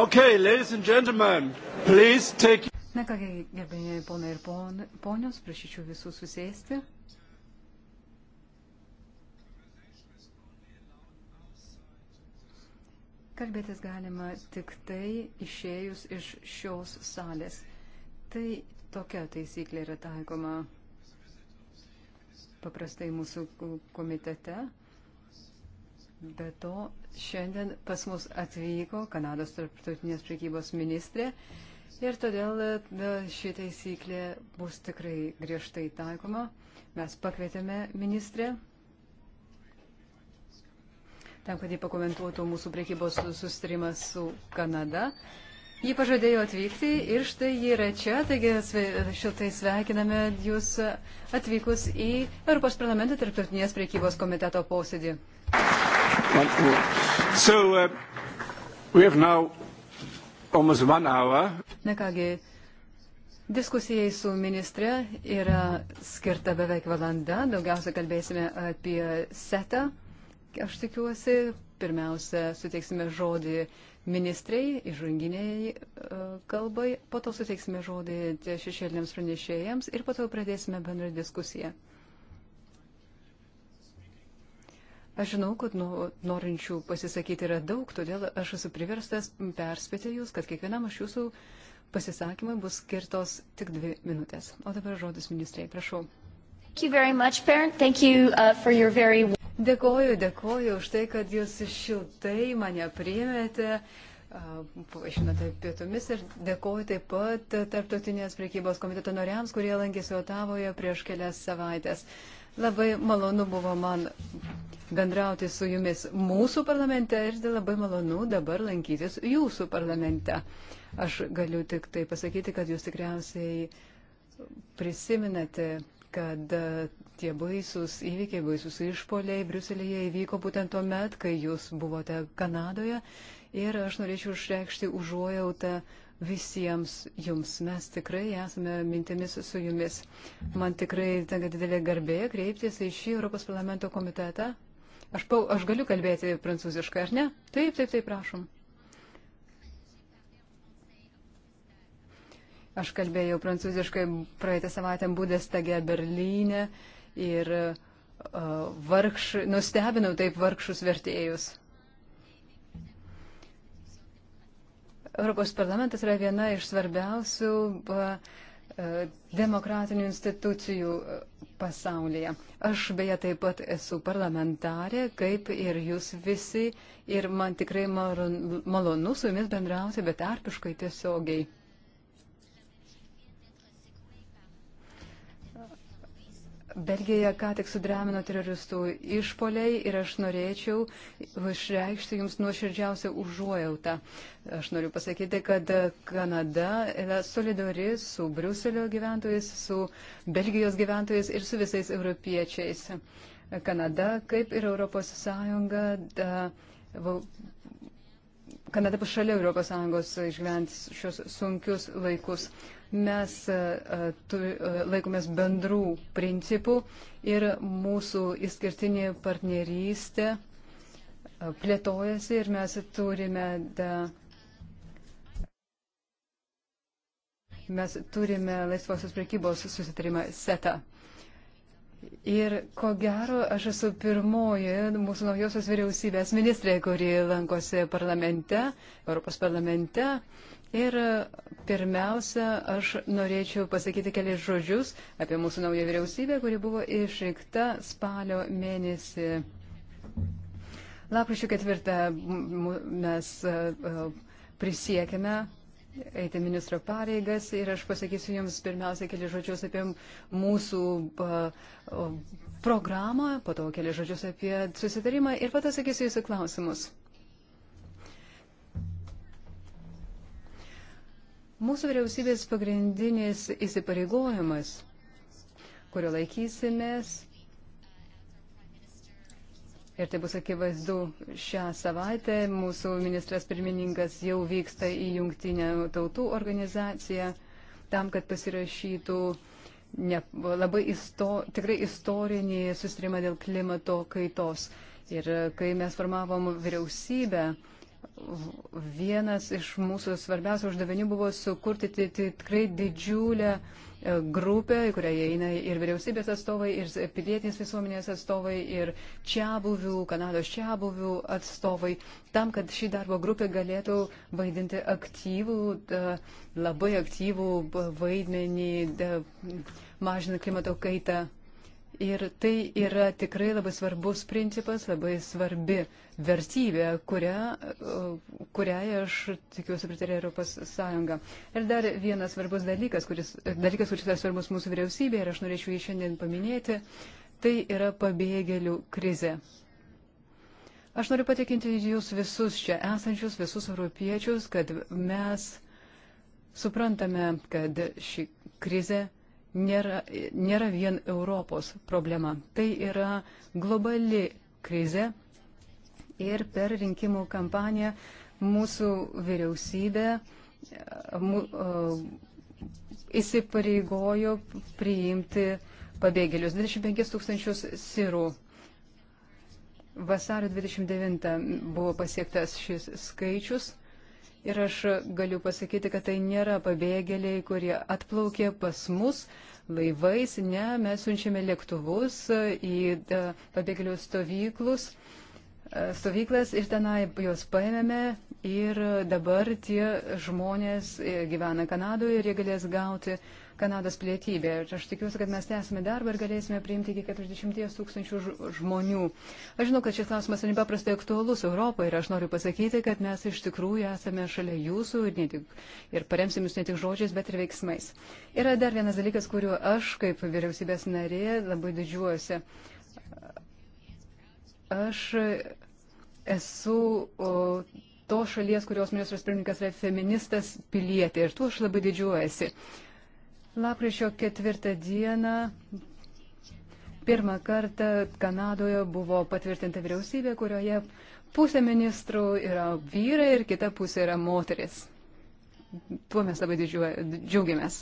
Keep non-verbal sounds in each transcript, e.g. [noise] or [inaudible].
Okay, ladies and gentlemen, please take. Na kągi, gerbėjai ponai ir pon, ponios, prašyčiau visų susėsti. Kalbėtis galima tik tai išėjus iš šios salės. Tai tokia taisyklė yra taikoma paprastai mūsų komitete. Be to, šiandien pas mus atvyko Kanados tarptautinės prekybos ministrė ir todėl e, ši taisyklė bus tikrai griežtai taikoma. Mes pakvietėme ministrę tam, kad jie pakomentuotų mūsų priekybos sustarimą su Kanada. Ji pažadėjo atvykti ir štai ji yra čia, taigi šiltai sveikiname jūs atvykus į Europos parlamento tarptautinės priekybos komiteto posėdį. Once more. So, uh, we have now almost one hour. Na kągi, diskusijai su ministre yra skirta beveik valanda. Daugiausia kalbėsime apie setą. Aš tikiuosi, pirmiausia, suteiksime žodį ministrei, išranginiai e, kalbai, po to suteiksime žodį šešėliniams pranešėjams ir po to pradėsime bendrą diskusiją. Aš žinau, kad nu, norinčių pasisakyti yra daug, todėl aš esu priverstas perspėti jūs, kad kiekvienam iš jūsų pasisakymai bus skirtos tik dvi minutės. O dabar žodis ministrai, prašau. Much, you, uh, very... Dėkoju, dėkoju už tai, kad jūs šiltai mane priėmėte. Uh, Pavaišinote pietumis ir dėkoju taip pat Tarptautinės priekybos komiteto noriams, kurie lankėsi Otavoje prieš kelias savaitės. Uh, Labai malonu buvo man bendrauti su jumis mūsų parlamente ir labai malonu dabar lankytis jūsų parlamente. Aš galiu tik tai pasakyti, kad jūs tikriausiai prisiminate, kad e, tie baisus įvykiai, baisus išpoliai Briuselėje įvyko būtent tuo met, kai jūs buvote Kanadoje. Ir aš norėčiau išreikšti užuojautą visiems jums. Mes tikrai esame mintimis su jumis. Man tikrai tenka didelė garbė kreiptis į šį Europos parlamento komitetą. Aš, pa, aš galiu kalbėti prancūziškai, ar ne? Taip, taip, taip, prašom. Aš kalbėjau prancūziškai praeitą savaitę Budestage Berlyne ir uh, vargš, nustebinau taip vargšus vertėjus. Europos parlamentas yra viena iš svarbiausių demokratinių institucijų pasaulyje. Aš beje taip pat esu parlamentarė, kaip ir jūs visi, ir man tikrai malonu su jumis bendrauti betarpiškai tiesiogiai. Belgijoje ką tik sudramino teroristų išpoliai ir aš norėčiau išreikšti Jums nuoširdžiausią užuojautą. Aš noriu pasakyti, kad Kanada yra solidari su Briuselio gyventojais, su Belgijos gyventojais ir su visais europiečiais. Kanada, kaip ir Europos Sąjunga, da, va, Kanada pašalia Europos Sąjungos išgyventi šios sunkius laikus. Mes e, e, e, laikomės bendrų principų ir mūsų įskirtinė partnerystė plėtojasi ir mes turime, da, mes turime laisvosios prekybos susitarimą SETA. Ir ko gero, aš esu pirmoji mūsų naujosios vyriausybės ministrė, kuri lankosi parlamente, Europos parlamente. Ir e, pirmiausia, aš norėčiau pasakyti kelias žodžius apie mūsų naują vyriausybę, kuri buvo išrinkta spalio mėnesį. Lapkričio ketvirtą mes e, e, prisiekėme eiti ministro pareigas ir aš pasakysiu Jums pirmiausia kelias žodžius apie mūsų programą, po to kelias žodžius apie susitarimą ir pato sakysiu Jūsų klausimus. Mūsų vyriausybės pagrindinis įsipareigojimas, kurio laikysimės, ir tai bus akivaizdu šią savaitę, mūsų ministras pirmininkas jau vyksta į jungtinę tautų organizaciją tam, kad pasirašytų ne, labai isto, tikrai istorinį susitrimą dėl klimato kaitos. Ir kai mes formavom vyriausybę, vienas iš mūsų svarbiausių uždavinių buvo sukurti tikrai didžiulę e, grupę, į kurią įeina ir vyriausybės atstovai, ir pilietinės visuomenės atstovai, ir čia buvių, Kanados čia buvių atstovai, tam, kad ši darbo grupė galėtų vaidinti aktyvų, labai aktyvų vaidmenį, mažinant klimato kaitą Ir tai yra tikrai labai svarbus principas, labai svarbi vertybė, kurią, uh, kuriai aš tikiuosi pritarė Europos Sąjunga. Ir dar vienas svarbus dalykas, kuris, dalykas, kuris yra svarbus mūsų vyriausybė ir aš norėčiau jį šiandien paminėti, tai yra pabėgėlių krizė. Aš noriu patikinti jūs visus čia esančius, visus europiečius, kad mes suprantame, kad ši krizė nėra, nėra vien Europos problema. Tai yra globali krize ir per rinkimų kampaniją mūsų vyriausybė mū, įsipareigojo priimti pabėgėlius 25 tūkstančius sirų. Vasario 29 buvo pasiektas šis skaičius Ir aš galiu pasakyti, kad tai nėra pabėgėliai, kurie atplaukė pas mus laivais, ne, mes siunčiame lėktuvus į e, pabėgėlių stovyklus, e, stovyklas ir tenai juos paėmėme ir dabar tie žmonės e, gyvena Kanadoje ir jie galės gauti Kanados pilietybę. Ir aš tikiuosi, kad mes tęsime darbą ir galėsime priimti iki 40 tūkstančių žmonių. Aš žinau, kad šis klausimas yra nepaprastai aktualus Europoje ir aš noriu pasakyti, kad mes iš tikrųjų esame šalia jūsų ir, tik, ir paremsim jūs ne tik žodžiais, bet ir veiksmais. Yra dar vienas dalykas, kuriuo aš kaip vyriausybės narė labai didžiuosi. Aš esu. O, tos šalies, kurios ministras pirmininkas yra feministas pilietė ir tuo aš labai didžiuojasi. Uh, Lapkričio ketvirtą dieną pirmą kartą Kanadoje buvo patvirtinta vyriausybė, kurioje pusė ministrų yra vyrai ir kita pusė yra moteris. Tuo mes labai džiaugiamės.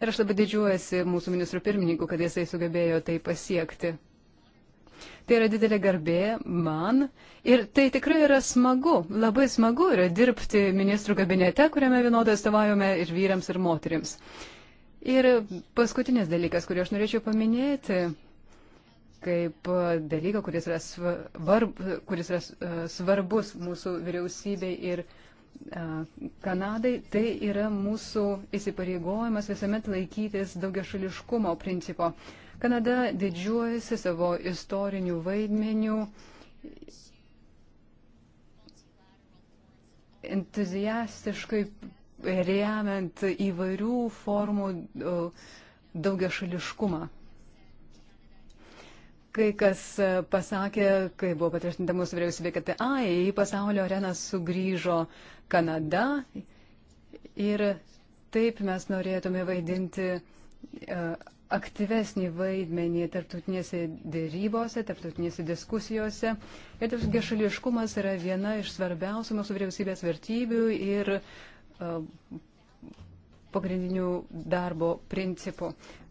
Ir aš labai didžiuojasi mūsų ministrų pirmininku, kad jisai sugebėjo tai pasiekti. Tai yra didelė garbė man ir tai tikrai yra smagu, labai smagu yra dirbti ministrų kabinete, kuriame vienodai atstovaujame ir vyrams, ir moteriams. Ir paskutinis dalykas, kurį aš norėčiau paminėti, kaip dalyką, kuris yra, svarb, kuris yra e, svarbus mūsų vyriausybei ir e, Kanadai, tai yra mūsų įsipareigojimas visuomet laikytis daugiašališkumo principo. Kanada didžiuojasi savo istorinių vaidmenių, entuziastiškai remiant įvairių formų e, daugiašališkumą. Kai kas e, pasakė, kai buvo patvirtinta mūsų vyriausybė, kad ai, į pasaulio areną sugrįžo Kanada ir taip mes norėtume vaidinti e, aktyvesnį vaidmenį tarptautinėse dėrybose, tarptautinėse diskusijose. Ir tas gešališkumas yra viena iš svarbiausių mūsų vyriausybės vertybių ir E, pagrindinių darbo principų.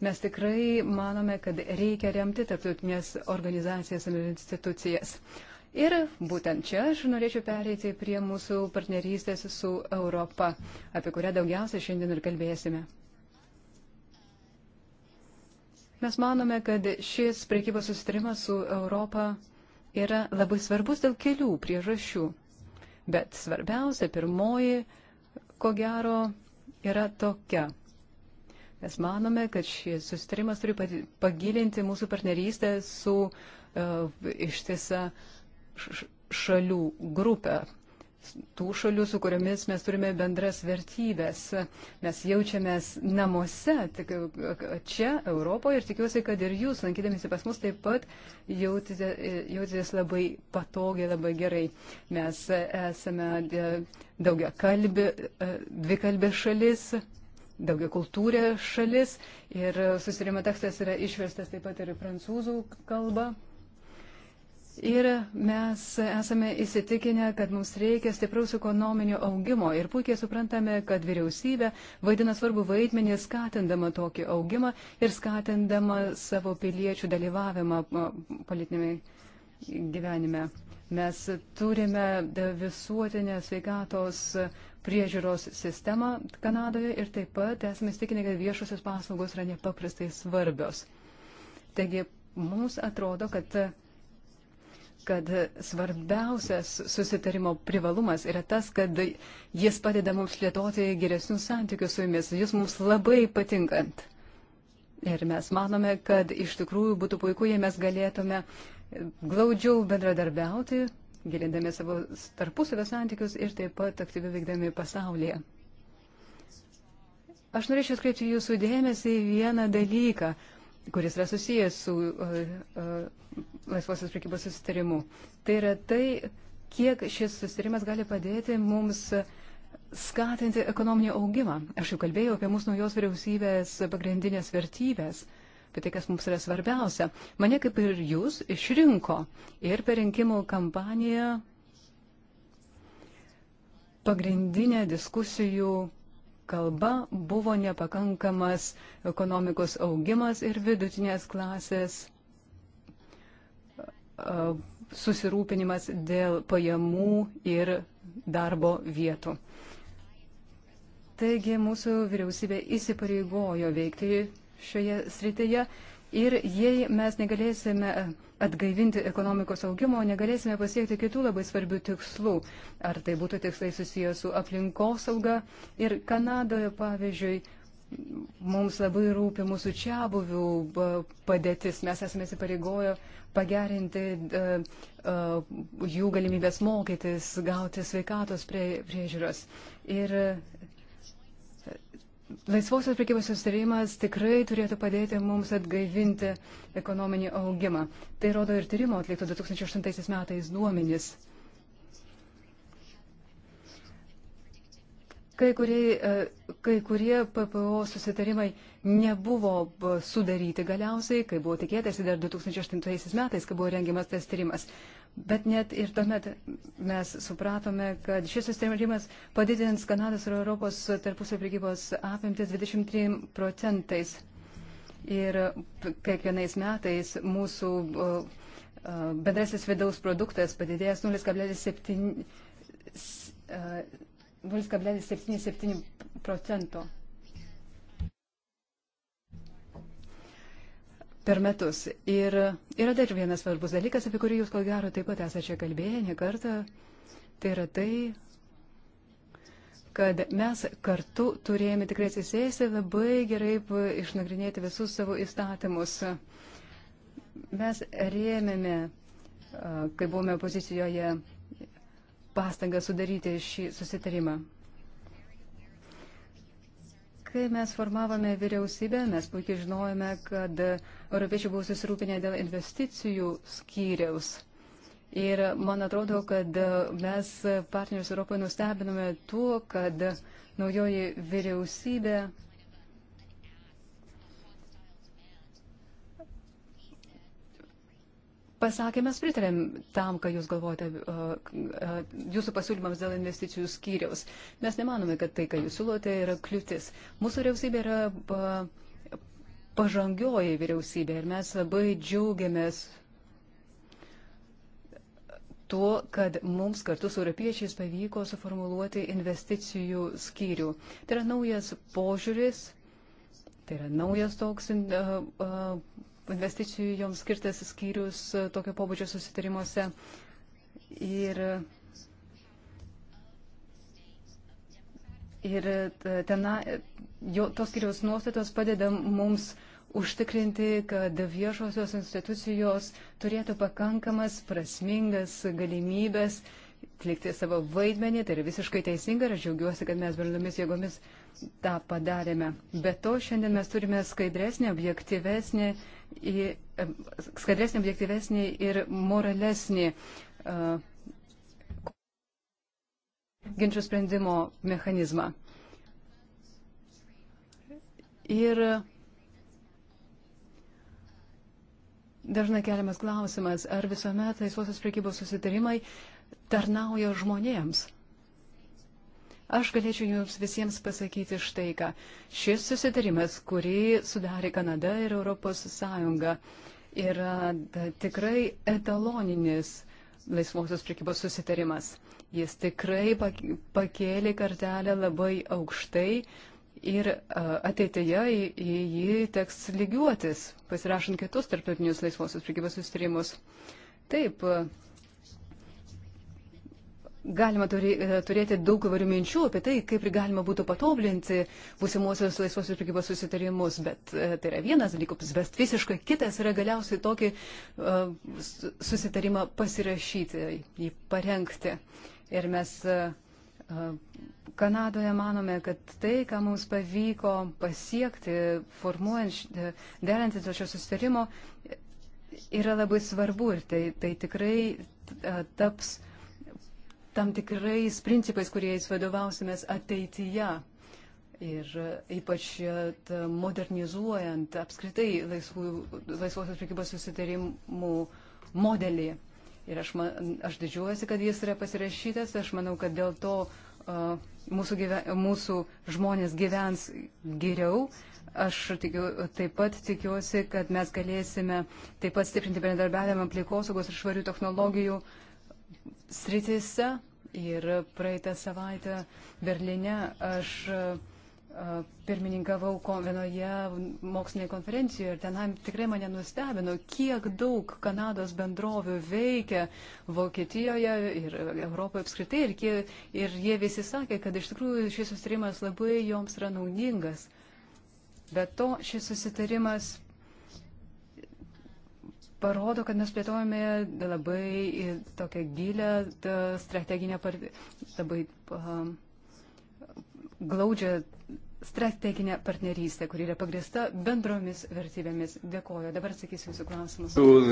Mes tikrai manome, kad reikia remti tarptautinės organizacijas ir institucijas. Ir būtent čia aš norėčiau pereiti prie mūsų partnerystės su Europa, apie kurią daugiausia šiandien ir kalbėsime. Mes manome, kad šis prekybos susitarimas su Europa yra labai svarbus dėl kelių priežasčių. Bet svarbiausia, pirmoji ko gero, yra tokia. Mes manome, kad šis sustarimas turi pagilinti mūsų partnerystę su uh, ištisa šalių grupė tų šalių, su kuriomis mes turime bendras vertybės. Mes jaučiamės namuose, tik čia, Europoje ir tikiuosi, kad ir jūs, lankydamėsi pas mus, taip pat jautite, jautitės labai patogiai, labai gerai. Mes esame e, daugia kalbė, e, dvikalbė šalis, daugia kultūrė šalis ir susirimo tekstas yra išverstas taip pat ir prancūzų kalba. Ir mes esame įsitikinę, kad mums reikia stipraus ekonominio augimo ir puikiai suprantame, kad vyriausybė vaidina svarbu vaidmenį skatindama tokį augimą ir skatindama savo piliečių dalyvavimą politinėme gyvenime. Mes turime visuotinę sveikatos priežiūros sistemą Kanadoje ir taip pat esame įsitikinę, kad viešosios paslaugos yra nepaprastai svarbios. Taigi, mums atrodo, kad kad svarbiausias susitarimo privalumas yra tas, kad jis padeda mums plėtoti geresnius santykius su jumis. Jūs mums labai patinkant. Ir mes manome, kad iš tikrųjų būtų puiku, jei mes galėtume glaudžiau bendradarbiauti, gilindami savo tarpusavio santykius ir taip pat aktyviai veikdami pasaulyje. Aš norėčiau skreipti jūsų dėmesį į vieną dalyką, kuris yra susijęs su uh, uh, laisvosios prekybos susitarimu. Tai yra tai, kiek šis susitarimas gali padėti mums skatinti ekonominį augimą. Aš jau kalbėjau apie mūsų naujos vyriausybės pagrindinės vertybės, apie tai, kas mums yra svarbiausia. Mane kaip ir jūs išrinko ir per rinkimų kampaniją pagrindinė diskusijų kalba buvo nepakankamas ekonomikos augimas ir vidutinės klasės susirūpinimas dėl pajamų ir darbo vietų. Taigi mūsų vyriausybė įsipareigojo veikti šioje srityje ir jei mes negalėsime atgaivinti ekonomikos augimo, negalėsime pasiekti kitų labai svarbių tikslų. Ar tai būtų tikslai susijęs su aplinkosauga ir Kanadoje, pavyzdžiui, mums labai rūpi mūsų čia buvių padėtis. Mes esame įsipareigoję pagerinti uh, uh, jų galimybės mokytis, gauti sveikatos prie, priežiūros. Ir uh, Laisvosios prekybos sustarimas tikrai turėtų padėti mums atgaivinti ekonominį augimą. Tai rodo ir tyrimo atlikto 2008 metais duomenys. Kai kurie, e, kai kurie PPO susitarimai nebuvo sudaryti galiausiai, kai buvo tikėtasi dar 2008 metais, kai buvo rengiamas tas tyrimas. Bet net ir tuomet mes supratome, kad šis susitarimas padidins Kanados ir Europos tarpusio prekybos apimtis 23 procentais. Ir kiekvienais metais mūsų bendrasis vidaus produktas padidėjęs 0,77 e, procento. per metus. Ir yra dar vienas svarbus dalykas, apie kurį jūs ko gero taip pat esate čia kalbėję ne kartą. Tai yra tai, kad mes kartu turėjome tikrai atsisėsti labai gerai išnagrinėti visus savo įstatymus. Mes rėmėme, kai buvome pozicijoje, pastangą sudaryti šį susitarimą. Kai mes formavome vyriausybę, mes puikiai žinojome, kad europiečiai buvo susirūpinę dėl investicijų skyriaus. Ir man atrodo, kad mes partnerius Europoje nustebinome tuo, kad naujoji vyriausybė pasakė, mes pritarėm tam, ką jūs galvojate, uh, uh, jūsų pasiūlymams dėl investicijų skyriaus. Mes nemanome, kad tai, ką jūs siūlote, yra kliūtis. Mūsų vyriausybė yra uh, pažangioji vyriausybė ir mes labai džiaugiamės tuo, kad mums kartu su europiečiais pavyko suformuluoti investicijų skyrių. Tai yra naujas požiūris, tai yra naujas toks uh, uh, investicijų joms skirtas skyrius tokio pobūdžio susitarimuose. Ir Ir tena, jo, tos skiriaus nuostatos padeda mums užtikrinti, kad viešosios institucijos turėtų pakankamas, prasmingas galimybės atlikti savo vaidmenį. Tai yra visiškai teisinga ir aš džiaugiuosi, kad mes bendromis jėgomis tą padarėme. Be to, šiandien mes turime skaidresnį, objektyvesnį, skaidresnį, objektyvesnį ir moralesnį uh, ginčių sprendimo mechanizmą. Ir dažnai keliamas klausimas, ar visuomet laisvosios priekybos susitarimai tarnauja žmonėms. Aš galėčiau jums visiems pasakyti štai ką. Šis susitarimas, kurį sudarė Kanada ir Europos Sąjunga, yra tikrai etaloninis laisvosios prekybos susitarimas. Jis tikrai pakėlė kartelę labai aukštai ir ateityje į jį teks lygiuotis, pasirašant kitus tarptautinius laisvosios prekybos susitarimus. Taip, Galima e, turėti daug įvairių minčių apie tai, kaip galima būtų patoblinti būsimuosius laisvosios prekybos susitarimus, bet e, tai yra vienas dalykas, bet visiškai kitas yra galiausiai tokį uh, susitarimą pasirašyti, jį parengti. Ir mes uh, Kanadoje manome, kad tai, ką mums pavyko pasiekti, formuojant, derinti dėl šio susitarimo, yra labai svarbu ir tai, tai tikrai uh, taps uh, tam tikrais principais, kuriais vadovausimės ateityje. Ir e, ypač e, modernizuojant apskritai laisvų, laisvosios prekybos susitarimų modelį. Ir aš, man, aš didžiuojasi, kad jis yra pasirašytas. Aš manau, kad dėl to uh, mūsų, gyven, mūsų žmonės gyvens geriau. Aš tikiu, taip pat tikiuosi, kad mes galėsime taip pat stiprinti bendradarbiavimą aplikosaugos ir švarių technologijų uh, sritise. Ir praeitą savaitę Berlyne aš pirmininkavau vienoje mokslinėje konferencijoje ir tenai tikrai mane nustebino, kiek daug Kanados bendrovių veikia Vokietijoje ir Europoje apskritai. Ir, kie, ir jie visi sakė, kad iš tikrųjų šis susitarimas labai joms yra naudingas. Be to, šis susitarimas parodo, kad mes plėtojame labai tokią gilę strateginę, labai um, glaudžią strateginę partnerystę, kuri yra pagrįsta bendromis vertybėmis. Dėkoju. Dabar sakysiu jūsų klausimus. Uh,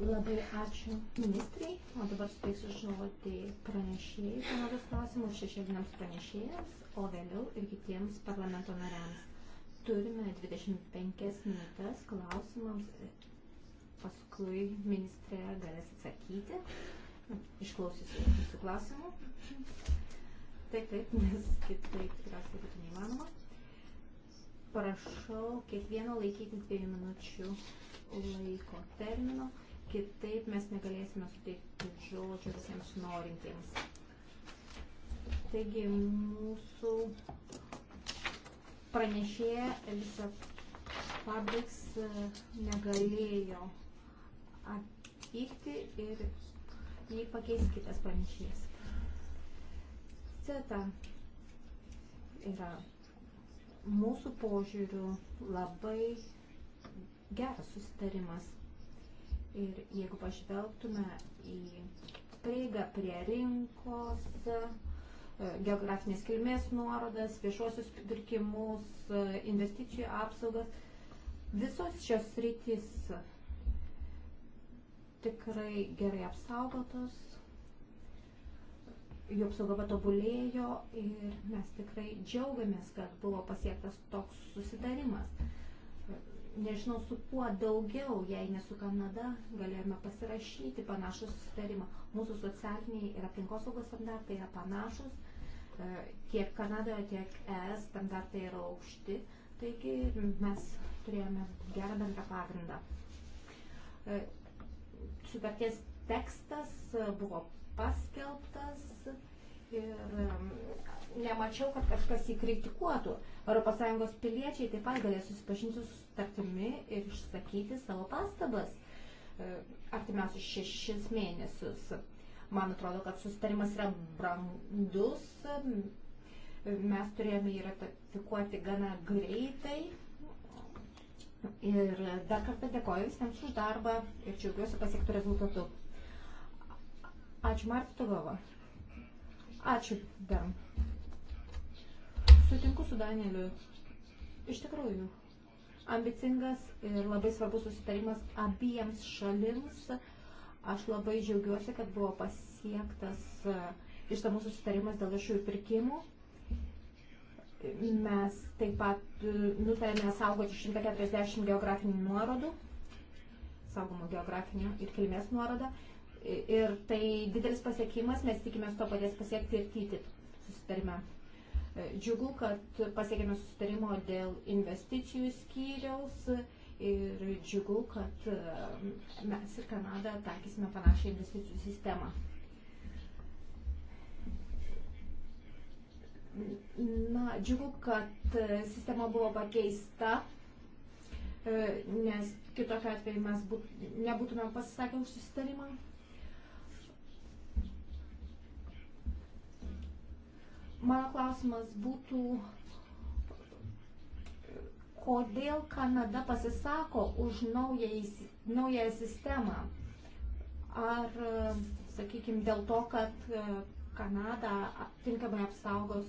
labai ačiū ministrai, o dabar suteiksiu žodį pranešėjai, kanados klausimus šešėliniams pranešėjams, o vėliau ir kitiems parlamento nariams. Turime 25 minutės klausimams, e, paskui ministrė galės atsakyti. Išklausysiu jūsų klausimų. Taip, taip, nes kitaip tikriausiai būtų neįmanoma. Prašau kiekvieno laikytis dviejų minučių laiko termino, kitaip mes negalėsime suteikti žodžio visiems norintiems. Taigi mūsų pranešėja Elisa Fabriks e, negalėjo atvykti ir jį pakeis kitas pranešėjas. Ceta yra mūsų požiūrių labai geras susitarimas. Ir jeigu pažvelgtume į prieigą prie rinkos, E, geografinės kilmės nuorodas, viešuosius pirkimus, e, investicijų apsaugas. Visos šios rytis tikrai gerai apsaugotos, jų apsauga patobulėjo ir mes tikrai džiaugiamės, kad buvo pasiektas toks susidarimas. Nežinau, su kuo daugiau, jei ne su Kanada, galėjome pasirašyti panašų susitarimą. Mūsų socialiniai ir aplinkosaugos standartai yra panašus E, tiek Kanadoje, tiek ES standartai yra aukšti, taigi mes turėjome gerą bendrą pagrindą. E, sutarties tekstas buvo paskelbtas ir e, nemačiau, kad kažkas jį kritikuotų. ES piliečiai taip pat galės susipažinti su sutartimi ir išsakyti savo pastabas artimiausius šešis mėnesius. Man atrodo, kad sustarimas yra brandus. Mes turėjome jį ratifikuoti gana greitai. Ir dar kartą dėkoju visiems už darbą ir džiaugiuosi pasiektų rezultatų. Ačiū Martovova. Ačiū, Ben. Sutinku su Danieliu. Iš tikrųjų, ambicingas ir labai svarbus susitarimas abiems šalims. Aš labai džiaugiuosi, kad buvo pasiektas e, ištamus susitarimas dėl viešųjų pirkimų. Mes taip pat e, nutarėme saugoti 140 geografinių nuorodų, saugomų geografinių ir kilmės nuorodą. Ir tai didelis pasiekimas, mes tikimės to paties pasiekti ir TTIP susitarime. E, džiugu, kad pasiekėme susitarimo dėl investicijų skyriaus ir džiugu, kad e, mes ir Kanada taikysime panašią investicijų sistemą. Na, džiugu, kad e, sistema buvo pakeista, e, nes kitokiu atveju mes būt, nebūtume pasisakę už susitarimą. Mano klausimas būtų, kodėl Kanada pasisako už naują, naują sistemą. Ar, sakykime, dėl to, kad e, Kanada tinkamai apsaugos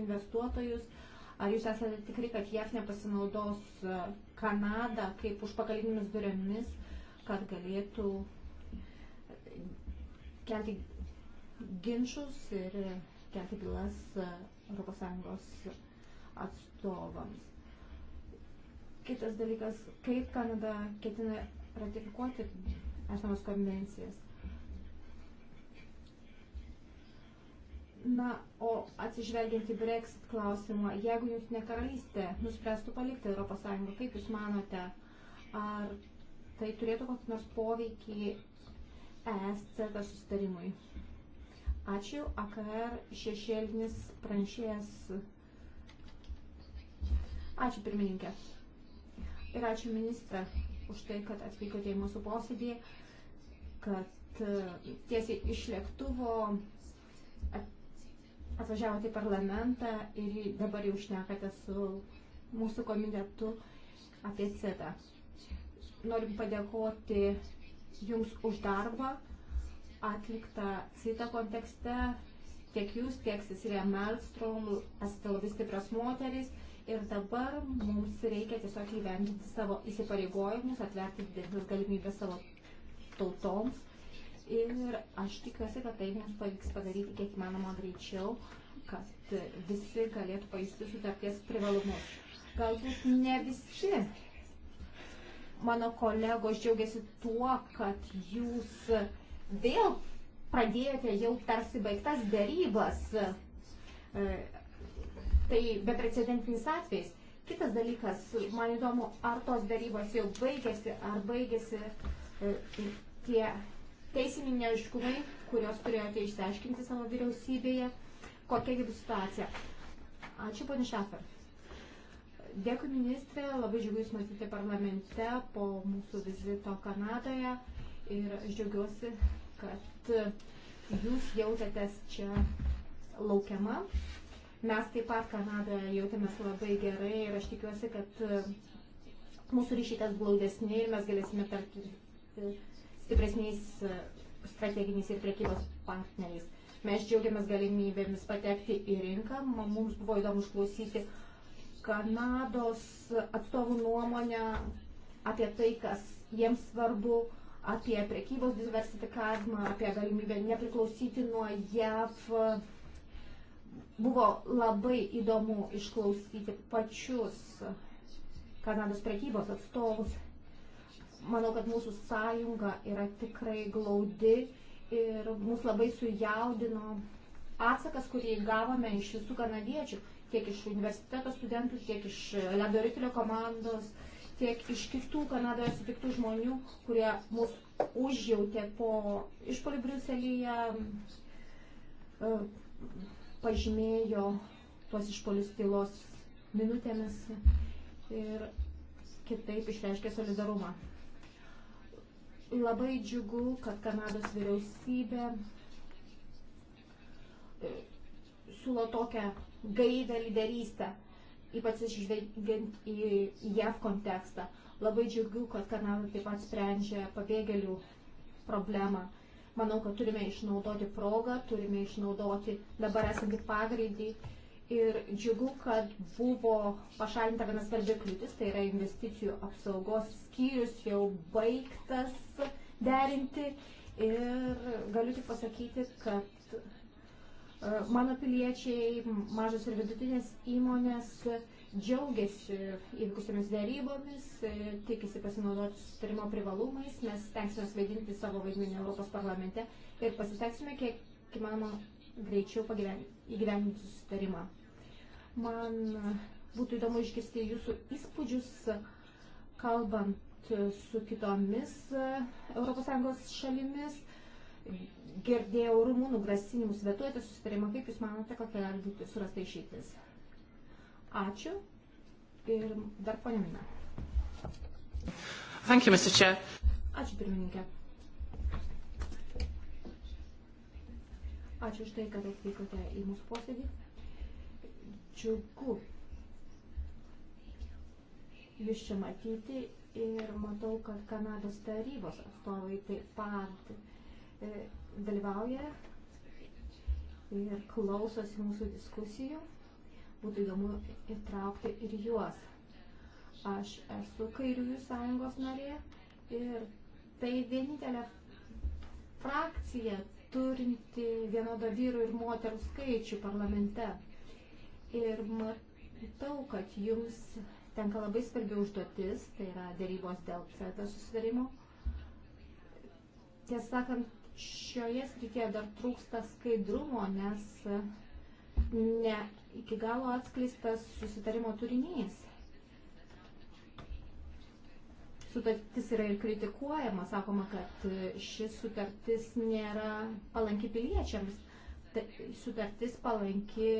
investuotojus, ar jūs esate tikri, kad JAF nepasinaudos e, Kanada kaip užpakalinėmis durėmis, kad galėtų e, kelti ginčius ir kelti bylas ES atstovams. Kitas dalykas, kaip Kanada ketina ratifikuoti esamas konvencijas. Na, o atsižvelgiant į Brexit klausimą, jeigu Junktinė karalystė nuspręstų palikti ES, kaip Jūs manote, ar tai turėtų kokį nors poveikį ESCT susitarimui? Ačiū, AKR šešėlinis pranešėjas. Ačiū pirmininkė. Ir ačiū ministrė už tai, kad atvykote į mūsų posėdį, kad e, tiesiai iš lėktuvo atvažiavote į parlamentą ir dabar jau šnekate su mūsų komitetu apie CETA. Norim padėkoti Jums už darbą atliktą CETA kontekste. Tiek Jūs, tiek Cecilija Melstrom esate labai stiprios moteris Ir dabar mums reikia tiesiog įvendinti savo įsipareigojimus, atverti didesnės galimybės savo tautoms. Ir aš tikiuosi, kad tai mums pavyks padaryti kiek įmanoma greičiau, kad visi galėtų pajusti sutarties privalumus. Galbūt ne visi mano kolegos džiaugiasi tuo, kad jūs vėl pradėjote jau tarsi baigtas dėrybas Tai beprecedentinis atvejis. Kitas dalykas, man įdomu, ar tos darybos jau baigėsi, ar baigėsi e, tie teisiniai neaiškumai, kuriuos turėjote išsiaiškinti savo vyriausybėje, kokia bus situacija. Ačiū, ponė Šafer. Dėkui, ministrė, labai džiugu Jūs matyti parlamente po mūsų vizito Kanadoje ir aš džiaugiuosi, kad Jūs jautėtės čia laukiama Mes taip pat Kanadoje jautėmės labai gerai ir aš tikiuosi, kad e, mūsų ryšiai tas glaudesni ir mes galėsime tarti stipresniais e, strateginiais ir prekybos partneriais. Mes džiaugiamės galimybėmis patekti į rinką. Mums buvo įdomu išklausyti Kanados atstovų nuomonę apie tai, kas jiems svarbu, apie prekybos diversifikavimą, apie galimybę nepriklausyti nuo JAV buvo labai įdomu išklausyti pačius Kanados prekybos atstovus. Manau, kad mūsų sąjunga yra tikrai glaudi ir mus labai sujaudino atsakas, kurį gavome iš visų kanadiečių, tiek iš universiteto studentų, tiek iš ledo ritulio komandos, tiek iš kitų Kanadoje sutiktų žmonių, kurie mus užjautė po išpolių Briuselyje pažymėjo tuos išpolius tylos minutėmis ir kitaip išreiškė solidarumą. Labai džiugu, kad Kanados vyriausybė e, siūlo tokią gaivę lyderystę, ypač išžvelgiant į JAV kontekstą. Labai džiugu, kad Kanada taip pat sprendžia pabėgėlių problemą Manau, kad turime išnaudoti progą, turime išnaudoti dabar esantį pagrindį. Ir džiugu, kad buvo pašalinta vienas svarbi kliūtis, tai yra investicijų apsaugos skyrius jau baigtas derinti. Ir galiu tik pasakyti, kad e, mano piliečiai, mažos ir vidutinės įmonės džiaugiasi įvykusiamis darybomis, e, tikisi pasinaudoti susitarimo privalumais, mes tenksime vaidinti savo vaidmenį Europos parlamente ir pasiteksime kiek įmanoma greičiau įgyveninti susitarimą. Man būtų įdomu išgirsti jūsų įspūdžius, kalbant su kitomis ES šalimis. Girdėjau rumūnų grasinimus vetuoti susitarimą. Kaip Jūs manote, kokia gali būti surasta išeitis? Ačiū. Ir dar ponė Mina. Thank you, Mr. Chair. Ačiū, pirmininkė. Ačiū už tai, kad atvykote į mūsų posėdį. Džiugu jūs čia matyti ir matau, kad Kanados tarybos atstovai taip pat e, dalyvauja ir klausosi mūsų diskusijų būtų įdomu įtraukti ir juos. Aš esu Kairiųjų sąjungos narė ir tai vienintelė frakcija turinti vienodą vyrų ir moterų skaičių parlamente. Ir matau, kad jums tenka labai svarbi užduotis, tai yra dėrybos dėl CETA susidarimo. Tiesą sakant, šioje srityje dar trūksta skaidrumo, nes ne iki galo atskleistas susitarimo turinys. Sutartis yra ir kritikuojama, sakoma, kad šis sutartis nėra palanki piliečiams, sutartis palanki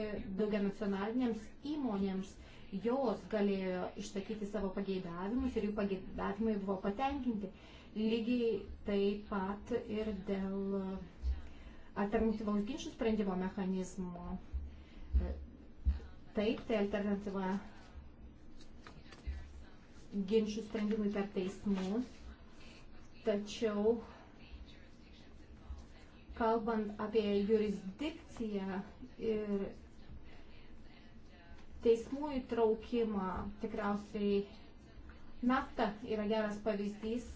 daugia nacionalinėms įmonėms, jos galėjo išsakyti savo pageidavimus ir jų pageidavimai buvo patenkinti. Lygiai taip pat ir dėl alternatyvaus ginčių sprendimo mechanizmo. Taip, tai alternatyva ginčių sprendimui per teismus. Tačiau, kalbant apie jurisdikciją ir teismų įtraukimą, tikriausiai nafta yra geras pavyzdys,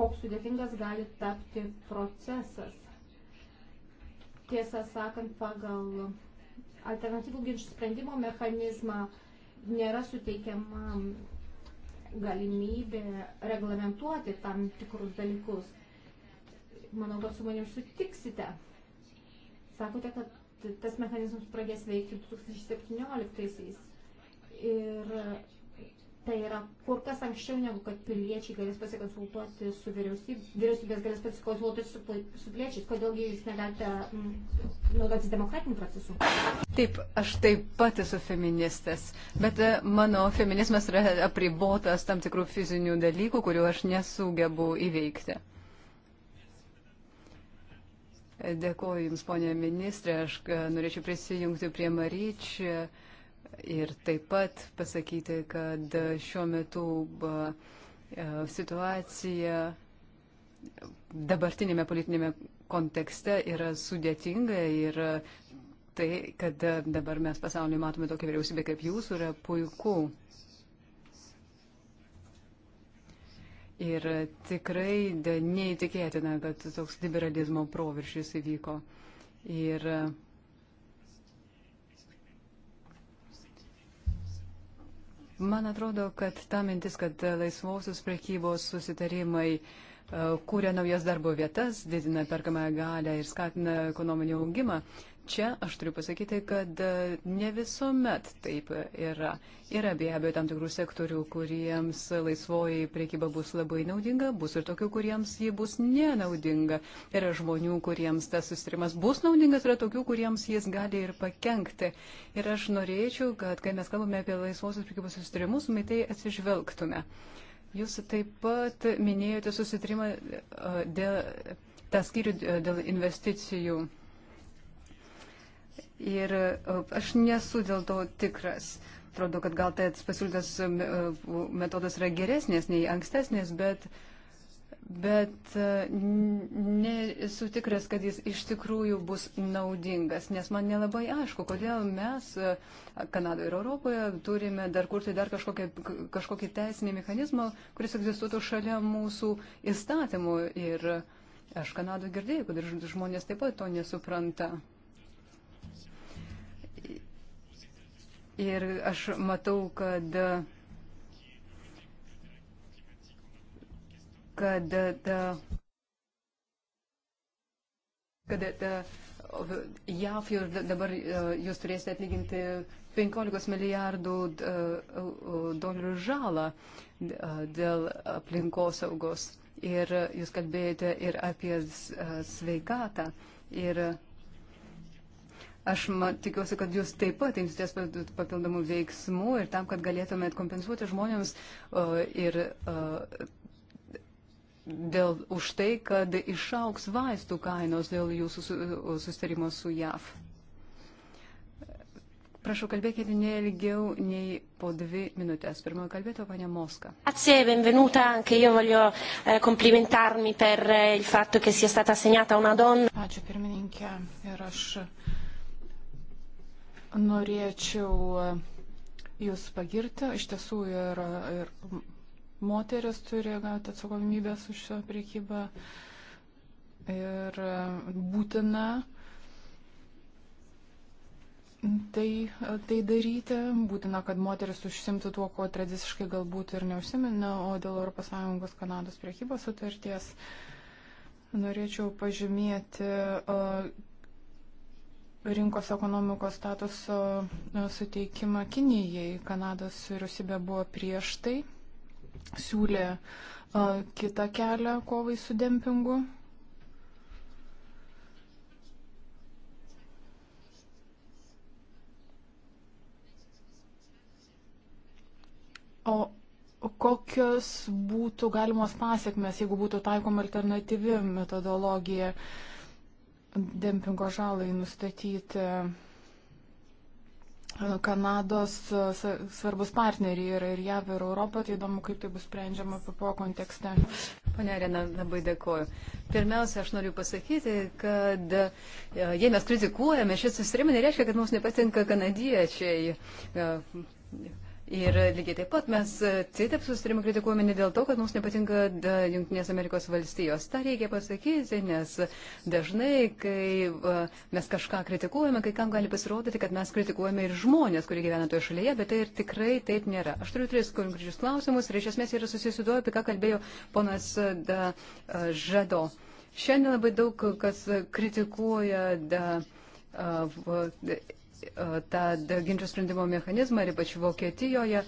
koks sudėtingas gali tapti procesas. Tiesą sakant, pagal alternatyvų ginčių sprendimo mechanizmą, nėra suteikiama galimybė reglamentuoti tam tikrus dalykus. Manau, kad su manim sutiksite. Sakote, kad tas mechanizmas pradės veikti 2017-aisiais. Ir Tai yra kur kas anksčiau, negu kad piliečiai galės pasikonsultuoti su vyriausybės, vyriausybės galės pasikonsultuoti su, su piliečiais, kodėlgi jūs negalite mm, naudotis demokratiniu procesu. Taip, aš taip pat esu feministas, bet e, mano feminizmas yra apribotas tam tikrų fizinių dalykų, kurių aš nesugebu įveikti. Dėkuoju Jums, ponė ministrė, aš e, norėčiau prisijungti prie Maryčių. Ir taip pat pasakyti, kad šiuo metu e, situacija dabartinėme politinėme kontekste yra sudėtinga ir tai, kad dabar mes pasaulyje matome tokią vyriausybę kaip jūsų, yra puiku. Ir tikrai neįtikėtina, kad toks liberalizmo proveršys įvyko. Ir uh, Man atrodo, kad ta mintis, kad laisvosios prekybos susitarimai e, kūrė naujas darbo vietas, didina perkamąją galę ir skatina ekonominį augimą, Čia aš turiu pasakyti, kad e, ne visuomet taip yra. Yra be abejo tam tikrų sektorių, kuriems laisvoji priekyba bus labai naudinga, bus ir tokių, kuriems ji bus nenaudinga. Yra žmonių, kuriems tas susitarimas bus naudingas, yra tokių, kuriems jis gali ir pakengti. Ir aš norėčiau, kad kai mes kalbame apie laisvosios priekybos susitarimus, mes tai atsižvelgtume. Jūs taip pat minėjote susitarimą e, dėl tą skyrių e, dėl investicijų Ir e, aš nesu dėl to tikras. Atrodo, kad gal tas pasiūlytas e, metodas yra geresnės nei ankstesnės, bet, bet e, nesu tikras, kad jis iš tikrųjų bus naudingas, nes man nelabai aišku, kodėl mes Kanadoje ir Europoje turime dar kurti dar kažkokį, kažkokį teisinį mechanizmą, kuris egzistuotų šalia mūsų įstatymų. Ir aš Kanadoje girdėjau, kad žmonės taip pat to nesupranta. Ir aš matau, kad, kad, ta, kad ta, JAF jau dabar e, jūs turėsite atlyginti 15 milijardų e, e, dolerių žalą dėl aplinkosaugos. Ir jūs kalbėjote ir apie sveikatą. Ir Aš tikiuosi, kad jūs taip pat imsitės papildomų veiksmų ir tam, kad galėtumėt kompensuoti žmonėms ir dėl, už tai, kad išauks vaistų kainos dėl jūsų susitarimo su JAV. Prašau, kalbėkite ne ilgiau nei po dvi minutės. Pirmoji kalbėtoja, ponia Moska. Grazie, benvenuta. Anche io voglio eh, complimentarmi per eh, il fatto che sia stata assegnata una donna. Ačiū pirmininkė ir aš Norėčiau e, Jūs pagirti. Iš tiesų ir, ir moteris turi gauti atsakomybės už šio priekybą. Ir e, būtina tai, e, tai daryti. Būtina, kad moteris užsimtų tuo, ko tradiciškai galbūt ir neužsiminė, o dėl ES Kanados priekybos sutarties norėčiau pažymėti rinkos ekonomikos statuso e, suteikimą Kinijai. Kanados vyriausybė buvo prieš tai, siūlė e, kitą kelią kovai su dempingu. O kokios būtų galimos pasiekmes, jeigu būtų taikoma alternatyvi metodologija? Uh, dempingo žalai nustatyti e, Kanados e, svarbus partneriai yra ir JAV, ir Europą, tai įdomu, kaip tai bus sprendžiama PPO kontekste. Pane Rena, labai dėkoju. Pirmiausia, aš noriu pasakyti, kad e, jei mes kritikuojame šį susitarimą, nereiškia, tai kad mums nepatinka kanadiečiai. Ir lygiai taip pat mes CITEP susitarimą kritikuojame ne dėl to, kad mums nepatinka Junktinės Amerikos valstijos. Ta reikia pasakyti, nes dažnai, kai mes kažką kritikuojame, kai kam gali pasirodyti, kad mes kritikuojame ir žmonės, kurie gyvena toje šalyje, bet tai ir tikrai taip nėra. Aš turiu tris konkrečius klausimus ir iš esmės yra susisiduoju, apie ką kalbėjo ponas da, Žado. Šiandien labai daug kas kritikuoja. Da, uh, tą ginčių sprendimo mechanizmą ir ypač Vokietijoje,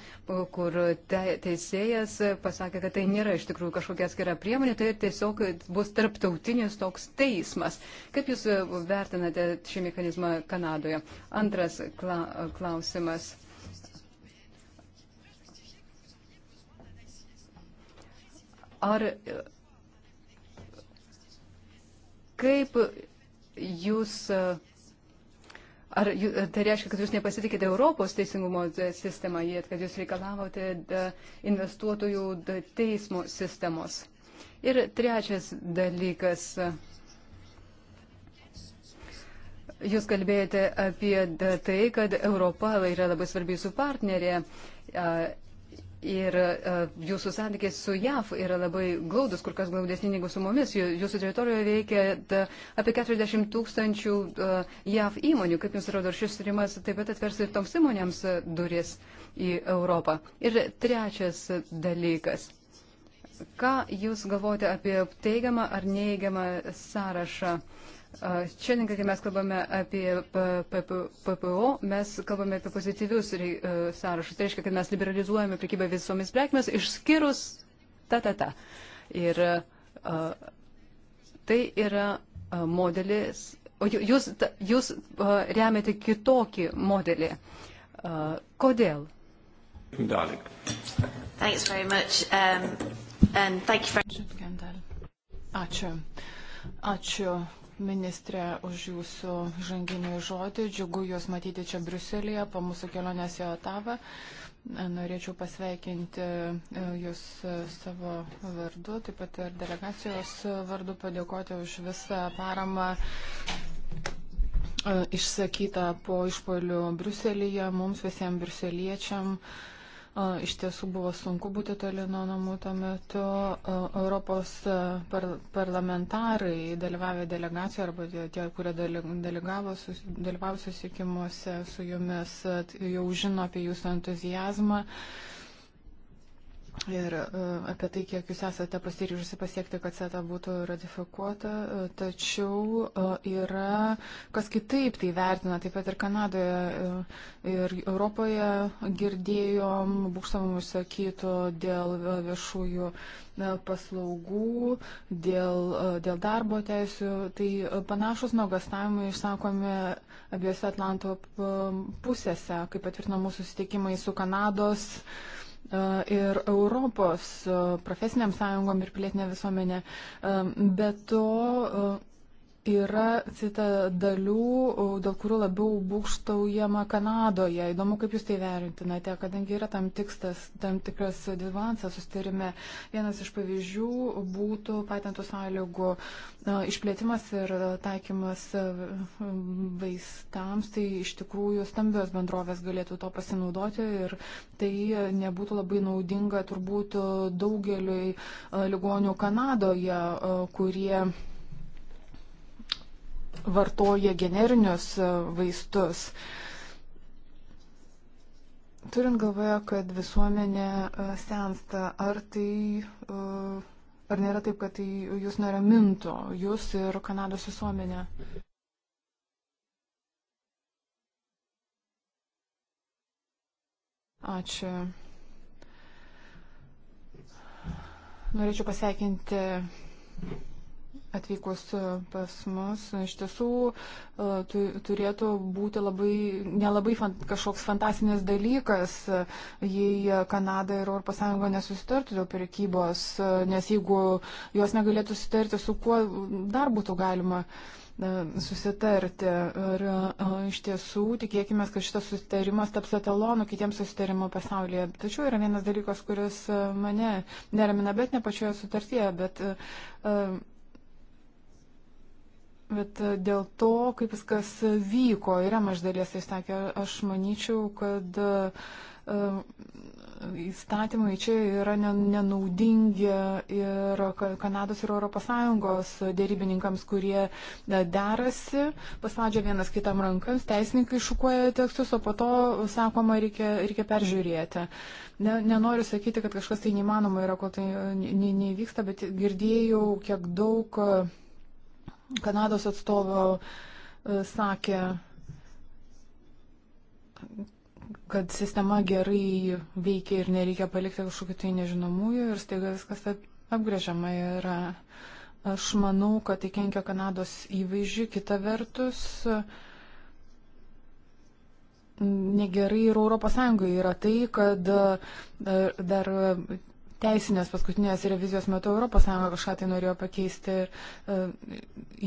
kur te, teisėjas pasakė, kad tai nėra iš tikrųjų kažkokia atskira priemonė, tai tiesiog bus tarptautinis toks teismas. Kaip Jūs vertinate šį mechanizmą Kanadoje? Antras kla, klausimas. Ar kaip jūs uh, Ar tai reiškia, kad jūs nepasitikite Europos teisingumo e, sistemą, kad jūs reikalavote e, investuotojų teismo sistemos? Ir trečias dalykas. Jūs kalbėjote apie tai, kad Europa yra labai svarbi jūsų partnerė Ir uh, jūsų santykiai su JAV yra labai glaudus, kur kas glaudesni negu su mumis. Jūsų teritorijoje veikia da, apie 40 tūkstančių uh, JAV įmonių. Kaip jums atrodo, šis tyrimas taip pat atvers ir toms įmonėms e, duris į Europą. Ir trečias dalykas. Ką jūs galvojate apie teigiamą ar neįgiamą sąrašą? Uh, Šiandien, kai mes kalbame apie PPO, mes kalbame apie pozityvius sąrašus. Tai reiškia, kad mes liberalizuojame prekybą visomis prekmės, išskyrus ta, ta, ta. Ir tai yra modelis, o jūs, jūs remiate kitokį modelį. Kodėl? Dalek. Thanks very much. Um, and thank you for... Ačiū. Ačiū. Ačiū ministrė, už jūsų žanginį žodį. Džiugu Jūs matyti čia Bruselėje po mūsų kelionės į Otavą. Norėčiau pasveikinti e, Jūs e, savo vardu, taip pat ir delegacijos vardu, padėkoti už visą paramą e, išsakytą po išpolių Bruselėje, mums visiems bruseliečiam. Uh, Iš tiesų buvo sunku būti toli nuo namų tuo metu. Europos par parlamentarai dalyvavę delegacijoje arba tie, kurie dalyvavo susitikimuose su jumis, jau žino apie jūsų entuzijazmą. Uh, ir e, apie tai, kiek jūs esate pasiryžusi pasiekti, kad CETA būtų ratifikuota, e, tačiau e, yra, kas kitaip tai vertina, taip pat ir Kanadoje ir Europoje girdėjom būkstamų sakytų dėl viešųjų paslaugų, dėl, dėl darbo teisų. Tai panašus nuogastavimai išsakomi abiejose Atlanto pusėse, kaip patvirtina mūsų susitikimai su Kanados E, ir Europos e, profesiniam sąjungom ir pilietinė visuomenė. E, be to, yra citadalių, dėl kurių labiau būkštaujama Kanadoje. Įdomu, kaip jūs tai vertinate, kadangi yra tam, tikstas, tam tikras divansas sustarime. Vienas iš pavyzdžių būtų patentų sąlygų išplėtimas ir taikymas vaistams. Tai iš tikrųjų stambios bendrovės galėtų to pasinaudoti ir tai nebūtų labai naudinga turbūt daugeliui ligonių Kanadoje, kurie vartoja generinius e, vaistus. Turint galvoje, kad visuomenė e, sensta, ar tai. E, ar nėra taip, kad tai jūs neramintų, jūs ir Kanados visuomenė? Ačiū. Norėčiau pasveikinti atvykus e, pas mus, iš tiesų e, tu, turėtų būti labai, nelabai fan, kažkoks fantastinis dalykas, jei Kanada ir ES nesusitartų dėl prekybos, e, nes jeigu jos negalėtų susitarti, su kuo dar būtų galima susitarti. Ir iš tiesų tikėkime, kad šitas susitarimas taps etalonu kitiems susitarimų pasaulyje. Tačiau yra vienas dalykas, kuris mane neramina, bet ne pačioje sutartyje, bet Bet e, dėl to, kaip viskas vyko, yra maž dalies įsakė, aš manyčiau, kad e, e, įstatymai čia yra nenaudingi ir Kanados ir ES dėrybininkams, kurie derasi, paspaudžia vienas kitam rankams, teisininkai šukuoja tekstus, o po to, sakoma, reikia, reikia peržiūrėti. Ne, nenoriu sakyti, kad kažkas tai neįmanoma yra, kol tai neįvyksta, bet girdėjau, kiek daug Kanados atstovo e, sakė, kad sistema gerai veikia ir nereikia palikti kažkokių tai nežinomųjų ir staiga viskas apgrėžiama yra. Aš manau, kad tai kenkia Kanados įvaizdžiui. Kita vertus, negerai ir ES yra tai, kad e, dar teisinės paskutinės revizijos metu ES kažką tai norėjo pakeisti. Ir e,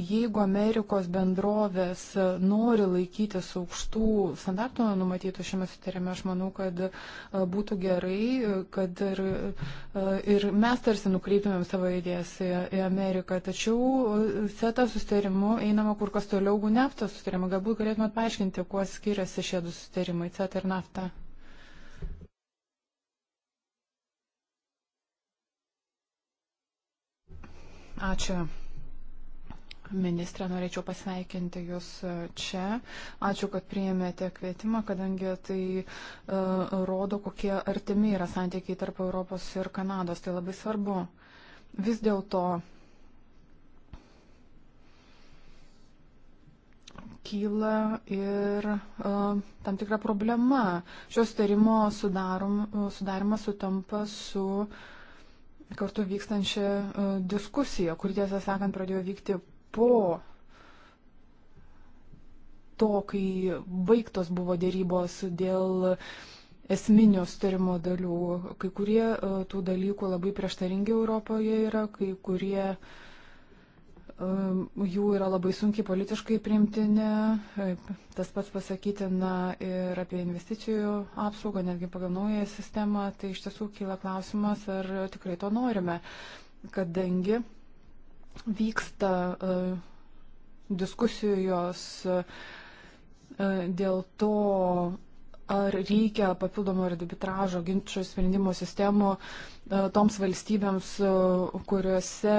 jeigu Amerikos bendrovės e, nori laikytis aukštų standartų numatytų šiame sutarime, aš manau, kad e, būtų gerai, kad ir, ir mes tarsi nukreiptumėm savo idėjas į, į Ameriką. Tačiau CETA sutarimu einama kur kas toliau, negu naftos sutarimu. Galbūt galėtumėt paaiškinti, kuo skiriasi šie du sutarimai, CETA ir nafta. Ačiū. Ministrė, norėčiau pasveikinti Jūs e, čia. Ačiū, kad priėmėte kvietimą, kadangi tai uh, rodo, kokie artimi yra santykiai tarp Europos ir Kanados. Tai labai svarbu. Vis dėlto kyla ir uh, tam tikra problema. Šios tarimo sudarimas sutampa su. Uh, kartu vykstančią e, diskusiją, kur tiesą sakant pradėjo vykti po to, kai baigtos buvo dėrybos dėl esminių sutarimo dalių. Kai kurie e, tų dalykų labai prieštaringi Europoje yra, kai kurie uh, jų yra labai sunkiai politiškai priimtini. E, tas pats pasakytina ir apie investicijų apsaugą, netgi pagal naują sistemą. Tai iš tiesų kyla klausimas, ar tikrai to norime, kadangi vyksta e, diskusijos e, dėl to, ar reikia papildomo arbitražo ginčių sprendimo sistemų E, toms valstybėms, e, kuriuose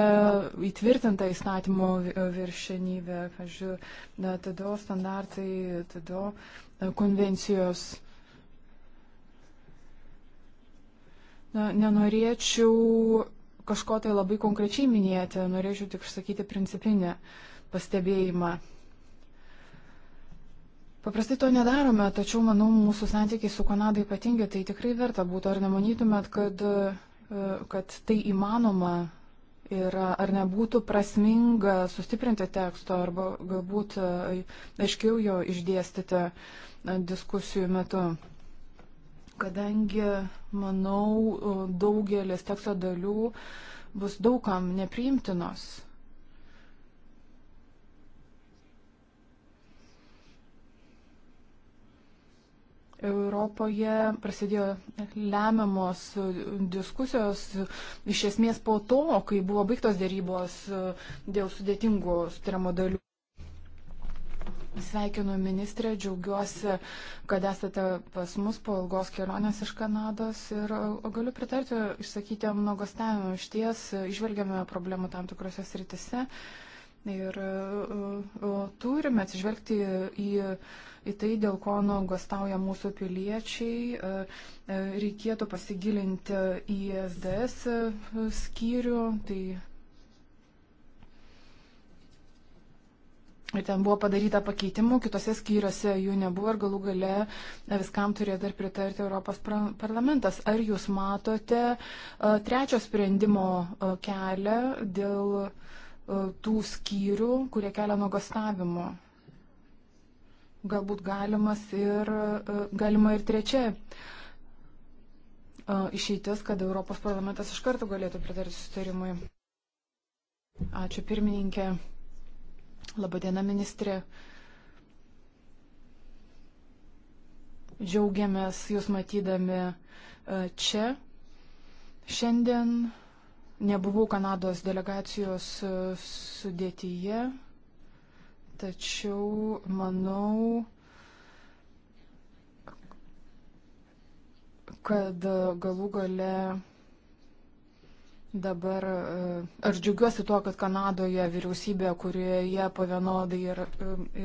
įtvirtinta įstatymo e, viršenybė, kažkaip, TDO standartai, TDO konvencijos. Na, nenorėčiau kažko tai labai konkrečiai minėti, norėčiau tik išsakyti principinę pastebėjimą. Paprastai to nedarome, tačiau manau, mūsų santykiai su Kanada ypatingi, tai tikrai verta būtų. Ar nemanytumėt, kad E, kad tai įmanoma ir ar nebūtų prasminga sustiprinti teksto arba galbūt e, aiškiau jo išdėstyti e, diskusijų metu. Kadangi, manau, daugelis teksto dalių bus daugam nepriimtinos Europoje prasidėjo lemiamos diskusijos iš esmės po to, kai buvo baigtos dėrybos e, dėl sudėtingų sutarimo dalių. Sveikinu ministrę, džiaugiuosi, kad esate pas mus po ilgos kelionės iš Kanados ir e, galiu pritarti išsakyti nuogastavimą. Iš ties išvelgiame e, problemų tam tikrose sritise. Uh, Ir e, e, turime atsižvelgti į, į tai, dėl ko nuogastauja mūsų piliečiai. E, reikėtų pasigilinti į SDS skyrių. Tai Ir ten buvo padaryta pakeitimų, kitose skyriuose jų nebuvo ir galų gale viskam turėjo dar pritarti Europos parlamentas. Ar jūs matote trečio sprendimo kelią dėl uh, E, tų skyrių, kurie kelia nuogastavimo. Galbūt galimas ir, e, galima ir trečia e, išeitis, kad Europos parlamentas iš karto galėtų pritarti sutarimui. Ačiū pirmininkė. Labadiena ministrė. Džiaugiamės jūs matydami čia šiandien Nebuvau Kanados delegacijos e, sudėtyje, tačiau manau, kad e, galų gale dabar, e, aš džiaugiuosi tuo, kad Kanadoje vyriausybė, kurioje pavienodai yra,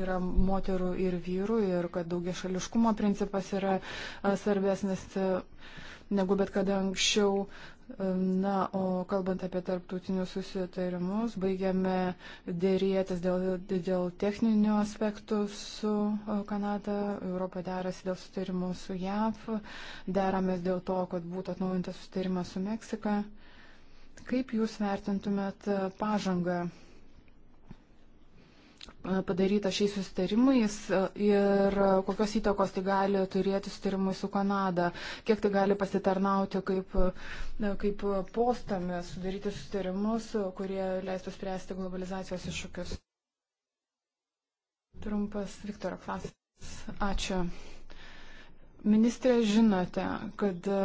yra moterų ir vyrų ir kad daugia šališkumo principas yra svarbesnis negu bet kada anksčiau. Na, o kalbant apie tarptautinius susitarimus, baigiame dėrėtis dėl, dėl techninių aspektų su e, Kanada, Europą derasi dėl sutarimų su JAV, deramės dėl to, kad būtų atnaujintas sutarimas su Meksika. Kaip Jūs vertintumėt e, pažangą padaryta šiais sustarimais e, ir kokios įtakos tai gali turėti sustarimui su Kanada, kiek tai gali pasitarnauti kaip, e, kaip postami sudaryti sustarimus, kurie leistų spręsti globalizacijos iššūkius. Trumpas Viktoro klausimas. Ačiū. Ministrė, žinote, kad e,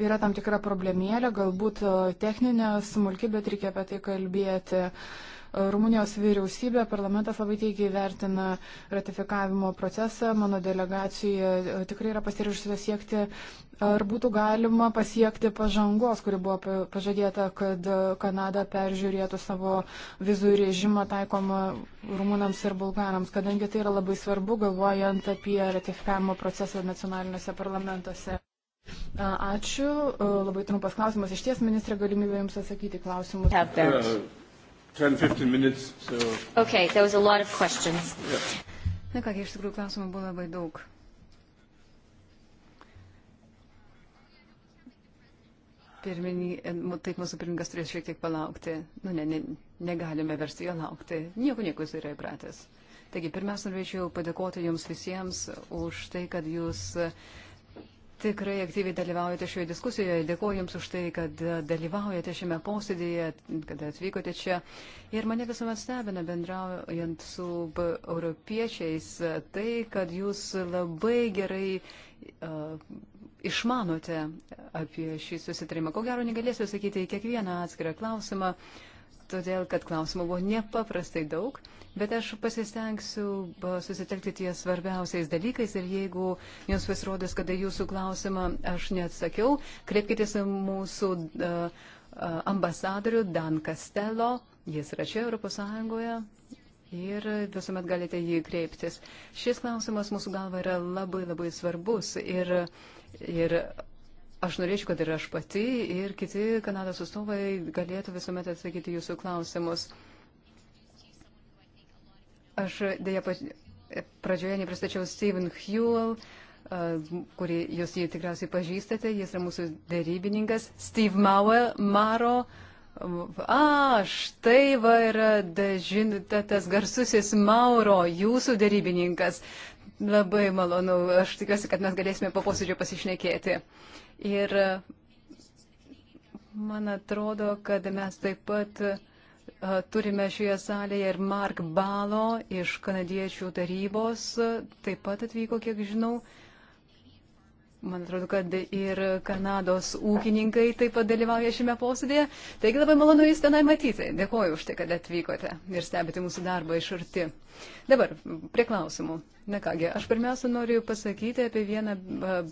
yra tam tikra problemėlė, galbūt techninė, smulki, bet reikia apie tai kalbėti. Rumunijos vyriausybė, parlamentas labai teigiai vertina ratifikavimo procesą. Mano delegacija e, tikrai yra pasiryžusi siekti, ar būtų galima pasiekti pažangos, kuri buvo pažadėta, kad e, Kanada peržiūrėtų savo vizų režimą taikomą rumunams ir bulgarams, kadangi tai yra labai svarbu, galvojant apie ratifikavimo procesą nacionaliniuose parlamentuose. Ačiū. E, labai trumpas klausimas. Iš ties, ministrė, galimybė Jums atsakyti klausimus. 10, 15 minutes, so... Okay, there was a lot of questions. Yeah. Na kągi, iš tikrųjų klausimų buvo labai daug. Pirminį, e, taip mūsų pirmininkas turės šiek tiek palaukti. Nu, ne, ne, negalime versti jo laukti. Nieko, nieko jis yra įpratęs. Taigi, pirmiausia, norėčiau padėkoti jums visiems už tai, kad jūs uh, tikrai aktyviai dalyvaujate šioje diskusijoje. Dėkuoju Jums už tai, kad dalyvaujate šiame posėdėje, kad atvykote čia. Ir mane visuomet stebina bendraujant su europiečiais tai, kad Jūs labai gerai uh, išmanote apie šį susitarimą. Ko gero negalėsiu sakyti į kiekvieną atskirą klausimą, todėl kad klausimų buvo nepaprastai daug. Uh, bet aš pasistengsiu susitelkti ties svarbiausiais dalykais ir jeigu jums pasirodys, kada jūsų klausimą aš neatsakiau, kreipkitės mūsų ambasadorių Dan Castello, jis yra čia Europos Sąjungoje, Ir visuomet galite jį kreiptis. Šis klausimas mūsų galva yra labai labai svarbus ir, ir aš norėčiau, kad ir aš pati, ir kiti Kanados atstovai galėtų visuomet atsakyti jūsų klausimus. Aš dėja pradžioje nepristačiau Steven Hewell, kurį jūs jį tikriausiai pažįstate, jis yra mūsų dėrybininkas, Steve Mauer, Maro. A, štai va yra, žinote, tas garsusis Mauro, jūsų dėrybininkas. Labai malonu, aš tikiuosi, kad mes galėsime po posėdžio pasišnekėti. Ir man atrodo, kad mes taip pat uh, Turime šioje salėje ir Mark Balo iš kanadiečių tarybos, taip pat atvyko, kiek žinau. Man atrodo, kad ir Kanados ūkininkai taip pat dalyvauja šiame posėdėje. Taigi labai malonu Jūs tenai matyti. Dėkoju už tai, kad atvykote ir stebite mūsų darbą iš arti. Dabar prie klausimų. Na kągi, aš pirmiausia noriu pasakyti apie vieną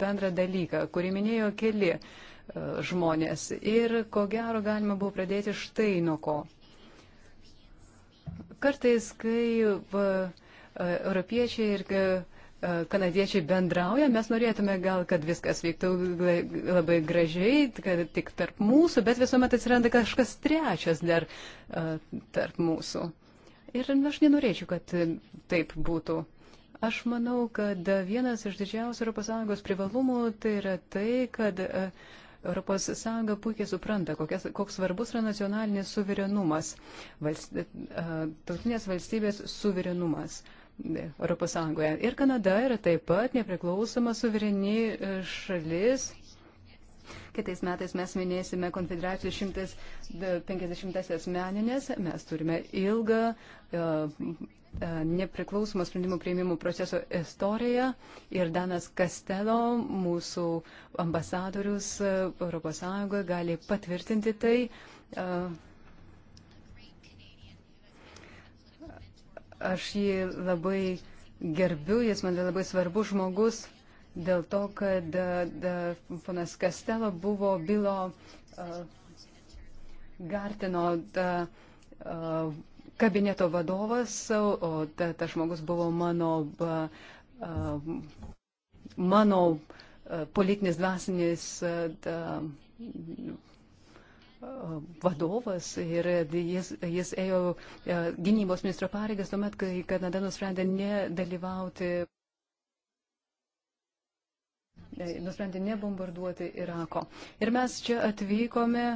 bendrą dalyką, kurį minėjo keli žmonės. Ir ko gero galima buvo pradėti štai nuo ko. Kartais, kai va, e, europiečiai ir e, e, kanadiečiai bendrauja, mes norėtume gal, kad viskas vyktų labai gražiai, kad tik tarp mūsų, bet visuomet atsiranda kažkas trečias dar tarp mūsų. Ir nu, aš nenorėčiau, kad taip būtų. Aš manau, kad vienas iš didžiausių ES privalumų tai yra tai, kad ES puikiai supranta, kokias, koks svarbus yra nacionalinis suverenumas, valst, e, tautinės valstybės suverenumas. ES. Ir Kanada yra taip pat nepriklausoma suvereni e, šalis, Kitais metais mes minėsime konfederacijų 150-asias meninės. Mes turime ilgą e, E, nepriklausomo sprendimų prieimimų proceso istoriją ir Danas Kastelo, mūsų ambasadorius ES, gali patvirtinti tai. E, aš jį labai gerbiu, jis man labai svarbus žmogus dėl to, kad e, da, ponas Kastelo buvo bylo uh, Gartino da, uh, kabineto vadovas, o tas ta žmogus buvo mano, mano politinis dvasinis ta, vadovas ir jis, jis ėjo gynybos ministro pareigas tuomet, kai Kanada nusprendė nedalyvauti, e, nusprendė nebombarduoti Irako. Ir mes čia atvykome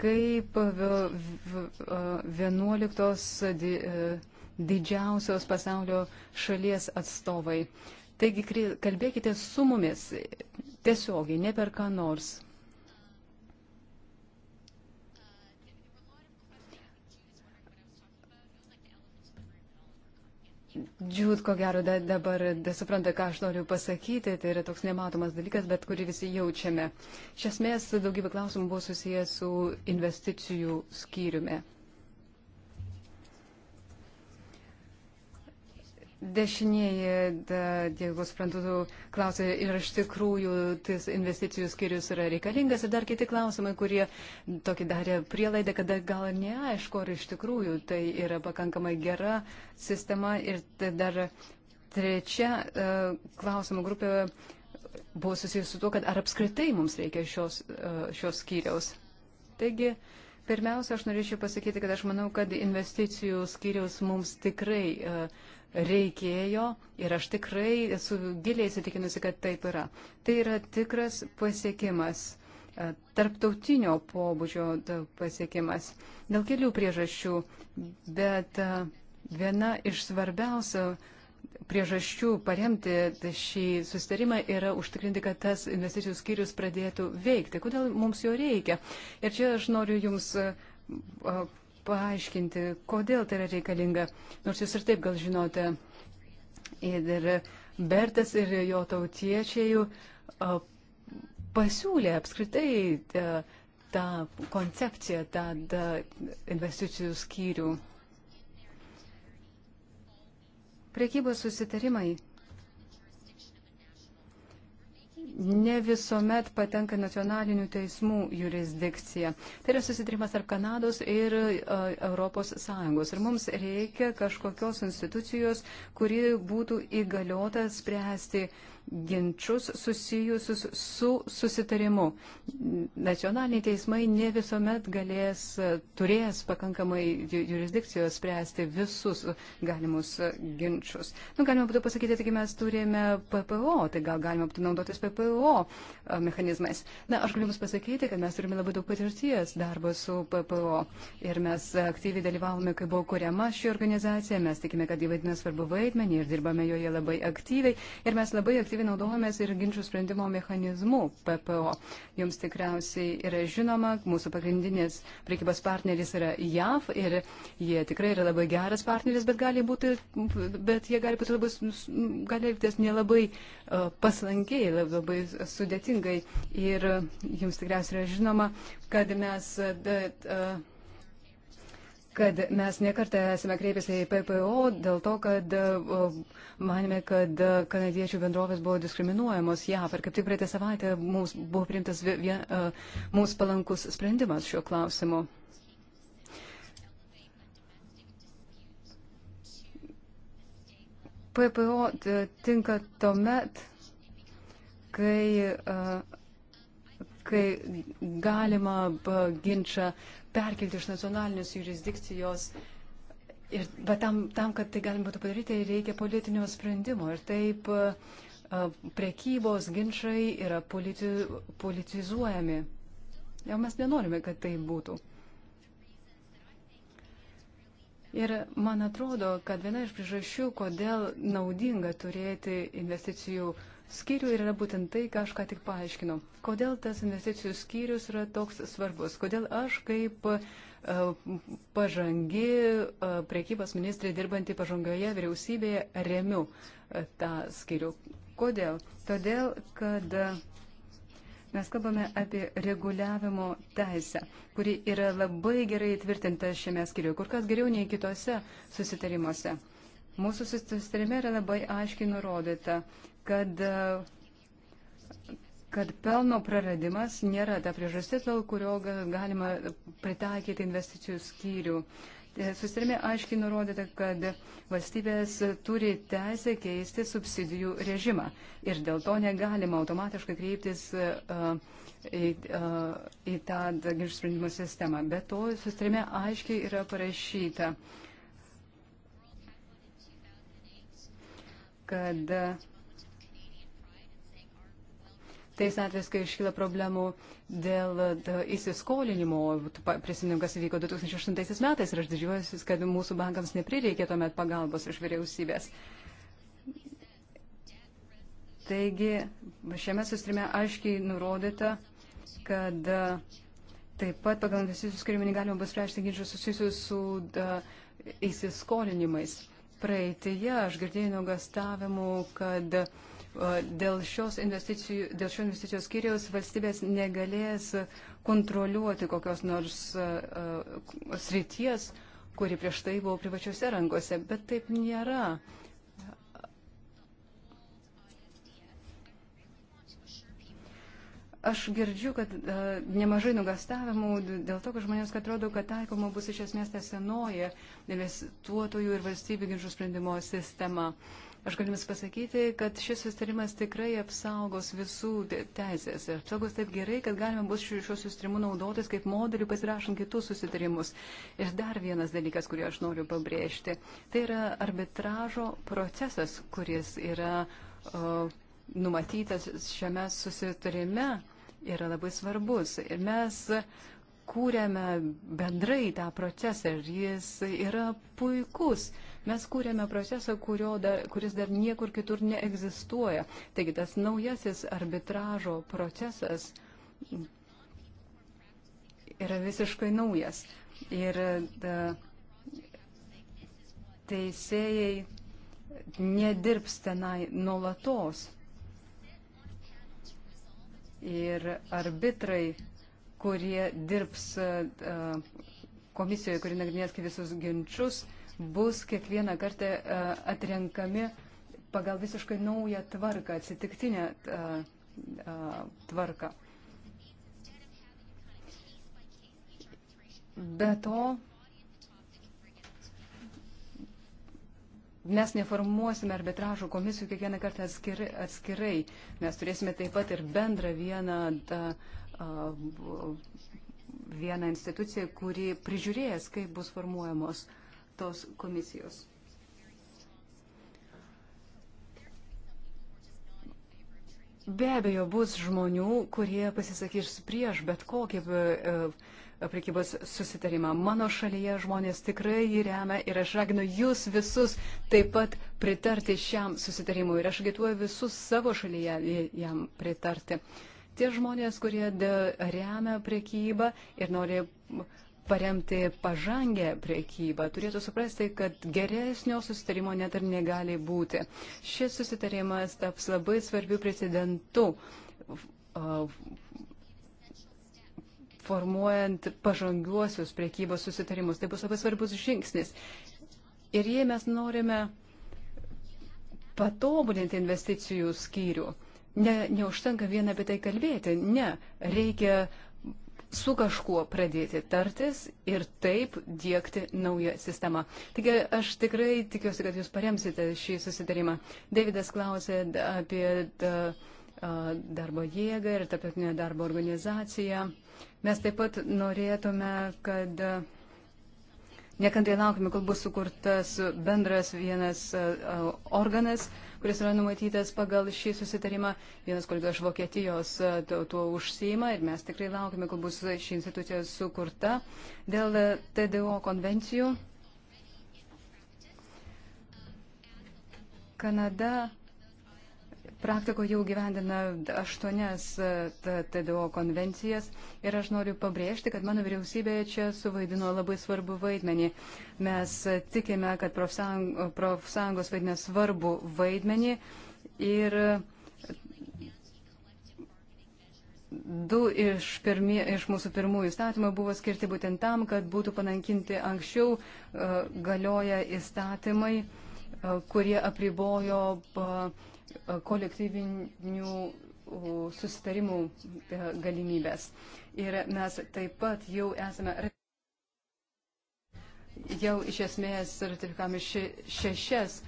kaip 11 e, didžiausios pasaulio šalies atstovai. Taigi kalbėkite su mumis tiesiogiai, ne per ką nors. Džiūt, ko gero, da, dabar da, supranta, ką aš noriu pasakyti, tai yra toks nematomas dalykas, bet kurį visi jaučiame. Iš esmės, daugybė klausimų buvo susijęs su investicijų skyriumi. Dešinieji, jeigu suprantu, klausia, ir iš tikrųjų tas investicijų skirius yra reikalingas ir dar kiti klausimai, kurie tokį darė prielaidą, kad gal neaišku, ar iš tikrųjų tai yra pakankamai gera sistema. Ir tai dar trečia e, klausimų grupė buvo susijusi su tuo, kad ar apskritai mums reikia šios, e, šios skyriaus. Taigi, pirmiausia, aš norėčiau pasakyti, kad aš manau, kad investicijų skyriaus mums tikrai uh, reikėjo ir aš tikrai esu giliai įsitikinusi, kad taip yra. Tai yra tikras pasiekimas, e, tarptautinio pobūdžio e, pasiekimas dėl kelių priežasčių, bet e, viena iš svarbiausių priežasčių paremti šį sustarimą yra užtikrinti, kad tas investicijų skyrius pradėtų veikti. Kodėl mums jo reikia? Ir čia aš noriu Jums paaiškinti, kodėl tai yra reikalinga, nors jūs ir taip gal žinote. Ir Bertas ir jo tautiečiai pasiūlė apskritai tą koncepciją, tą investicijų skyrių. Priekybos susitarimai ne visuomet patenka nacionalinių teismų jurisdikcija. Tai yra susitrimas tarp Kanados ir uh, Europos Sąjungos. Ir mums reikia kažkokios institucijos, kuri būtų įgaliota spręsti uh, ginčius susijusius su susitarimu. Nacionaliniai teismai ne visuomet galės, turės pakankamai jurisdikcijos spręsti visus galimus ginčius. Nu, galima būtų pasakyti, taigi mes turime PPO, tai gal galima būtų naudotis PPO e, mechanizmais. Na, aš galiu Jums pasakyti, kad mes turime labai daug patirties darbo su PPO ir mes aktyviai dalyvavome, kai buvo kuriama ši organizacija, mes tikime, kad įvaidina svarbu vaidmenį ir dirbame joje labai aktyviai ir mes labai aktyviai efektyviai naudojamės ir ginčių sprendimo mechanizmu PPO. Jums tikriausiai yra žinoma, mūsų pagrindinis prekybos partneris yra JAV ir jie tikrai yra labai geras partneris, bet, gali būti, bet jie gali būti labai, gali elgtis nelabai e, paslankiai, labai sudėtingai. Ir jums tikriausiai yra žinoma, kad mes. Bet, uh, kad mes nekartą esame kreipęsi į PPO dėl to, kad manime, kad kanadiečių bendrovės buvo diskriminuojamos JAV ir kaip tik praeitą savaitę mums buvo priimtas vien, mums palankus sprendimas šiuo klausimu. PPO tinka tuomet, kai uh, kai galima ginčą perkelti iš nacionalinės jurisdikcijos. Ir, bet tam, tam, kad tai galima būtų padaryti, reikia politinio sprendimo. Ir taip prekybos ginčiai yra politi, politizuojami. Jau mes nenorime, kad tai būtų. Ir man atrodo, kad viena iš priežasčių, kodėl naudinga turėti investicijų uh, skyrių ir yra būtent tai, ką aš ką tik paaiškinau. Kodėl tas investicijų skyrius yra toks svarbus? Kodėl aš kaip e, pažangi e, priekybos ministrė dirbanti pažangioje vyriausybėje remiu e, tą skyrių? Kodėl? Todėl, kad mes kalbame apie reguliavimo teisę, kuri yra labai gerai įtvirtinta šiame skyriuje, kur kas geriau nei kitose susitarimuose. Mūsų susitarime yra labai aiškiai nurodyta, kad, kad pelno praradimas nėra ta priežastis, dėl kurio galima pritaikyti investicijų skyrių. E, susirime aiškiai nurodyta, kad valstybės turi teisę keisti subsidijų režimą ir dėl to negalima automatiškai kreiptis uh, į, uh, į tą ginčių sprendimo sistemą. Bet to susirime aiškiai yra parašyta, kad uh, tais atvejais, kai iškyla problemų dėl įsiskolinimo. Prisiminkas įvyko 2008 metais ir aš didžiuojuosi, kad mūsų bankams neprireikė tuomet pagalbos iš vyriausybės. Taigi, šiame sustrime aiškiai nurodyta, kad e, taip pat pagal investicijų skirimį galima bus spręsti ginčius susijusius su da, e, įsiskolinimais. Praeitėje aš girdėjau nuogastavimų, kad uh, dėl šios investicijų, dėl šios investicijos skiriaus valstybės negalės kontroliuoti kokios nors srities, kuri prieš tai buvo privačiose rankose, bet taip nėra. Aš girdžiu, kad a, e, nemažai nugastavimų dėl to, kad žmonėms atrodo, kad taikoma bus iš esmės ta senoji investuotojų ir valstybių ginčių sprendimo sistema. A, Aš galiu Jums pasakyti, kad šis sustarimas tikrai apsaugos visų teisės. Apsaugos taip gerai, kad galima bus šiuo sustarimu naudotis kaip modeliu pasirašant kitus sustarimus. Ir dar vienas dalykas, kurį aš noriu pabrėžti, tai yra arbitražo procesas, kuris yra o, numatytas šiame susitarime, yra labai svarbus. Ir mes kūrėme bendrai tą procesą ir jis yra puikus. Mes kūrėme procesą, dar, kuris dar niekur kitur neegzistuoja. Taigi tas naujasis arbitražo procesas yra visiškai naujas. Ir da, teisėjai nedirbs tenai nuolatos. Ir arbitrai, kurie dirbs komisijoje, kuri nagrinės visus ginčius, bus kiekvieną kartą e, atrenkami pagal visiškai naują tvarką, atsitiktinę e, e, tvarką. Be to, mes neformuosime arbitražo komisijų kiekvieną kartą atskirai, atskirai. Mes turėsime taip pat ir bendrą vieną, da, a, vieną instituciją, kuri prižiūrės, kaip bus formuojamos a, tos komisijos. Be abejo, bus žmonių, kurie pasisakys prieš bet kokį e, e, prekybos susitarimą. Mano šalyje žmonės tikrai jį remia ir aš raginu jūs visus taip pat pritarti šiam susitarimui. Ir aš agituoju visus savo šalyje jam pritarti. Tie žmonės, kurie remia prekybą ir nori paremti pažangę priekybą, turėtų suprasti, kad geresnio susitarimo net ir negali būti. Šis susitarimas taps labai svarbiu precedentu formuojant pažangiuosius priekybos susitarimus. Tai bus labai svarbus žingsnis. Ir jei mes norime patobulinti investicijų skyrių, ne, neužtenka vien apie tai kalbėti, ne, reikia uh, su kažkuo pradėti tartis ir taip dėkti naują sistemą. Taigi aš tikrai tikiuosi, kad jūs paremsite šį susitarimą. Davidas klausė apie darbo jėgą ir tarptautinę darbo organizaciją. Mes taip pat norėtume, kad nekantrai laukime, kol bus sukurtas bendras vienas organas, kuris yra numatytas pagal šį susitarimą. Vienas kolega iš Vokietijos e, tuo užsima ir mes tikrai laukime, kol bus ši institucija sukurta dėl e, TDO konvencijų. Kanada praktikoje jau gyvendina aštuonias e, TDO konvencijas ir aš noriu pabrėžti, kad mano vyriausybė čia suvaidino labai svarbu vaidmenį. Mes tikime, kad profsąjungos vaidina svarbu vaidmenį ir Du iš, pirmie, iš mūsų pirmųjų įstatymų buvo skirti būtent tam, kad būtų panankinti anksčiau uh, galioja įstatymai, uh, kurie apribojo uh, kolektyvinių susitarimų e, galimybės. Ir mes taip pat jau esame, jau iš esmės ratifikavome še, šešias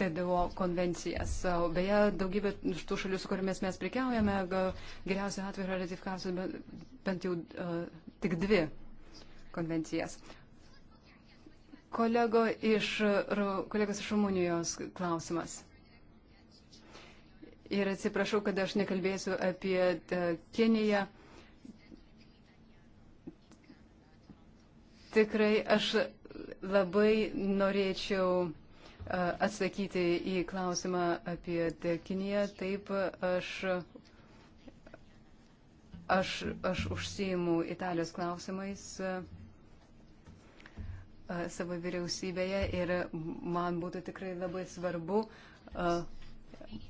TDO konvencijas. Beje, daugybė tų šalių, su kuriamis mes prikiaujame, geriausiu atveju yra ratifikavusios bent jau uh, tik dvi konvencijas. Kolego iš, kolegos iš Rumunijos klausimas. Ir atsiprašau, kad aš nekalbėsiu apie e, Keniją. Tikrai aš labai norėčiau e, atsakyti į klausimą apie e, Kiniją. Taip, aš, aš, aš užsijimu Italijos klausimais savo vyriausybėje ir man būtų tikrai labai svarbu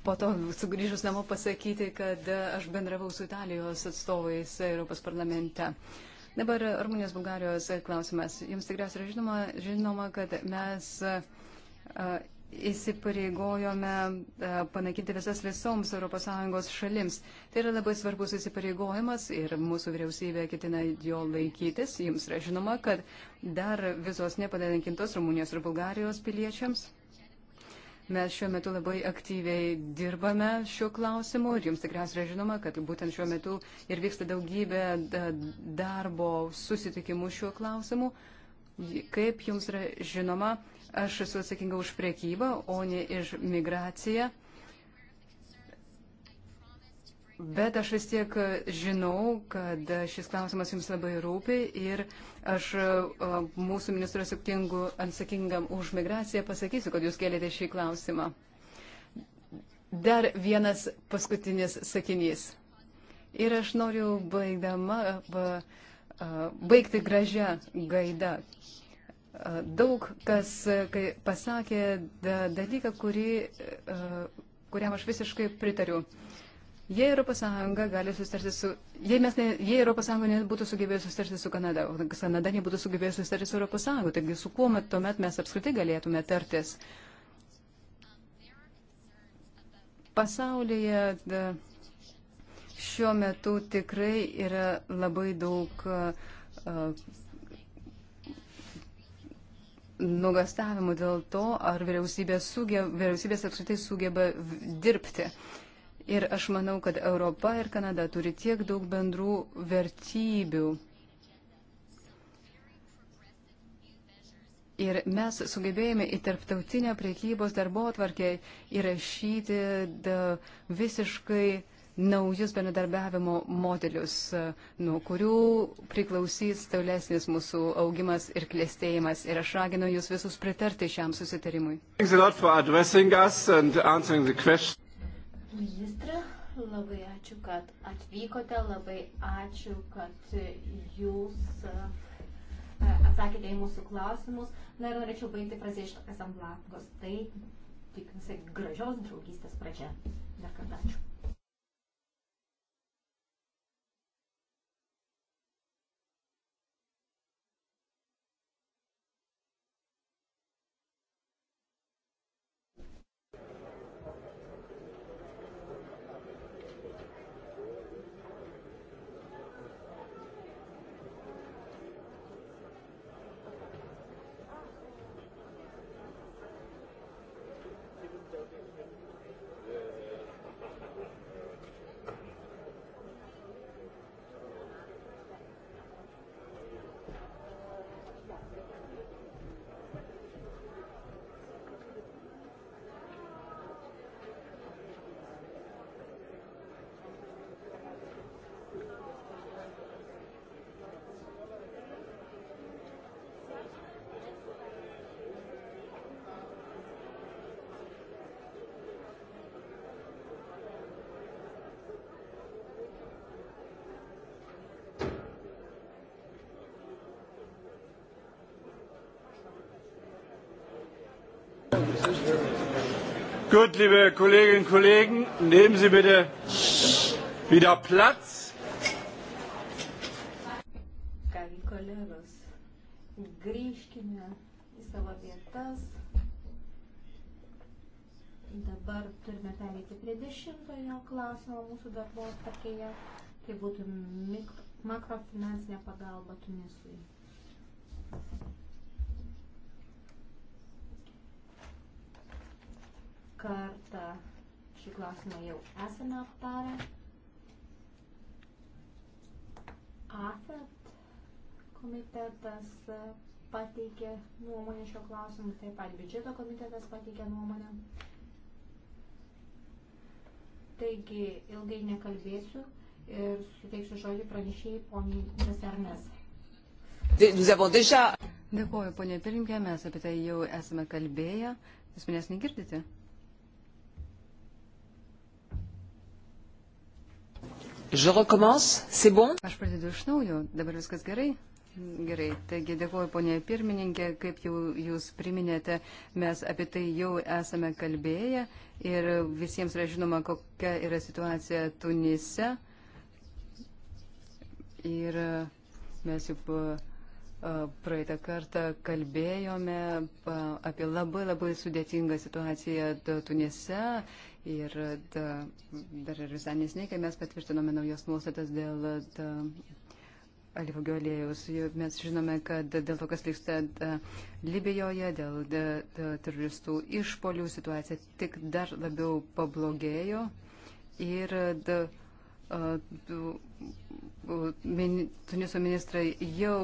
po to sugrįžus namo pasakyti, kad aš bendravau su Italijos atstovais Europos parlamente. Dabar Rumunijos Bulgarijos klausimas. Jums tikriausiai yra žinoma, žinoma, kad mes įsipareigojome panaikinti visas visoms ES šalims. Tai yra labai svarbus įsipareigojimas ir mūsų vyriausybė ketina jo laikytis. Jums yra žinoma, kad dar visos nepadankintos Rumunijos ir Bulgarijos piliečiams Mes šiuo metu labai aktyviai dirbame šiuo klausimu ir jums tikriausiai yra žinoma, kad būtent šiuo metu ir vyksta daugybė darbo susitikimų šiuo klausimu. Kaip jums yra žinoma, aš esu atsakinga už priekybą, o ne už migraciją. Bet aš vis tiek e, žinau, kad šis klausimas jums labai rūpi ir aš e, mūsų ministro atsakingam už migraciją pasakysiu, kad jūs kėlėte šį klausimą. Dar vienas paskutinis sakinys. Ir aš noriu baigdama, e, baigti gražią gaidą. Daug kas pasakė dalyką, kurį, kuriam aš visiškai pritariu. Jei ES gali susitarti su, jei, mes ne, jei ES nebūtų sugebėjusi susitarti su Kanada, o Kanada nebūtų sugebėjusi susitarti su ES, taigi su kuo met, tuomet mes apskritai galėtume tartis? Pasaulyje da, šiuo metu tikrai yra labai daug uh, nugastavimų dėl to, ar vyriausybės, suge, vyriausybės apskritai sugeba dirbti. Uh, Ir aš manau, kad Europa ir Kanada turi tiek daug bendrų vertybių. Ir mes sugebėjome į tarptautinę priekybos darbo atvarkę įrašyti visiškai naujus bendradarbiavimo modelius, nuo kurių priklausys tolesnis mūsų augimas ir klėstėjimas. Ir aš raginu jūs visus pritarti šiam susitarimui. Ministra, labai ačiū, kad atvykote, labai ačiū, kad jūs e, atsakėte į mūsų klausimus. Na ir norėčiau baigti frazę iš tokias amblangos. Tai tikiuosi gražios draugystės pradžia. Dar kartą ačiū. Gut, liebe Kolleginnen und Kollegen, nehmen Sie bitte wieder Platz. Kągi kolegos, grįžkime į savo vietas. Dabar turime pereiti prie dešimtojo klausimo mūsų darbo atvarkėje, tai būtų mikro, makrofinansinė pagalba Tunisui. kartą šį klausimą jau esame aptarę. AFET komitetas pateikė nuomonę šio klausimu, taip pat biudžeto komitetas pateikė nuomonę. Taigi ilgai nekalbėsiu ir suteiksiu žodį pranešėjai poniai Desernes. Dėkuoju, ponė Pirinkė, mes apie tai jau esame kalbėję. Jūs manęs negirdite? Je recommence, c'est bon? Aš pradedu iš naujo, dabar viskas gerai. Gerai, taigi dėkuoju ponė pirmininkė, kaip jau jūs priminėte, mes apie tai jau esame kalbėję ir visiems yra žinoma, kokia yra situacija Tunise. Ir e, mes jau e, e, praeitą kartą kalbėjome apie labai labai sudėtingą situaciją Tunise Ir da, dar ir visai nesnei, kai mes patvirtinome naujas nuostatas dėl da, alyvogių aliejus, mes žinome, kad dėl to, kas vyksta Libijoje, dėl da, da, teroristų išpolių, situacija tik dar labiau pablogėjo. Ir da, Tuniso ministrai jau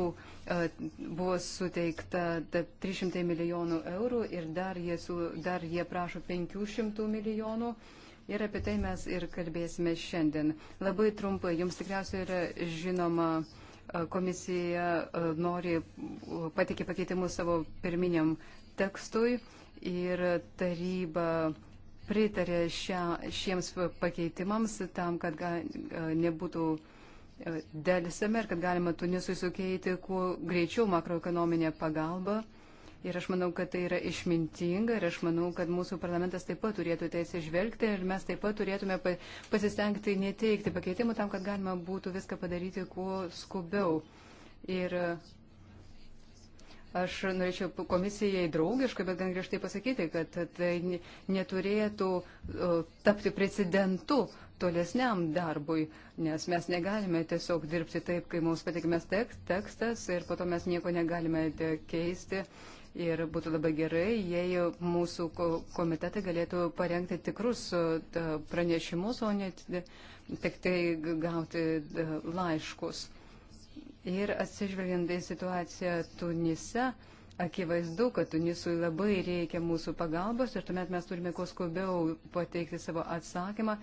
buvo suteikta 300 milijonų eurų ir dar jie, su, dar jie prašo 500 milijonų. Ir apie tai mes ir kalbėsime šiandien. Labai trumpai, jums tikriausiai yra žinoma, komisija nori patikė pakeitimus savo pirminiam tekstui ir taryba pritarė šia, šiems pakeitimams tam, kad ga, nebūtų dėlisame ir kad galima Tunisui sukeiti kuo greičiau makroekonominę pagalbą. Ir aš manau, kad tai yra išmintinga ir aš manau, kad mūsų parlamentas taip pat turėtų teisę žvelgti ir mes taip pat turėtume pasistengti neteikti pakeitimų tam, kad galima būtų viską padaryti kuo skubiau. Ir Aš norėčiau komisijai draugiškai, bet gan griežtai pasakyti, kad tai neturėtų tapti precedentu tolesniam darbui, nes mes negalime tiesiog dirbti taip, kai mums patikimas tekstas ir po to mes nieko negalime e, keisti. Ir būtų labai gerai, jei mūsų komitetai galėtų parengti tikrus pranešimus, o ne tik tai gauti laiškus. Ir atsižvelgiant į situaciją Tunise, akivaizdu, kad Tunisui labai reikia mūsų pagalbos ir tuomet mes turime kuo skubiau pateikti savo atsakymą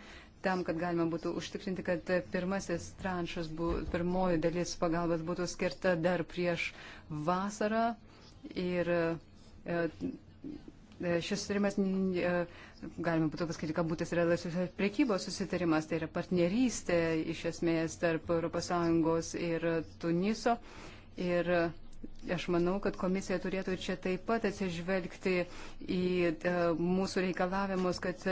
tam, kad galima būtų užtikrinti, kad pirmasis tranšas, pirmoji dalis pagalbos būtų skirta dar prieš vasarą ir e, Šis susitarimas, e, galima būtų pasakyti, kad būtis yra laisvės priekybos susitarimas, tai yra partnerystė iš esmės tarp ES ir Tuniso. Ir aš manau, kad komisija turėtų čia taip pat atsižvelgti į e, mūsų reikalavimus, kad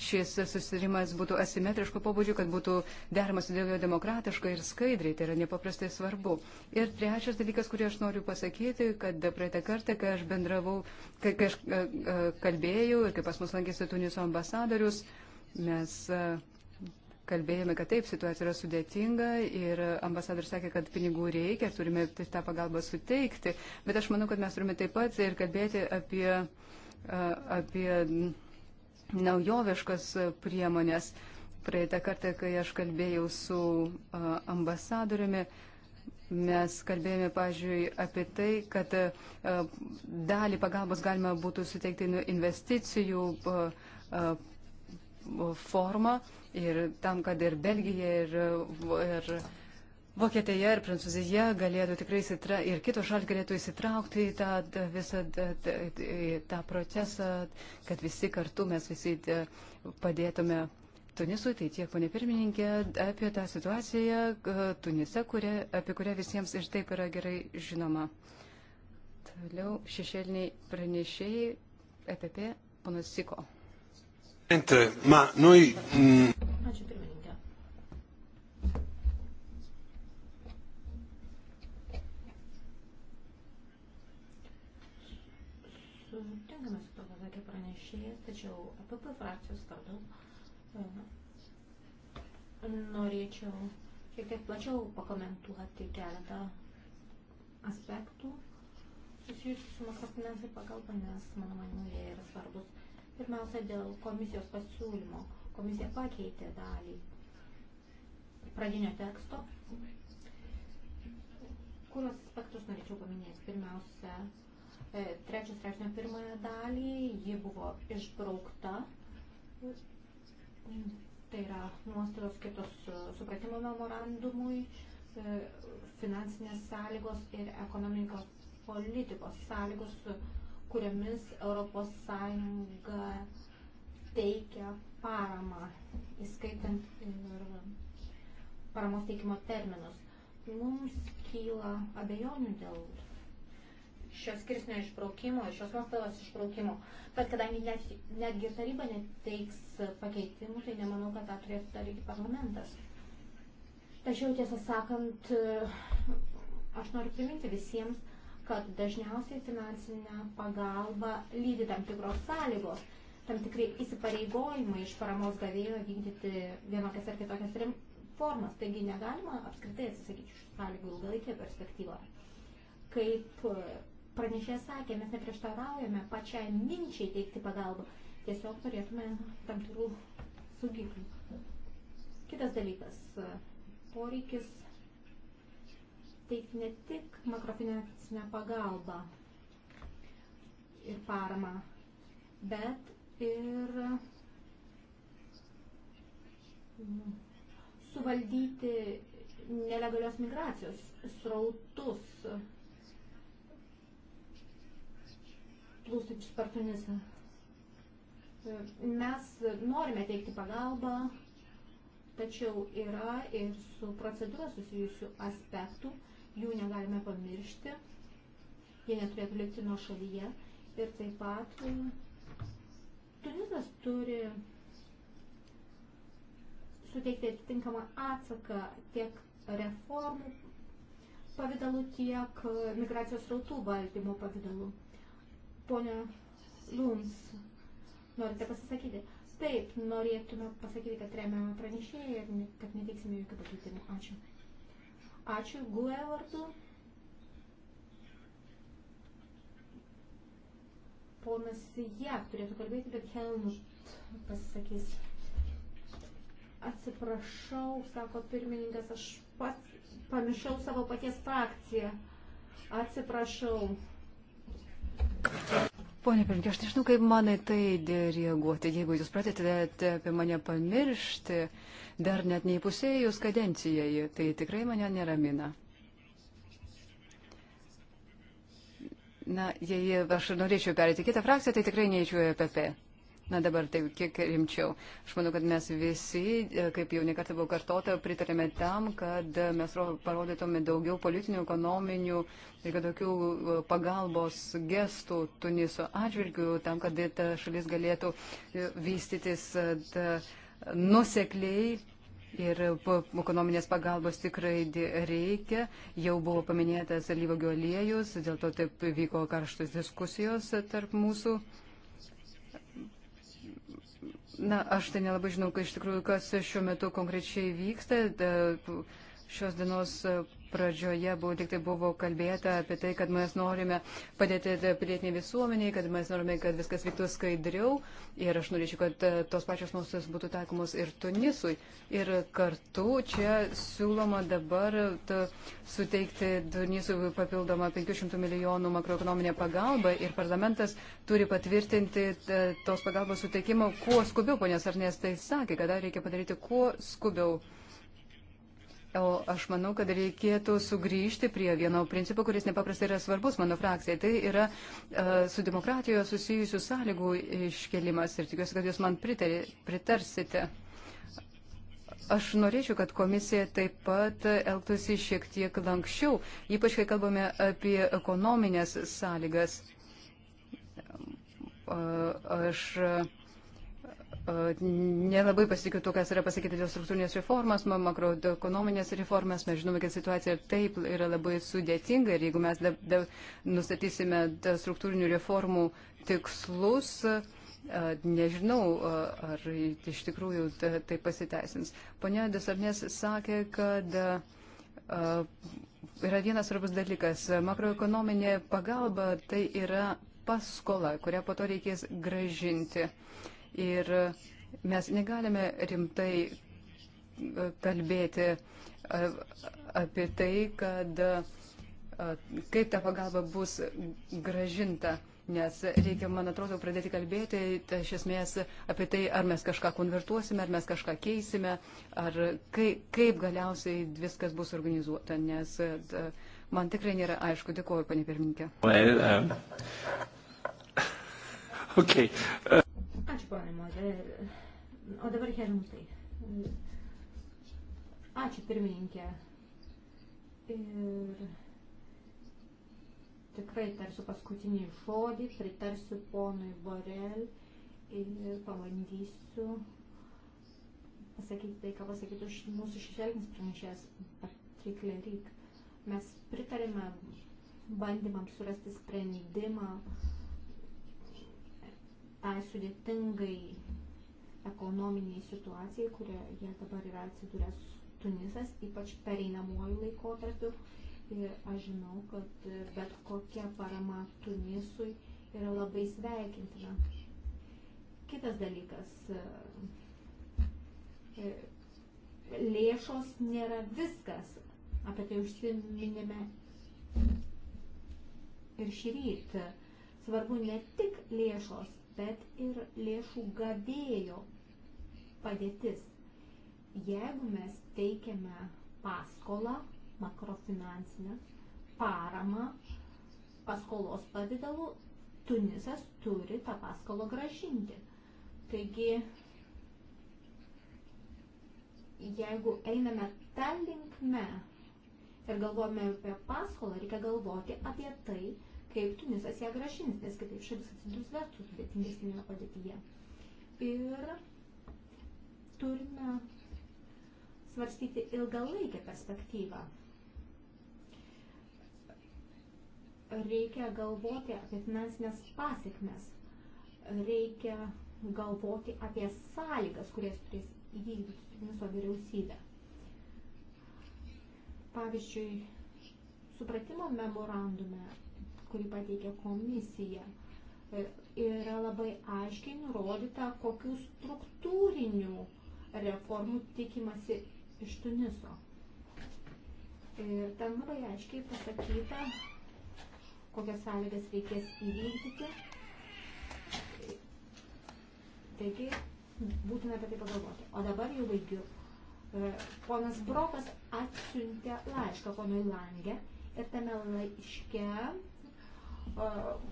šis susitarimas būtų asimetriško pobūdžio, kad būtų deramas dėl jo demokratiškai ir skaidriai. Tai yra nepaprastai svarbu. Ir trečias dalykas, kurį aš noriu pasakyti, kad praeitą kartą, kai aš bendravau, kai, kai aš e, e, kalbėjau ir kai pas mus lankėsi Tuniso ambasadorius, mes e, kalbėjome, kad taip, situacija yra sudėtinga ir ambasadorius sakė, kad pinigų reikia, turime tai tą pagalbą suteikti, bet aš manau, kad mes turime taip pat ir kalbėti apie, apie naujoviškas priemonės. Praeitą kartą, kai aš kalbėjau su ambasadoriumi, mes kalbėjome, pažiūrėjau, apie tai, kad dalį pagalbos galima būtų suteikti investicijų formą ir tam, kad ir Belgija, ir, ir Vokietija ir Prancūzija galėtų tikrai įsitraukti ir kitos šalis galėtų įsitraukti į tą visą tą procesą, kad visi kartu mes visi e, padėtume Tunisui. Tai tiek, ponė pirmininkė, apie tą situaciją e, Tunise, kuria, apie kurią visiems ir taip yra gerai žinoma. Toliau šešėliniai pranešėjai EPP, ponas Siko. Mm, Ačiū pirmininkė. tačiau APP frakcijos vardu ehm, norėčiau šiek tiek plačiau pakomentuoti keletą aspektų susijusių su makrofinansinė pagalba, nes mano manimu jie yra svarbus. Pirmiausia, dėl komisijos pasiūlymo. Komisija pakeitė dalį pradinio teksto. Kurios aspektus norėčiau paminėti? Pirmiausia, E, trečios straipsnio pirmąją dalį, ji buvo išbraukta. Tai yra nuostatos kitos e, supratimo memorandumui, e, finansinės sąlygos ir ekonomikos politikos sąlygos, kuriomis ES teikia paramą, įskaitant ir paramos teikimo terminus. Mums kyla abejonių dėl šio skirsnio išbraukimo, šios nuostatos išbraukimo. Bet kadangi net, netgi ir taryba neteiks pakeitimų, tai nemanau, kad tą turėtų daryti parlamentas. Tačiau tiesą sakant, aš noriu priminti visiems, kad dažniausiai finansinę pagalbą lydi tam tikros sąlygos, tam tikrai įsipareigojimai iš paramos gavėjo vykdyti vienokias ar kitokias reformas. Taigi negalima apskritai atsisakyti šių sąlygų ilgalaikėje perspektyvoje. Kaip pranešė sakė, mes neprieštaraujame pačiai minčiai teikti pagalbą, tiesiog norėtume tam tikrų saugiklių. Kitas dalykas - poreikis teikti ne tik makrofinansinę pagalbą ir paramą, bet ir suvaldyti nelegalios migracijos srautus plūstančius per Tunisą. Mes norime teikti pagalbą, tačiau yra ir su procedūra susijusių aspektų, jų negalime pamiršti, jie neturėtų likti nuo šalyje ir taip pat e, Tunisas turi suteikti atitinkamą atsaką tiek reformų pavydalu, tiek e, migracijos rautų valdymo pavydalu. Pone Luns, norite pasisakyti? Taip, norėtume pasakyti, kad remiame pranešėją ir kad neteiksime jokių pakeitimų. Ačiū. Ačiū, Gue vardu. Ponas Jav turėtų kalbėti, bet Helmut pasisakys. Atsiprašau, sako pirmininkas, aš pats pamiršau savo paties frakciją. Atsiprašau. Pone Pirmininkė, aš nežinau, kaip man į tai reaguoti. Jeigu jūs pradėtumėte apie mane pamiršti, dar net neįpusėjus kadencijai, tai tikrai mane neramina. Na, jei aš norėčiau perėti kitą frakciją, tai tikrai neįčiau EPP. Na dabar tai kiek rimčiau. Aš manau, kad mes visi, e, kaip jau nekartą buvo kartota, pritarėme tam, kad mes parodytume daugiau politinių, ekonominių ir tokių e, pagalbos gestų Tuniso atžvilgių, tam, kad ta šalis galėtų e, vystytis nusekliai Ir ekonominės pagalbos tikrai reikia. Jau buvo paminėtas alyvogių aliejus, dėl to taip vyko karštos diskusijos tarp mūsų. Na, aš tai nelabai žinau, kai iš tikrųjų, kas šiuo metu konkrečiai vyksta. Da, šios dienos pradžioje buvo, tik tai buvo kalbėta apie tai, kad mes norime padėti pilietiniai visuomeniai, kad mes norime, kad viskas vyktų skaidriau. Ir aš norėčiau, kad e, tos pačios nuostatos būtų taikomos ir Tunisui. Ir kartu čia siūloma dabar ta, suteikti Tunisui papildomą 500 milijonų makroekonominę pagalbą ir parlamentas turi patvirtinti ta, tos pagalbos suteikimą kuo skubiau, ponės Arnės tai sakė, kad reikia padaryti kuo skubiau. O aš manau, kad reikėtų sugrįžti prie vieno principo, kuris nepaprastai yra svarbus mano frakcijai. Tai yra uh, su demokratijoje susijusių sąlygų iškelimas ir tikiuosi, kad jūs man pritarė, pritarsite. Aš norėčiau, kad komisija taip pat elgtųsi šiek tiek lankščiau, ypač kai kalbame apie ekonominės sąlygas. E, aš. Uh, nelabai pasitikiu to, kas yra pasakyti dėl struktūrinės reformos, makroekonominės reformos. Mes žinome, kad situacija ir taip yra labai sudėtinga ir jeigu mes da, da, nustatysime da, struktūrinių reformų tikslus, nežinau, ar iš tikrųjų tai pasiteisins. Pone Desarnės sakė, kad yra vienas svarbus dalykas. Makroekonominė pagalba tai yra paskola, kurią po to reikės gražinti. Uh, Ir mes negalime rimtai e, kalbėti e, apie tai, kad e, kaip ta pagalba bus gražinta. Nes reikia, man atrodo, pradėti kalbėti tai, iš esmės apie tai, ar mes kažką konvertuosime, ar mes kažką keisime, ar kaip, kaip galiausiai viskas bus organizuota. Nes da, man tikrai nėra aišku. Dėkuoju, panė pirmininkė. Well, um... [laughs] okay. uh... Ačiū, ponė eh, Moterė. O dabar Helmutai. Ačiū, pirmininkė. Ir tikrai tarsiu paskutinį žodį, pritarsiu ponui Borel ir eh, pabandysiu pasakyti tai, ką pasakytų mūsų šešėlinis pranešėjas Patrik Lerik. Mes pritarėme bandymams surasti sprendimą uh, tai sudėtingai ekonominiai situacijai, kurioje dabar yra atsidūręs Tunisas, ypač pereinamuoju laikotarpiu. Ir aš žinau, kad bet kokia parama Tunisui yra labai sveikintina. Kitas dalykas e, lėšos nėra viskas. Apie tai užsiminėme ir šį rytą. Svarbu ne tik lėšos, bet ir lėšų gavėjo padėtis. Jeigu mes teikiame paskolą, makrofinansinę paramą paskolos pavydalu, Tunisas turi tą paskolą gražinti. Taigi, jeigu einame tą linkme ir galvojame apie paskolą, reikia galvoti apie tai, kaip Tunisas ją gražins, nes kitaip šalis atsidurs dar sudėtingesnėje padėtyje. Ir turime svarstyti ilgalaikę perspektyvą. Reikia galvoti apie finansinės pasiekmes, reikia galvoti apie sąlygas, kurias turės įvykdyti Tuniso vyriausybė. Pavyzdžiui, supratimo memorandume kurį pateikė komisija, e, yra labai aiškiai nurodyta, kokių struktūrinių reformų tikimasi iš Tuniso. Ir e, ten labai aiškiai pasakyta, kokias sąlygas reikės įvykdyti. Taigi, būtina apie tai pagalvoti. O dabar jau baigiu. E, ponas Brokas atsiuntė laišką ponui Langė ir tame laiške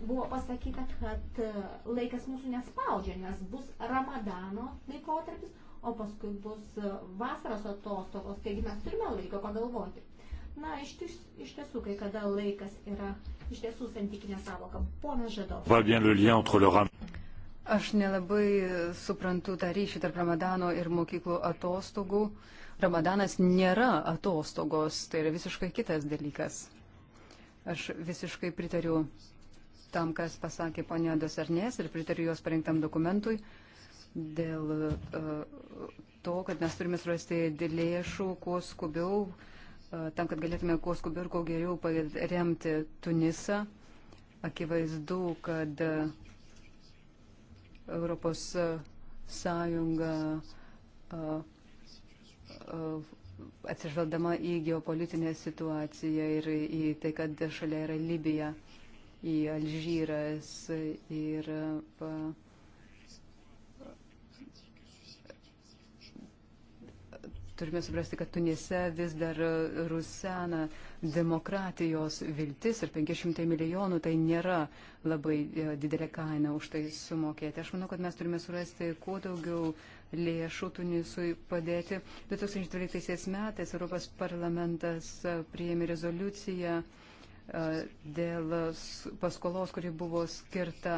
buvo pasakyta, kad e, laikas mūsų nespaudžia, nes bus ramadano laikotarpis, o paskui bus e, vasaros atostogos, taigi mes turime laiko pagalvoti. Na, iš, ties, iš tiesų, kai kada laikas yra iš tiesų santykinė savoka. Pone Žadovas. Aš nelabai suprantu tą ryšį tarp ramadano ir mokyklų atostogų. Ramadanas nėra atostogos, tai yra visiškai kitas dalykas. Aš visiškai pritariu tam, kas pasakė ponia Dosarnės ir pritariu jos parengtam dokumentui dėl e, to, kad mes turime surasti lėšų kuo skubiau, e, tam, kad galėtume kuo skubiau ir kuo geriau paremti Tunisą. Akivaizdu, kad Europos Sąjunga e, atsižvelgdama į geopolitinę situaciją ir į tai, kad šalia yra Libija, į Alžyras ir turime suprasti, kad Tunise vis dar rusena demokratijos viltis ir 500 milijonų tai nėra labai e, didelė kaina už tai sumokėti. Aš manau, kad mes turime surasti kuo daugiau uh, lėšų Tunisui padėti. 2012 metais Europos parlamentas priėmė rezoliuciją dėl paskolos, kuri buvo skirta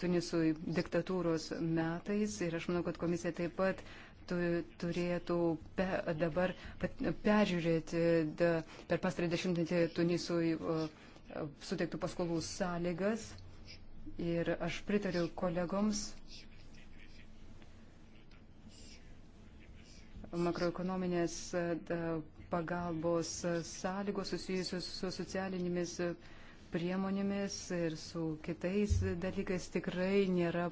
Tunisui diktatūros metais. Ir aš manau, kad komisija taip pat turėtų pe, dabar peržiūrėti da, per pastarį dešimtmetį Tunisui suteiktų paskolų sąlygas. Ir aš pritariu kolegoms, makroekonominės e, pagalbos sąlygos susijusios su socialinėmis priemonėmis ir su kitais dalykais tikrai nėra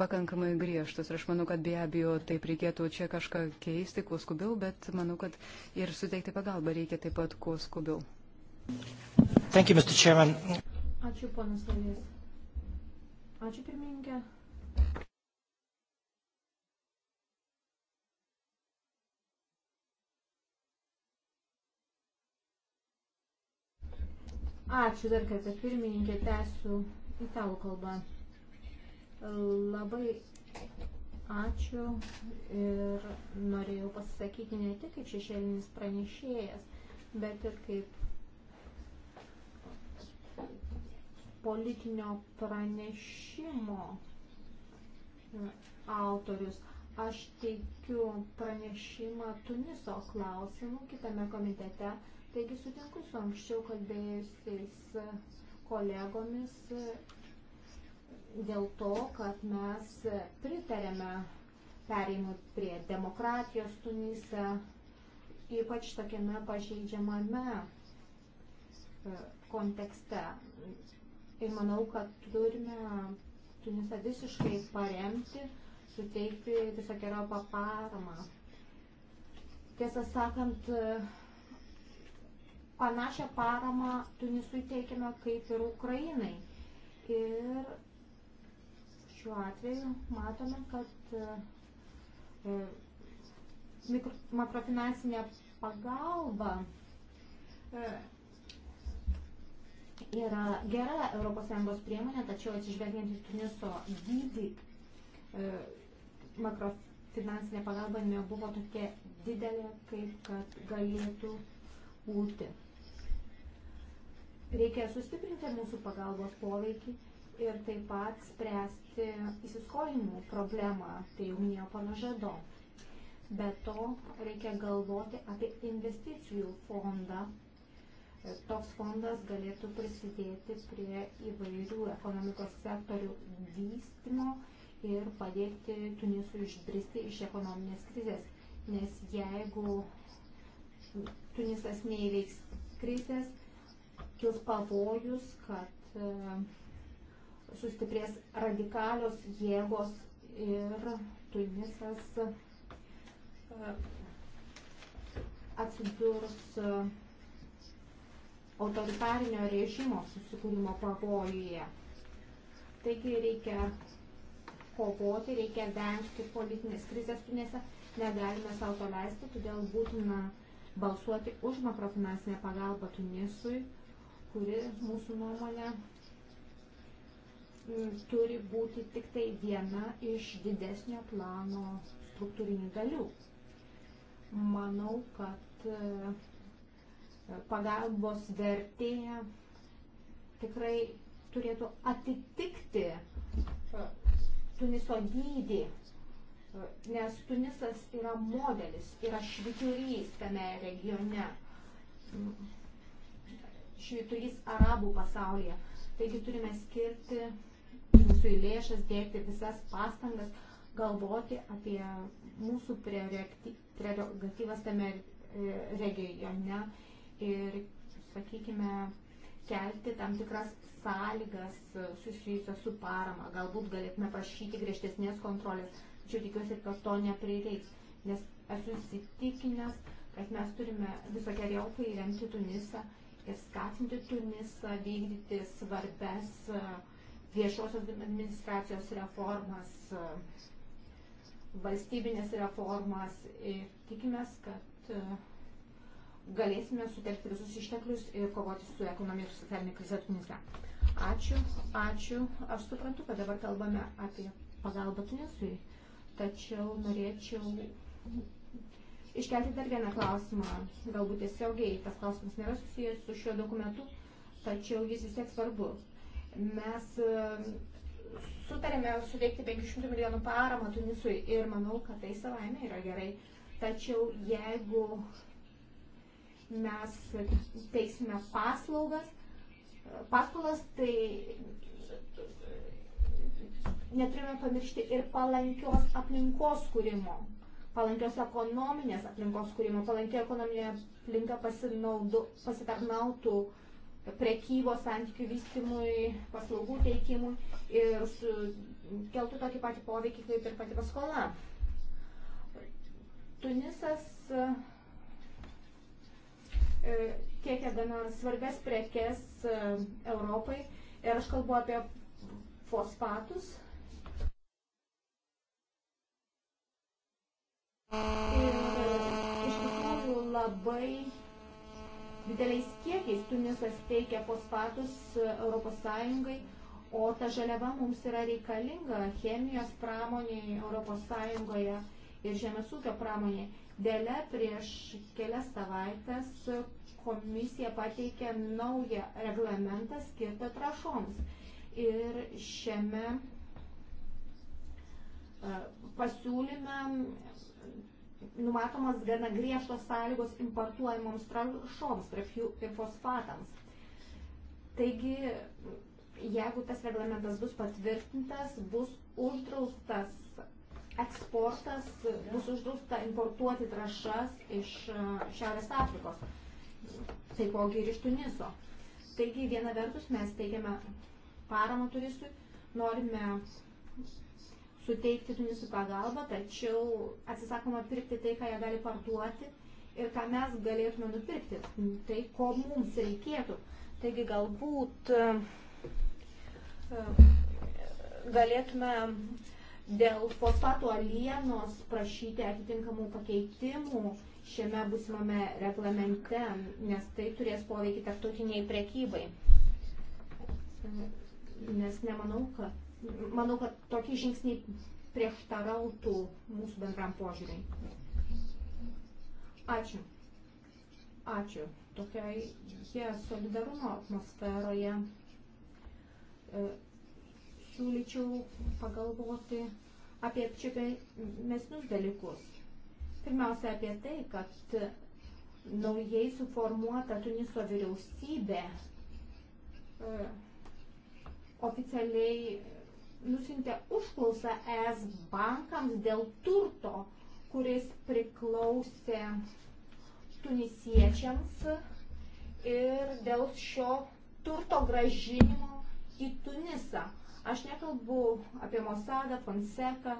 pakankamai griežtos. Ir aš manau, kad be abejo taip reikėtų čia kažką keisti kuo skubiau, bet manau, kad ir suteikti pagalbą reikia taip pat kuo skubiau. Thank you, Mr. Chairman. Ačiū, ponas Valės. Ačiū, pirmininkė. Ačiū dar kartą pirmininkė, tęsiu italų kalbą. Labai ačiū ir norėjau pasisakyti ne tik kaip šešėlinis pranešėjas, bet ir kaip politinio pranešimo autorius. Aš teikiu pranešimą Tuniso klausimų kitame komitete Taigi sutinku su anksčiau kalbėjusiais kolegomis dėl to, kad mes pritarėme pereimui prie demokratijos Tunise, ypač tokiame pažeidžiamame e, kontekste. Ir manau, kad turime Tunisą visiškai paremti, suteikti visokiojo paparamą. Tiesą sakant, panašią paramą Tunisui teikiame kaip ir Ukrainai. Ir šiuo atveju matome, kad e, makrofinansinė pagalba e, yra gera ES priemonė, tačiau atsižvelgiant į Tuniso dydį, e, makrofinansinė pagalba nebuvo tokia didelė, kaip kad galėtų būti. Reikia sustiprinti mūsų pagalbos poveikį ir taip pat spręsti įsiskolinimų problemą, tai jau minėjo pana Žado. Be to reikia galvoti apie investicijų fondą. Toks fondas galėtų prisidėti prie įvairių ekonomikos sektorių vystymo ir padėti Tunisui išbristi iš ekonominės krizės. Nes jeigu Tunisas neįveiks krizės, kils pavojus, kad e, sustiprės radikalios jėgos ir Tunisas e, atsidurs e, autoritarinio režimo susikūrimo pavojuje. Taigi reikia kovoti, reikia vengti politinės krizės Tunise, negalime savo to leisti, todėl būtina balsuoti už makrofinansinę pagalbą Tunisui kuri mūsų nuomonė e, turi būti tik tai viena iš didesnio plano struktūrinių dalių. Manau, kad e, pagalbos vertė tikrai turėtų atitikti e, Tuniso dydį, nes Tunisas yra modelis, yra švyturys tame regione švyturys arabų pasaulyje. Taigi turime skirti mūsų lėšas, dėkti visas pastangas, galvoti apie mūsų prerogatyvas tame e, regione ir, sakykime, kelti tam tikras sąlygas susijusios su parama. Galbūt galėtume prašyti griežtesnės kontrolės, tačiau tikiuosi, kad to neprireiks, nes esu įsitikinęs, kad mes turime visokiai jaukai remti Tunisą skatinti Tunisą vykdyti svarbes viešosios administracijos reformas, valstybinės reformas ir tikimės, kad galėsime sutelkti visus išteklius ir kovoti su ekonominė ir socialinė krize Tunise. Ačiū, ačiū. Aš suprantu, kad dabar kalbame apie pagalbą Tunisui, tačiau norėčiau iškelti dar vieną klausimą, galbūt tiesiogiai tas klausimas nėra susijęs su šiuo dokumentu, tačiau jis vis tiek svarbus. Mes e, sutarėme suteikti 500 milijonų paramą Tunisui ir manau, kad tai savaime yra gerai. Tačiau jeigu mes teiksime paslaugas, e, paskolas, tai neturime pamiršti ir palankios aplinkos kūrimo palankios ekonominės aplinkos kūrimo, palankiai ekonominė aplinka pasitarnautų prekybos santykių vystimui, paslaugų teikimui ir keltų tokį patį poveikį kaip ir pati paskola. Tunisas e, tiekia gana svarbės prekes e, Europai ir aš kalbu apie fosfatus, Ir iš tikrųjų labai dideliais kiekiais Tunisas teikia fosfatus ES, o ta žaliava mums yra reikalinga chemijos pramonėje ES ir žemės ūkio pramonėje. Dėle prieš kelias savaitės komisija pateikė naują reglamentą skirtą trašoms. Ir šiame e, pasiūlyme numatomas gana griežtos sąlygos importuojamoms trąšoms, trašių ir fosfatams. Taigi, jeigu tas reglamentas bus patvirtintas, bus uždraustas eksportas, bus uždrausta importuoti trašas iš uh, Šiaurės Afrikos, taipogi ir iš Tuniso. Taigi, viena vertus mes teikiame paramą turistui, norime suteikti Tunisui pagalbą, tačiau atsisakoma pirkti tai, ką jie gali parduoti ir ką mes galėtume nupirkti, tai ko mums reikėtų. Taigi galbūt e, e, galėtume dėl fosfato alienos prašyti atitinkamų pakeitimų šiame būsimame reglamente, nes tai turės poveikį tarptautiniai prekybai. Nes nemanau, kad manau, kad tokie žingsniai prieštarautų mūsų bendram požiūriui. Ačiū. Ačiū. Tokioje yeah, solidarumo atmosferoje e, siūlyčiau pagalvoti apie apčiupėmesnius dalykus. Pirmiausia, apie tai, kad naujai suformuota Tuniso vyriausybė e, oficialiai nusintė užklausą ES bankams dėl turto, kuris priklausė tunisiečiams ir dėl šio turto gražinimo į Tunisą. Aš nekalbu apie Mosadą, Fonseką,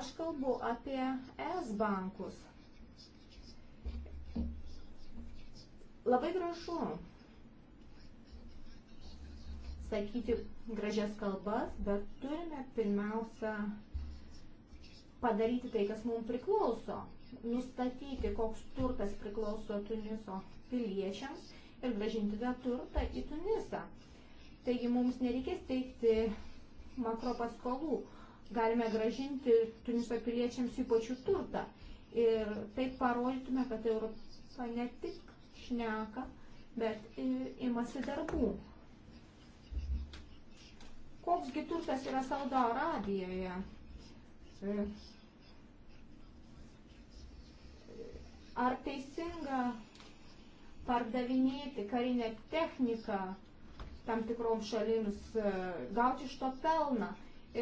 aš kalbu apie ES bankus. Labai gražu, sakyti gražias kalbas, bet turime pirmiausia padaryti tai, kas mums priklauso, nustatyti, koks turtas priklauso Tuniso piliečiams ir gražinti tą turtą į Tunisą. Taigi mums nereikės teikti makropaskolų, galime gražinti Tuniso piliečiams jų pačių turtą. Ir taip parodytume, kad Europa ne tik šneka, bet ir imasi darbų koksgi turtas yra Saudo Arabijoje. E, Ar teisinga pardavinėti karinę techniką tam tikroms šalims, e, gauti iš to pelną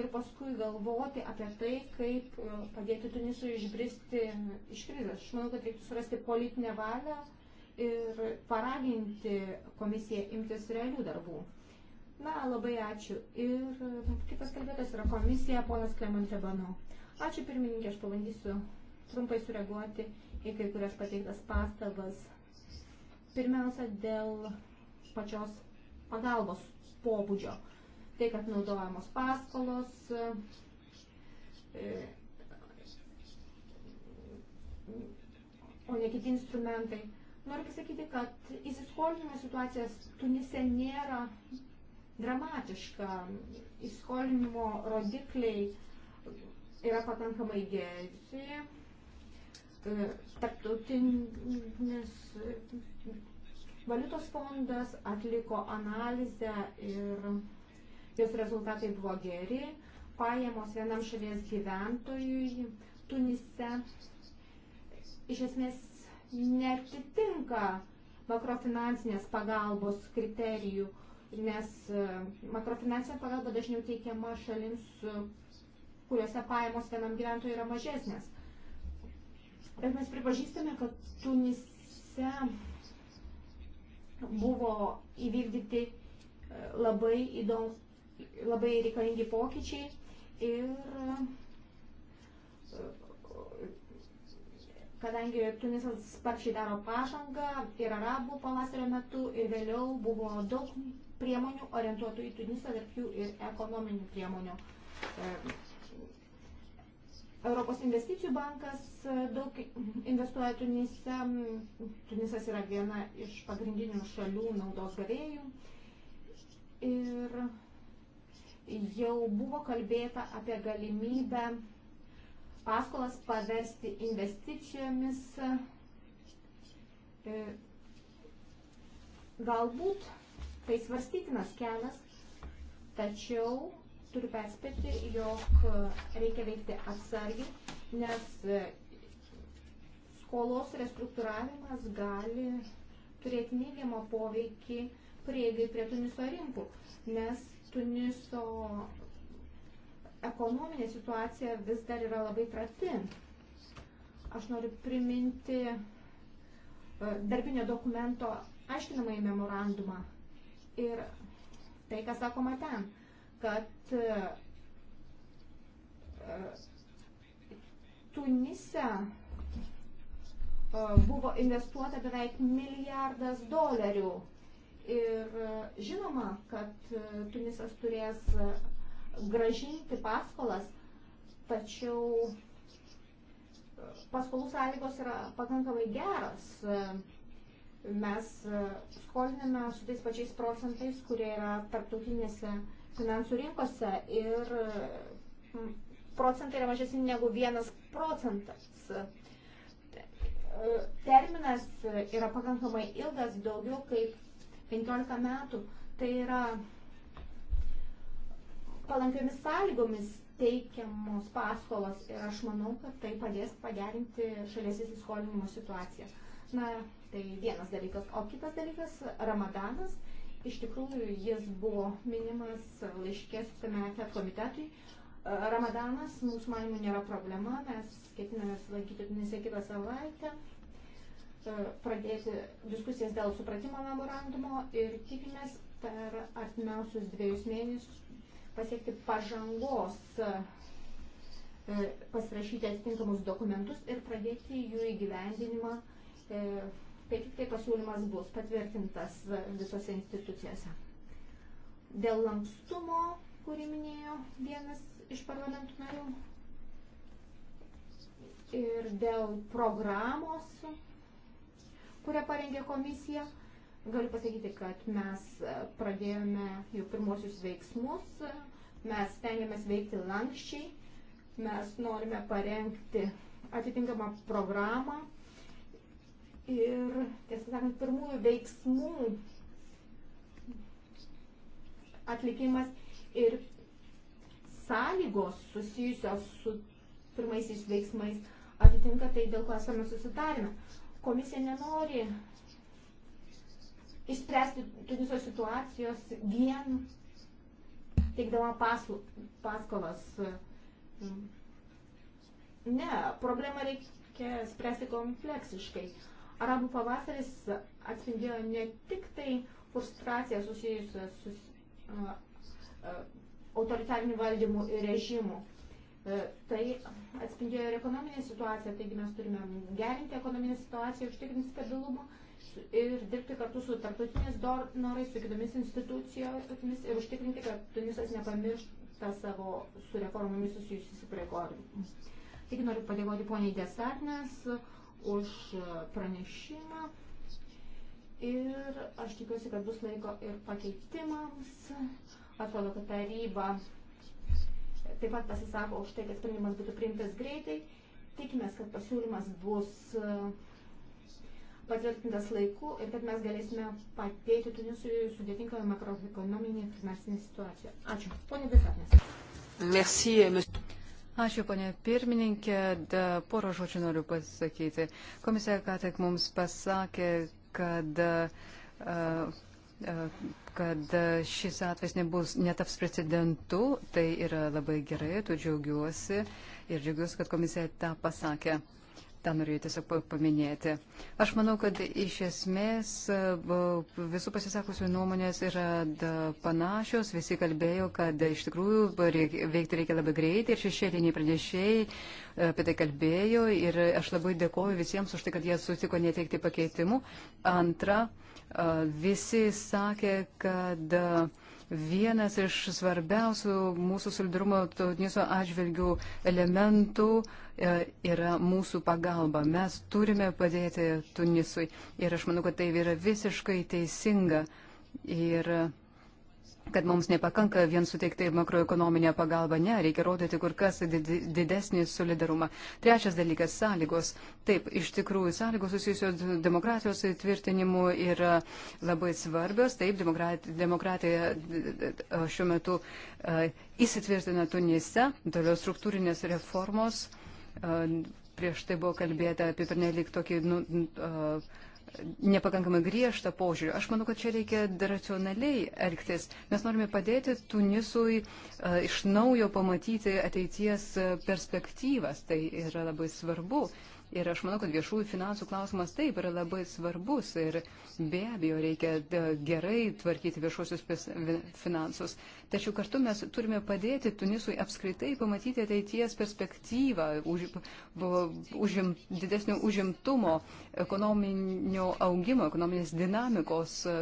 ir paskui galvoti apie tai, kaip e, padėti Tunisui išbristi iš krizės. Aš manau, kad reiktų surasti politinę valią ir paraginti komisiją imtis realių darbų. Na, labai ačiū. Ir e, kitas kalbėtas yra komisija, ponas Klemonte Banau. Ačiū pirmininkė, aš pabandysiu trumpai sureaguoti į kai kurias pateiktas pastabas. Pirmiausia, dėl pačios pagalbos pobūdžio. Tai, kad naudojamos paskolos, e, e, o ne kiti instrumentai. Noriu pasakyti, kad įsiskolinimo situacijas Tunise nėra dramatiška. Įskolinimo rodikliai yra pakankamai geri. E, tarptautinis valiutos fondas atliko analizę ir jos rezultatai buvo geri. Pajamos vienam šalies gyventojui Tunise iš esmės netitinka makrofinansinės pagalbos kriterijų, nes e, makrofinansinė pagalba dažniau teikiama šalims, e, kuriuose pajamos vienam gyventojui yra mažesnės. Bet mes pripažįstame, kad Tunise buvo įvykdyti e, labai įdomus, labai reikalingi pokyčiai ir kadangi Tunisas sparčiai daro pažangą ir arabų pavasario metu ir vėliau buvo daug priemonių orientuotų į Tunisą, tarp jų ir ekonominių priemonių. E, Europos investicijų bankas e, daug investuoja Tunise. Tunisas yra viena iš pagrindinių šalių naudos gavėjų. Ir jau buvo kalbėta apie galimybę paskolas paversti investicijomis. E, galbūt tai svarstytinas kelias, tačiau turiu perspėti, jog e, reikia veikti atsargiai, nes e, skolos restruktūravimas gali turėti neigiamą poveikį prieigai prie Tuniso rinkų, nes Tuniso ekonominė situacija vis dar yra labai trapi. Aš noriu priminti e, darbinio dokumento aiškinamąjį memorandumą ir tai, kas sakoma ten, kad e, Tunise e, buvo investuota beveik milijardas dolerių. Ir e, žinoma, kad Tunisas turės gražinti paskolas, tačiau paskolų sąlygos yra pakankamai geros mes e, skoliname su tais pačiais procentais, kurie yra tarptautinėse finansų rinkose ir procentai yra mažesni negu vienas procentas. E, terminas yra pakankamai ilgas, daugiau kaip 15 metų. Tai yra palankiomis sąlygomis teikiamos paskolos ir aš manau, kad tai padės pagerinti šalies įsiskolinimo situaciją. Na, Tai vienas dalykas. O kitas dalykas - Ramadanas. Iš tikrųjų, jis buvo minimas laiškės tame komitetui. E, Ramadanas mūsų manimų nėra problema, mes ketiname lankyti Tunise kitą savaitę, e, pradėti diskusijas dėl supratimo memorandumo ir tikimės per artimiausius dviejus mėnesius pasiekti pažangos, e, pasirašyti atitinkamus dokumentus ir pradėti jų įgyvendinimą kai tik tai pasiūlymas bus patvirtintas visose institucijose. Dėl lankstumo, kurį minėjo vienas iš parlamentų narių, ir dėl programos, kurią parengė komisija, galiu pasakyti, kad mes pradėjome jau pirmosius veiksmus, mes stengiamės veikti lankščiai, mes norime parengti atitinkamą programą ir, tiesą sakant, pirmųjų veiksmų atlikimas ir sąlygos susijusios su pirmaisiais veiksmais atitinka tai, dėl ko esame susitarime. Komisija nenori išspręsti Tuniso situacijos vien teikdama paslu, paskolas. Ne, problemą reikia spręsti kompleksiškai. Arabų pavasaris atspindėjo ne tik tai frustraciją susijusią su uh, uh, autoritariniu valdymu ir režimu. Uh, tai atspindėjo ir ekonominę situaciją, taigi mes turime gerinti ekonominę situaciją, užtikrinti stabilumą ir dirbti kartu su tarptautiniais donorais, su kitomis institucijomis ir užtikrinti, kad Tunisas nepamiršta savo su reformomis susijusius įsipareigojimus. Taigi noriu padėkoti poniai Desarnes. Uh, už pranešimą. Ir aš tikiuosi, kad bus laiko ir pakeitimams. Atrodo, kad taryba taip pat pasisako už tai, kad sprendimas būtų priimtas greitai. Tikimės, kad pasiūlymas bus uh, patvirtintas laiku ir kad mes galėsime padėti Tunisui sudėtingoje makroekonominėje finansinėje situacijoje. Ačiū. Pone Bisatnės. Merci, monsieur. Ačiū, ponė pirmininkė. Porą žodžių noriu pasakyti. Komisija ką tik mums pasakė, kad, kad šis atvejs nebus, netaps precedentu. Tai yra labai gerai, tu džiaugiuosi ir džiaugiuosi, kad komisija tą pasakė tą norėjau tiesiog paminėti. Aš manau, kad iš esmės e, visų pasisakusių nuomonės yra panašios, visi kalbėjo, kad iš tikrųjų reik, veikti reikia labai greitai ir šešėliniai pranešėjai e, apie tai kalbėjo ir aš labai dėkoju visiems už tai, kad jie sutiko neteikti pakeitimų. Antra, e, visi sakė, kad vienas iš svarbiausių mūsų solidarumo Tuniso atžvilgių elementų e, yra mūsų pagalba. Mes turime padėti Tunisui ir aš manau, kad tai yra visiškai teisinga. Ir kad mums nepakanka vien suteikti makroekonominę pagalbą, ne, reikia rodyti kur kas didesnį solidarumą. Trečias dalykas - sąlygos. Taip, iš tikrųjų, sąlygos susijusios demokratijos įtvirtinimu yra labai svarbios. Taip, demokratija šiuo metu įsitvirtina Tunise, toliau struktūrinės reformos. Prieš tai buvo kalbėta apie pernelik tokį. Nu, uh, nepakankamai griežtą požiūrį. Aš manau, kad čia reikia racionaliai elgtis. Mes norime padėti Tunisui uh, iš naujo pamatyti ateities perspektyvas. Tai yra labai svarbu. Uh, Ir aš manau, kad viešųjų finansų klausimas taip yra labai svarbus ir be abejo reikia e, gerai tvarkyti viešuosius finansus. Tačiau kartu mes turime padėti Tunisui apskritai pamatyti ateities perspektyvą už, užim, didesnio užimtumo, ekonominio augimo, ekonominės dinamikos e,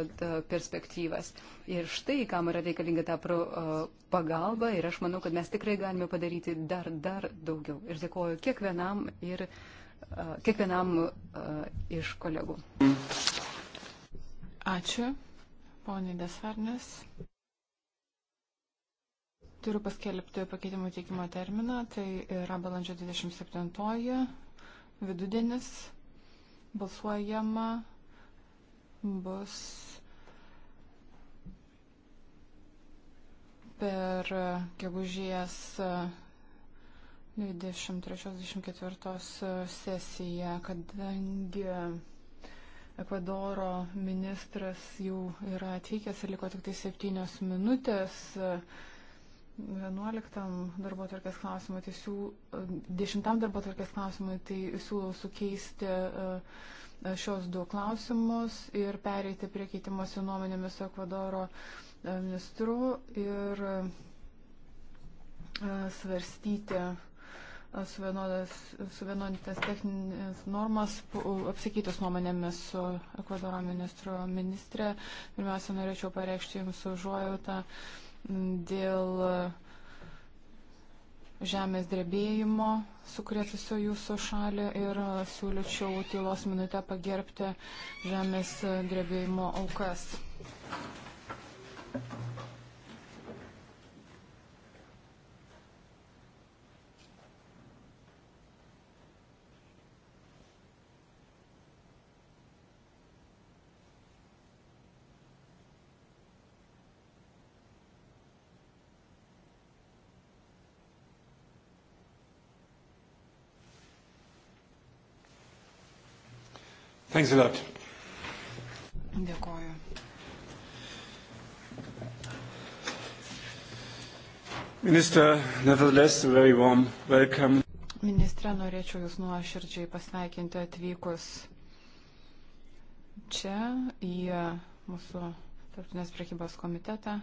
perspektyvas. Ir štai, kam yra reikalinga ta pro, e, pagalba ir aš manau, kad mes tikrai galime padaryti dar, dar daugiau. Ir dėkoju kiekvienam ir E, kiekvienam e, iš kolegų. Ačiū, poniai Desarnės. Turiu paskelbti pakeitimų teikimo terminą, tai yra balandžio 27 vidudienis. Balsuojama bus per gegužės 23-24 e, sesiją, kadangi Ekvadoro ministras jau yra atvykęs ir liko tik tai 7 minutės. 11 e, darbo tvarkės klausimui, tai siū, 10 e, darbo tvarkės klausimui, tai siūlau sukeisti šios du klausimus ir pereiti prie keitimosi nuomonėmis su Ekvadoro ministru ir svarstyti suvienodintas techninės normas, apsikeitus nuomonėmis su Ekvadoro ministro ministrė. Pirmiausia, norėčiau pareikšti Jums užuojautą dėl žemės drebėjimo sukrėtusio jūsų šalį ir siūlyčiau tylos minutę pagerbti žemės drebėjimo aukas. Thank you. Thanks a lot. Dėkoju. Minister, nevertheless, very warm welcome. Ministre, norėčiau Jūs nuoširdžiai pasveikinti atvykus čia į mūsų tarptautinės prekybos komitetą.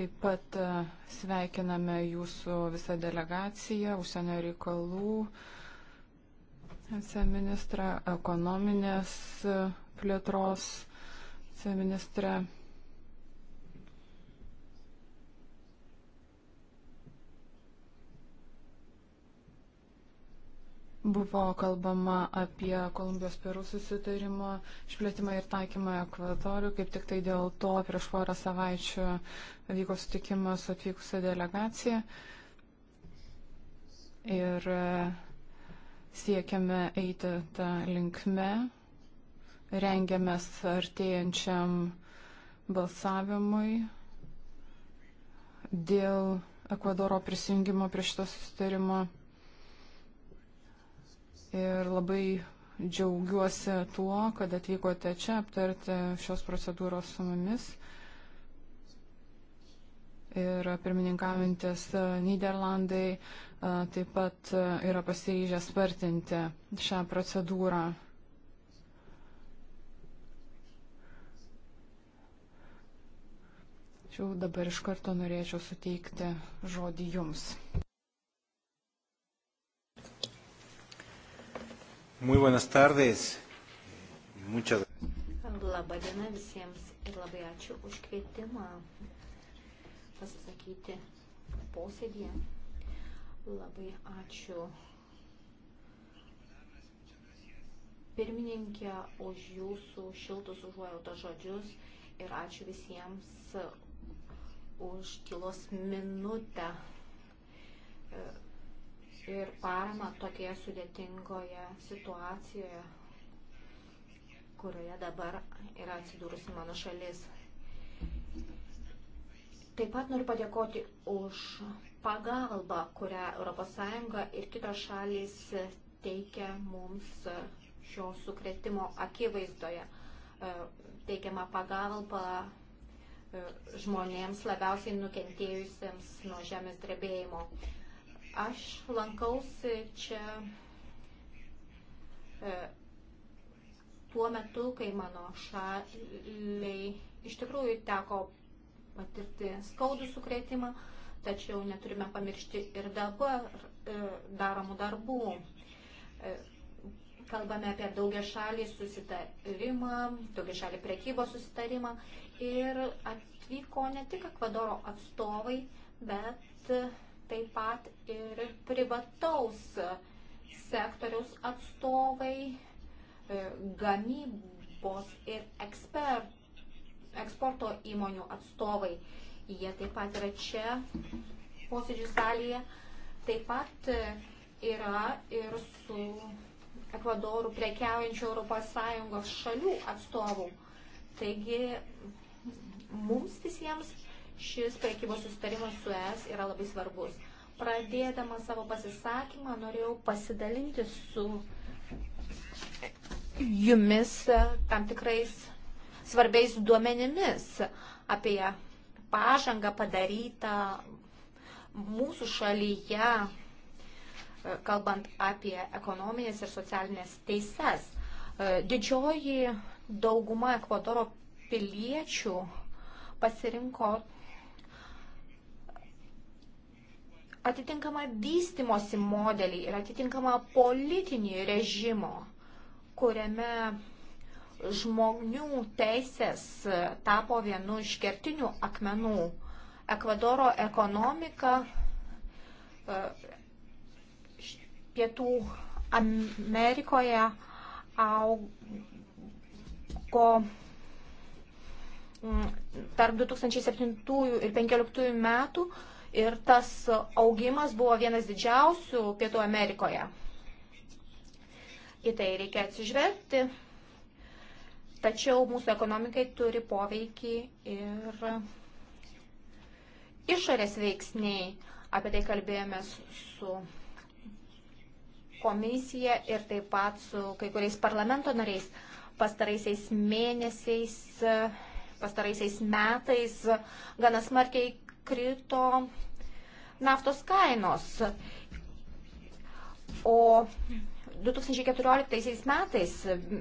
Taip pat e, sveikiname Jūsų visą delegaciją, užsienio reikalų, uh, viceministrą, ekonominės e, plėtros viceministrę. Buvo kalbama apie Kolumbijos perų susitarimo išplėtimą ir taikymą ekvatorių. Kaip tik tai dėl to prieš porą savaičių vyko sutikimas atvykusią delegaciją. Ir e, Siekiame eiti tą linkmę, rengiamės artėjančiam balsavimui dėl Ekvadoro prisijungimo prie šito sustarimo. Ir labai džiaugiuosi tuo, kad atvykote čia aptarti šios procedūros su mumis. Ir pirmininkavintis Niderlandai taip pat e, yra pasiryžę spartinti šią procedūrą. Čia dabar iš karto norėčiau suteikti žodį jums. Muy buenas tardes. Muchas gracias. Labą dieną visiems ir labai ačiū už kvietimą pasisakyti posėdėje. Labai ačiū pirmininkė už jūsų šiltus užuojautos žodžius ir ačiū visiems už tylos minutę ir paramą tokioje sudėtingoje situacijoje, kurioje dabar yra atsidūrusi mano šalis. Taip pat noriu padėkoti už pagalbą, kurią ES ir kitos šalys teikia mums šio sukretimo akivaizdoje. E, teikiama pagalba e, žmonėms labiausiai nukentėjusiems nuo žemės drebėjimo. Aš lankausi čia e, tuo metu, kai mano šaliai iš tikrųjų teko patirti skaudų sukretimą, tačiau neturime pamiršti ir dabar e, daromų darbų. E, kalbame apie daugia šalį susitarimą, daugia šalį prekybos susitarimą ir atvyko ne tik Ekvadoro atstovai, bet e, taip pat ir privataus sektoriaus atstovai, gamybos ir ekspert, eksporto įmonių atstovai. Jie taip pat yra čia posėdžių salėje. Taip pat e, yra ir su Ekvadoru prekiaujančių ES šalių atstovų. Taigi mums visiems šis prekybos sustarimas su ES yra labai svarbus. Pradėdama savo pasisakymą norėjau pasidalinti su jumis e, tam tikrais svarbiais duomenimis apie pažanga padaryta mūsų šalyje, e, kalbant apie ekonominės ir socialinės teises. E, didžioji dauguma Ekvadoro piliečių pasirinko atitinkamą vystimosi modelį ir atitinkamą politinį režimo, kuriame žmonių teisės tapo vienu iš kertinių akmenų. Ekvadoro ekonomika e, Pietų Amerikoje augo mm, tarp 2007 ir 2015 metų ir tas augimas buvo vienas didžiausių Pietų Amerikoje. Į tai reikia atsižvelgti. Tačiau mūsų ekonomikai turi poveikį ir išorės veiksniai. Apie tai kalbėjome su komisija ir taip pat su kai kuriais parlamento nariais pastaraisiais mėnesiais, pastaraisiais metais gana smarkiai krito naftos kainos. O 2014 metais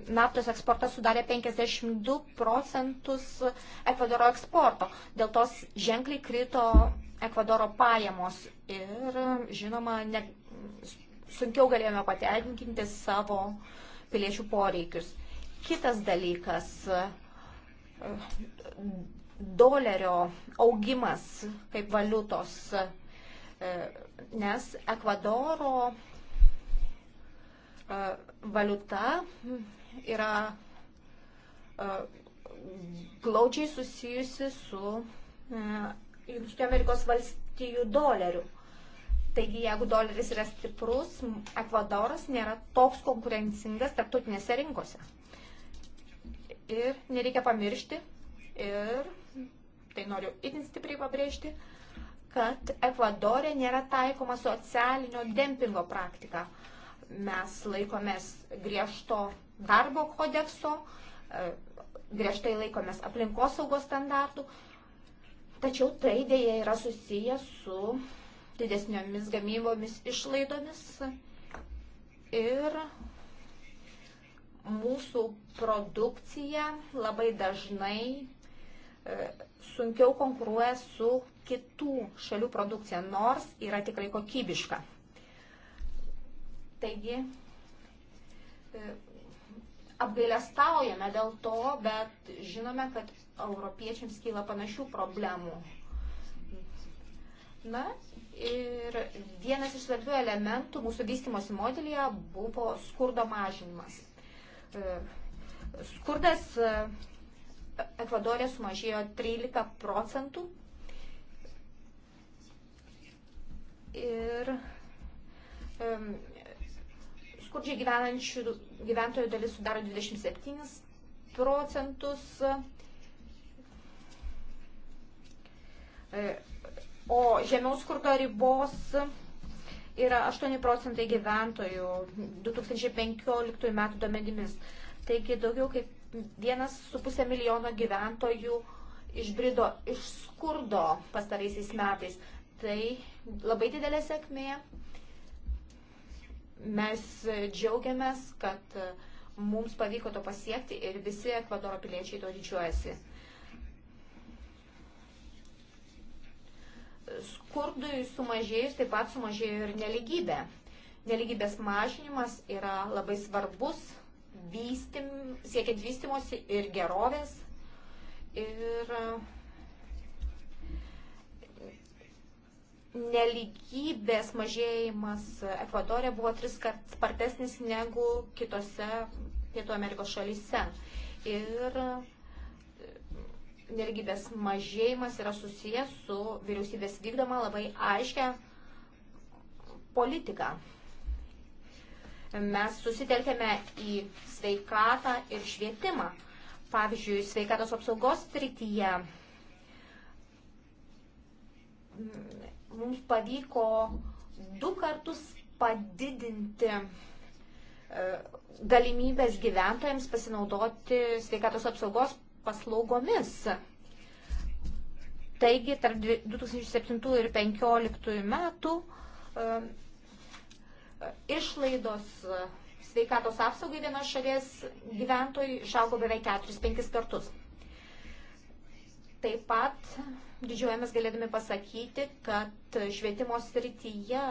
naftos eksportas sudarė 52 procentus Ekvadoro eksporto. Dėl tos ženkliai krito Ekvadoro pajamos ir, žinoma, ne, sunkiau galėjome patenkinti savo piliečių poreikius. Kitas dalykas - dolerio augimas kaip valiutos, nes Ekvadoro E, valiuta yra e, glaučiai susijusi su e, Junktinių Amerikos valstijų doleriu. Taigi, jeigu doleris yra stiprus, Ekvadoras nėra toks konkurencingas tarptautinėse rinkose. Ir nereikia pamiršti, ir tai noriu itin stipriai pabrėžti, kad Ekvadorė nėra taikoma socialinio dempingo praktika. Uh, Mes laikomės griežto darbo kodekso, e, griežtai laikomės aplinkosaugos standartų, tačiau tai dėja yra susiję su didesniomis gamybomis išlaidomis ir mūsų produkcija labai dažnai e, sunkiau konkuruoja su kitų šalių produkcija, nors yra tikrai kokybiška. Taigi e, apgailestaujame dėl to, bet žinome, kad europiečiams kyla panašių problemų. Na ir vienas iš svarbių elementų mūsų vystimosi modelyje buvo skurdo mažinimas. E, skurdas e, Ekvadorė sumažėjo 13 procentų. Ir um, skurdžiai gyvenančių gyventojų dalis sudaro 27 procentus, o žemiaus skurdo ribos yra 8 procentai gyventojų 2015 metų domenimis. Taigi daugiau kaip 1,5 milijono gyventojų išbrido iš skurdo pastaraisiais metais. Tai labai didelė sėkmė Mes džiaugiamės, kad e, mums pavyko to pasiekti ir visi Ekvadoro piliečiai to didžiuojasi. Skurdui sumažėjus taip pat sumažėjo ir neligybė. Neligybės mažinimas yra labai svarbus vystim, siekiant vystimosi ir gerovės. Ir uh, neligybės mažėjimas Ekvadorė buvo tris kart spartesnis negu kitose Pietų Amerikos šalyse. Ir nelygybės mažėjimas yra susijęs su vyriausybės vykdoma labai aiškia politika. Mes susitelkėme į sveikatą ir švietimą. Pavyzdžiui, sveikatos apsaugos srityje mums pavyko du kartus padidinti e, galimybės gyventojams pasinaudoti sveikatos apsaugos paslaugomis. Taigi, tarp 2007 ir 2015 metų e, išlaidos sveikatos apsaugai vienos šalies gyventojų išaugo beveik 4-5 kartus. Taip pat didžiuojamės galėdami pasakyti, kad švietimo srityje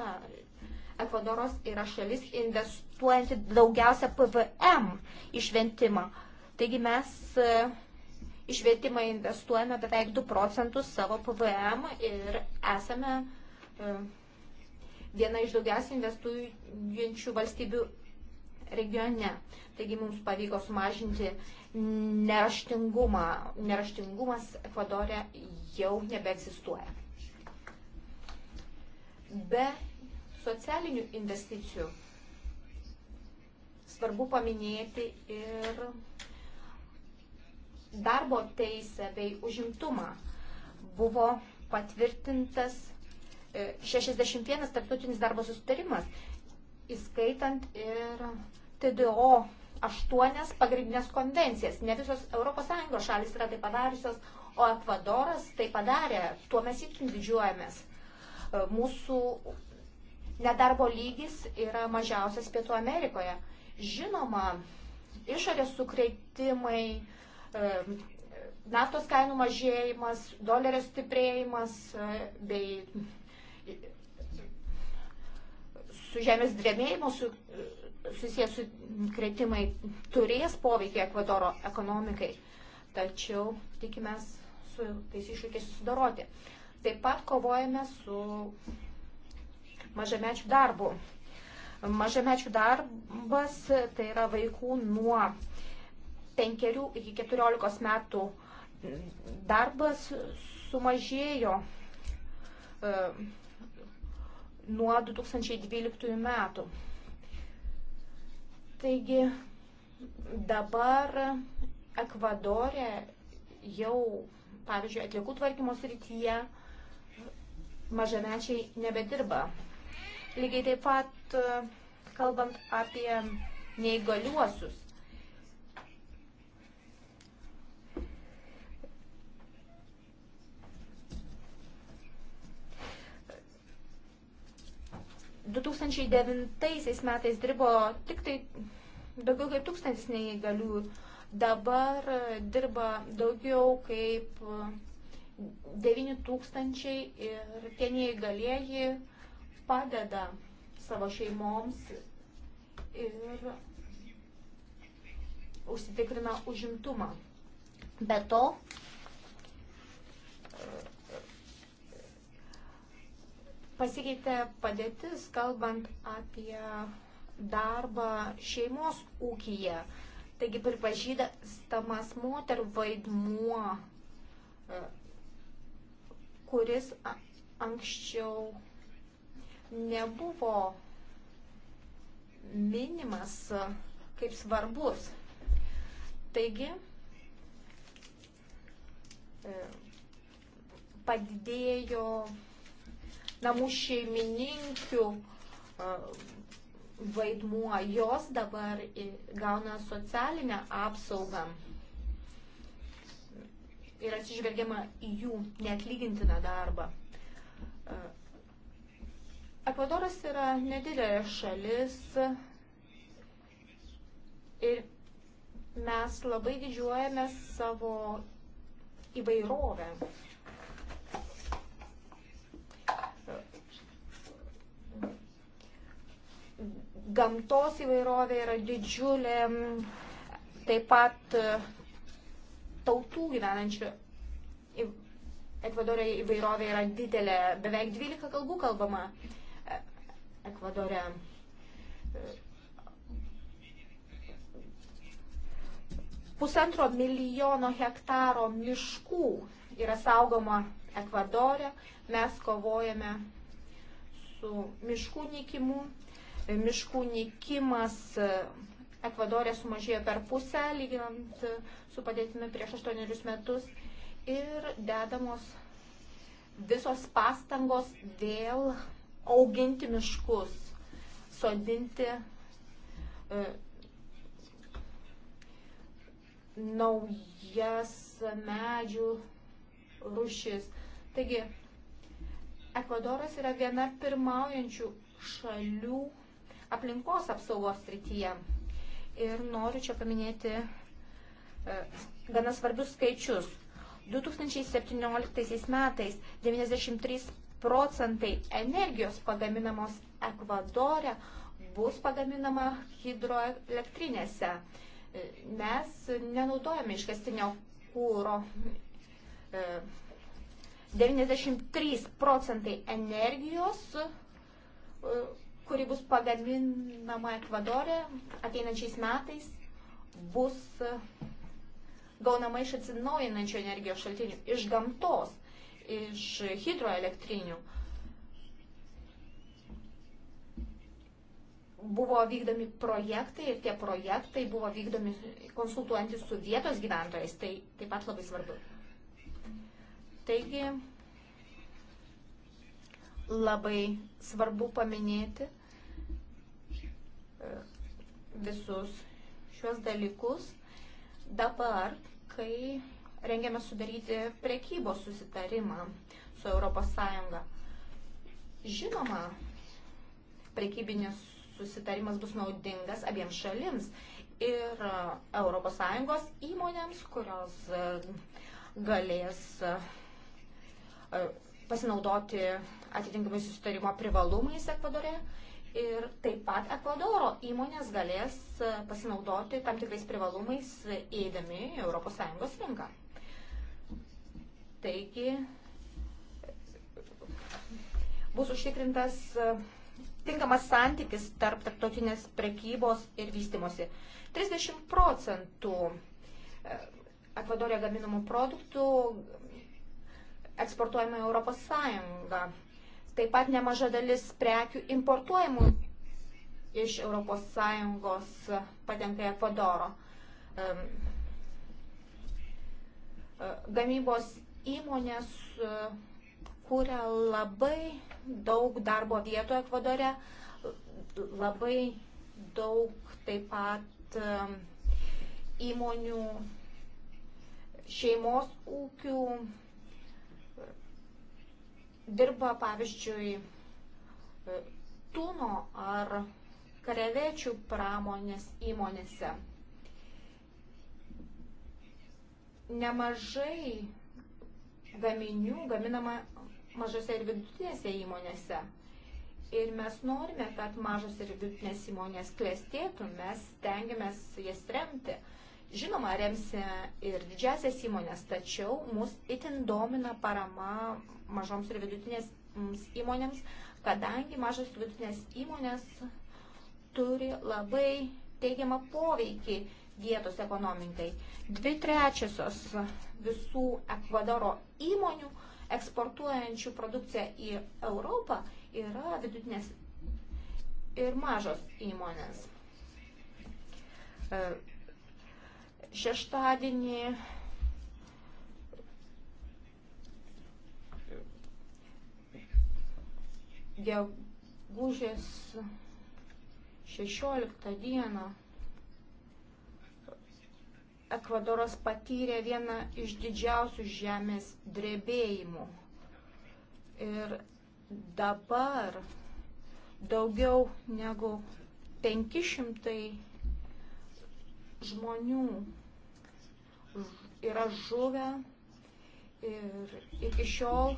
Ekvadoras yra šalis investuojanti daugiausia PVM išventimą. Taigi mes išvietimą e, investuojame beveik 2 procentus savo PVM ir esame e, viena iš daugiausiai investuojančių valstybių regione. Taigi mums pavyko sumažinti neraštingumą. Neraštingumas Ekvadorė jau nebeegzistuoja. Be socialinių investicijų svarbu paminėti ir darbo teisę bei užimtumą. Buvo patvirtintas 61 e, tarptautinis darbo susitarimas, įskaitant ir TDO aštuonias pagrindinės konvencijas. Ne visos ES šalis yra tai padariusios, o Ekvadoras tai padarė. Tuo mes itin didžiuojamės. E, mūsų nedarbo lygis yra mažiausias Pietų Amerikoje. Žinoma, išorės sukretimai, e, naftos kainų mažėjimas, dolerio stiprėjimas e, bei su žemės drebėjimu su, susijęs su kretimai turės poveikį Ekvadoro ekonomikai, tačiau tikimės su tais iššūkiais susidoroti. Taip pat kovojame su mažamečių darbu. Mažamečių darbas tai yra vaikų nuo 5 iki 14 metų darbas sumažėjo e, nuo 2012 metų. Taigi dabar Ekvadorė jau, pavyzdžiui, atliekų tvarkymo srityje mažamečiai nebedirba. Lygiai taip pat kalbant apie neįgaliuosius, 2009 metais dirbo tik tai daugiau kaip tūkstantis neįgaliųjų, dabar dirba daugiau kaip 9 e, tūkstančiai ir tie neįgalieji padeda savo šeimoms ir užsitikrina užimtumą. Be to, pasikeitė padėtis, kalbant apie darbą šeimos ūkyje. Taigi pripažįstamas moterų vaidmuo, e, kuris anksčiau nebuvo minimas e, kaip svarbus. Taigi, e, padidėjo namų šeimininkių vaidmuo. Jos dabar gauna socialinę apsaugą ir atsižvelgiama į jų neatlygintiną darbą. Ekvadoras yra nedidelė šalis ir mes labai didžiuojame savo įvairovę. gamtos įvairovė yra didžiulė, taip pat e, tautų gyvenančių Ekvadorė įvairovė yra didelė, beveik 12 kalbų kalbama e, Ekvadorė. Pusantro milijono hektaro miškų yra saugoma Ekvadorė. Mes kovojame su miškų nykimu, E, miškų nykimas e, Ekvadorė sumažėjo per pusę, lyginant e, su padėtimi prieš 8 metus. Ir dedamos visos pastangos vėl auginti miškus, sodinti naujas medžių rušis. Taigi, Ekvadoras yra viena pirmaujančių šalių aplinkos apsaugos srityje. Ir noriu čia paminėti e, gana svarbius skaičius. 2017 metais 93 procentai energijos pagaminamos Ekvadore bus pagaminama hidroelektrinėse. E, mes nenaudojame iškastinio kūro. 93 e, procentai energijos kuri bus pagaminama Ekvadorė ateinančiais metais, bus e, gaunama iš atsinaujinančio energijos šaltinių, iš gamtos, iš hidroelektrinių. Buvo vykdomi projektai ir tie projektai buvo vykdomi konsultuojantis su vietos gyventojais, tai taip pat labai svarbu. Taigi, labai svarbu paminėti, visus šiuos dalykus dabar, kai rengiame sudaryti prekybos susitarimą su ES. Žinoma, prekybinis susitarimas bus naudingas abiems šalims ir ES įmonėms, kurios e, galės e, pasinaudoti atitinkamai susitarimo privalumais Ekvadore Ir taip pat Ekvadoro įmonės galės e, pasinaudoti tam tikrais privalumais įeidami e, ES rinką. Taigi bus užtikrintas e, tinkamas santykis tarp tarptautinės prekybos ir vystimosi. 30 procentų Ekvadorė gaminamų produktų eksportuojama Europos Sąjunga. Taip pat nemaža dalis prekių importuojamų iš ES patenka Ekvadoro. E, gamybos įmonės e, kūrė labai daug darbo vietų Ekvadore, labai daug taip pat įmonių šeimos ūkių dirba, pavyzdžiui, e, tūno ar karevečių pramonės įmonėse. Nemažai gaminių gaminama mažose ir vidutinėse įmonėse. Ir mes norime, kad mažos ir vidutinės įmonės klestėtų, mes tengiamės jas remti. Žinoma, remsime ir didžiasias įmonės, tačiau mus itin domina parama mažoms ir vidutinės įmonėms, kadangi mažos ir vidutinės įmonės turi labai teigiamą poveikį vietos ekonomikai. Dvi trečiosios visų Ekvadoro įmonių eksportuojančių produkciją į Europą yra vidutinės ir mažos įmonės. E, šeštadienį gegužės 16 dieną Ekvadoras patyrė vieną iš didžiausių žemės drebėjimų. Ir dabar daugiau negu 500 žmonių yra žuvę ir iki šiol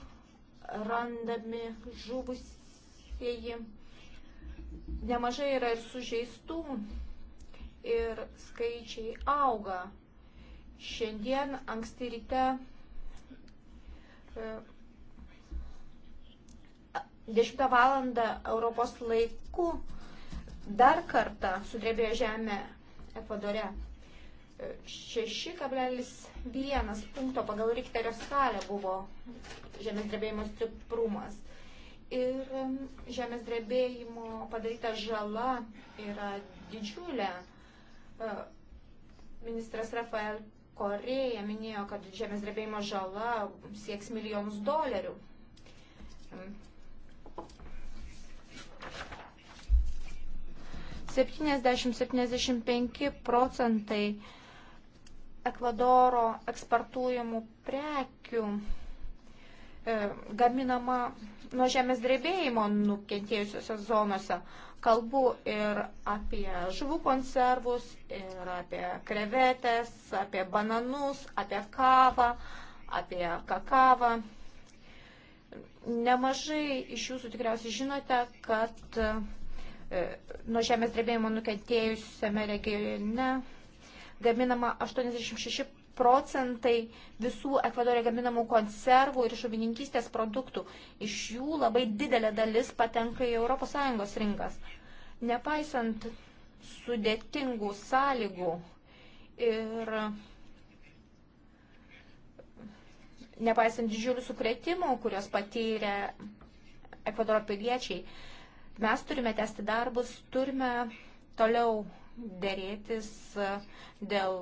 randami žuvusieji. Nemažai yra ir sužeistų ir skaičiai auga. Šiandien anksti ryte e, 10 val. Europos laiku dar kartą sudrebėjo žemė Ekvadore. 6,1 punkto pagal Richterio skalę buvo žemės drebėjimo stiprumas. Ir žemės drebėjimo padaryta žala yra didžiulė. E, ministras Rafael Koreja minėjo, kad žemės drebėjimo žala sieks milijonus dolerių. Septyniasdešimt, septyniasdešimt penki procentai uh, Ekvadoro eksportuojamų prekių e, gaminama nuo žemės drebėjimo nukentėjusiuose zonuose. Kalbu ir apie žuvų konservus, ir apie krevetės, apie bananus, apie kavą, apie kakavą. Nemažai iš jūsų tikriausiai žinote, kad e, nuo žemės drebėjimo nukentėjusiame regione gaminama 86 procentai visų Ekvadorė gaminamų konservų ir žuvininkystės produktų. Iš jų labai didelė dalis patenka į ES rinkas. Nepaisant sudėtingų sąlygų ir nepaisant didžiulių sukrėtimų, kurios patyrė Ekvadoro piliečiai, mes turime tęsti darbus, turime toliau dėrėtis e, dėl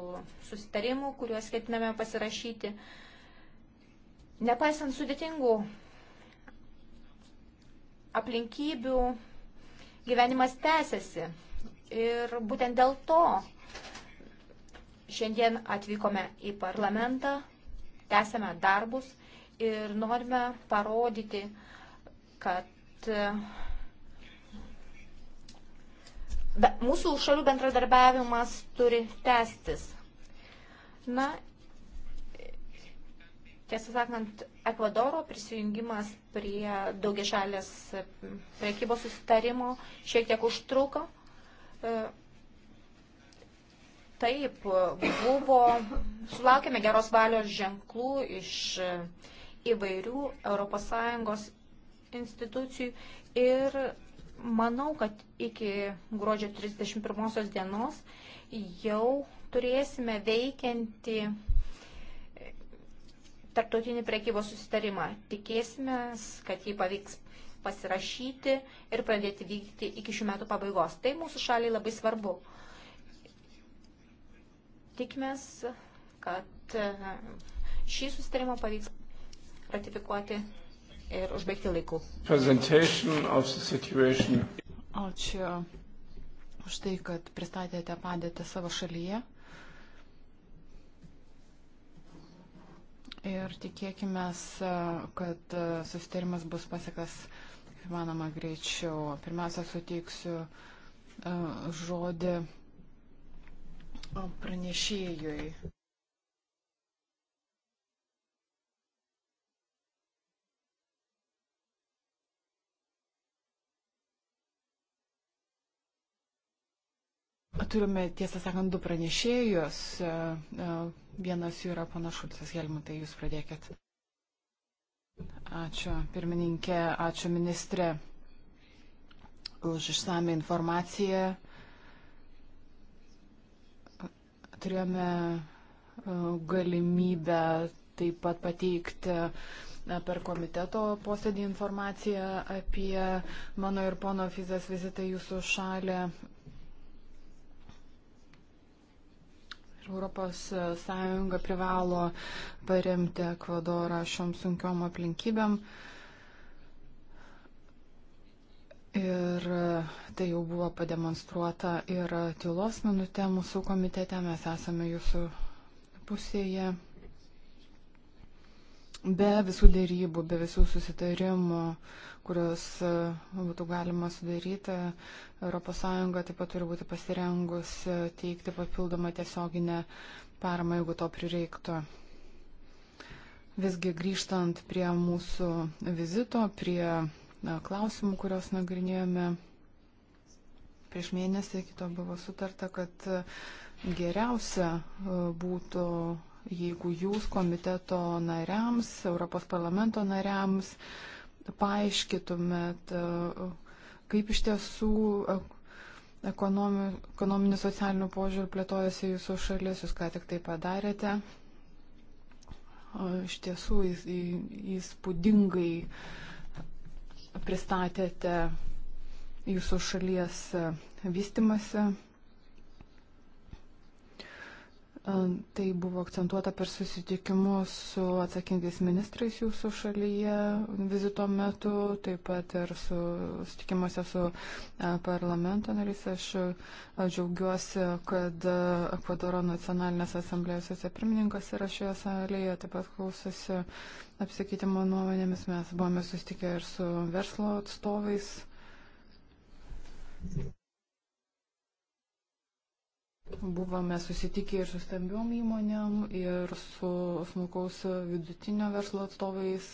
susitarimų, kuriuos ketiname pasirašyti. Nepaisant sudėtingų aplinkybių, gyvenimas tęsiasi. Ir būtent dėl to šiandien atvykome į parlamentą, tęsiame darbus ir norime parodyti, kad e, Be, mūsų šalių bendradarbiavimas turi tęstis. Na, tiesą sakant, Ekvadoro prisijungimas prie daugiašalės prekybos susitarimo šiek tiek užtruko. E, taip, buvo, sulaukėme geros valios ženklų iš e, įvairių ES institucijų ir Manau, kad iki gruodžio 31 dienos jau turėsime veikianti e, tarptautinį prekybos susitarimą. Tikėsime, kad jį pavyks pasirašyti ir pradėti vykti iki šių metų pabaigos. Tai mūsų šaliai labai svarbu. Tikimės, kad e, šį susitarimą pavyks ratifikuoti ir užbaigti laiku. Ačiū už tai, kad pristatėte padėtę savo šalyje. Ir tikėkime, kad susitarimas bus pasiekas, kaip manoma, greičiau. Pirmiausia, suteiksiu e, žodį pranešėjui. Turime, tiesą sakant, du pranešėjus. E, e, vienas jų yra panašutis, Helmutai, jūs pradėkit. Ačiū, pirmininkė, ačiū ministrė už išsame informaciją. Turėjome e, galimybę taip pat pateikti per komiteto posėdį informaciją apie mano ir pono Fizės vizitą jūsų šalį. ES privalo paremti Ekvadorą šiom sunkiom aplinkybėm. Ir tai jau buvo pademonstruota ir tylos minutė mūsų komitete, mes esame jūsų pusėje. Be visų dėrybų, be visų susitarimų uh, kurios e, būtų galima sudaryti. ES taip pat turi būti pasirengus teikti papildomą tiesioginę paramą, jeigu to prireiktų. Visgi grįžtant prie mūsų vizito, prie na, klausimų, kuriuos nagrinėjome prieš mėnesį, kito buvo sutarta, kad e, geriausia e, būtų jeigu jūs komiteto nariams, Europos parlamento nariams, uh, paaiškytumėt, e, kaip iš tiesų e, ekonominių socialinių požiūrių plėtojasi jūsų šalis, jūs ką tik tai padarėte. Iš tiesų įspūdingai pristatėte jūsų šalies e, vystimasi Tai buvo akcentuota per susitikimus su atsakingais ministrais jūsų šalyje vizito metu, taip pat ir su susitikimuose su parlamento nariais. Aš džiaugiuosi, kad Ekvadoro nacionalinės asamblėjos vicepirmininkas yra šioje salėje, taip pat klausosi apsikeitimo nuomonėmis. Mes buvome susitikę ir su verslo atstovais. Buvome susitikę ir su stambiom įmonėm, ir su smulkaus vidutinio verslo atstovais,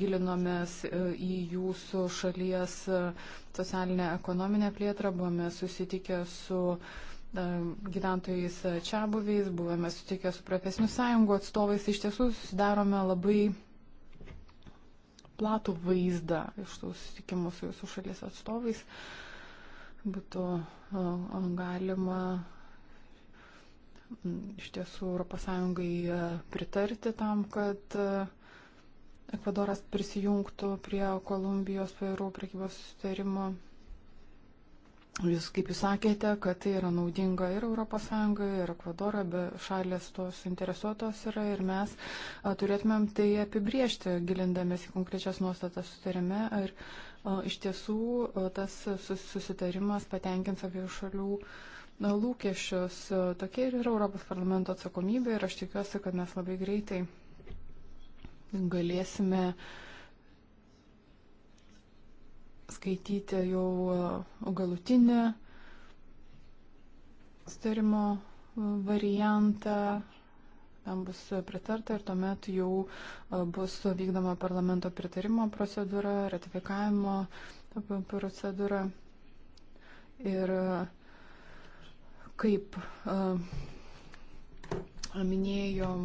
gilinomės e, į jūsų šalies e, socialinę ekonominę plėtrą, buvome susitikę su e, gyventojais čia buviais, buvome sutikę su profesinių sąjungų atstovais, iš tiesų susidarome labai platų vaizdą iš tų susitikimų su jūsų šalies atstovais. Būtų galima iš tiesų ES e, pritarti tam, kad e, Ekvadoras prisijungtų prie Kolumbijos Peru prekybos susitarimo. Jūs, kaip jūs sakėte, kad tai yra naudinga ir ES, ir Ekvadoro, be šalės tos interesuotos yra ir mes a, e, turėtumėm tai apibriežti, gilindamės į konkrečias nuostatas sutarime, ar a, iš tiesų a, tas sus, susitarimas patenkins abiejų šalių a, na, lūkesčius. E, tokia ir yra Europos parlamento atsakomybė ir aš tikiuosi, kad mes labai greitai galėsime skaityti jau e, galutinį starimo e, variantą tam bus pritarta ir tuomet jau bus vykdoma parlamento pritarimo procedūra, ratifikavimo procedūra. Ir Kaip minėjom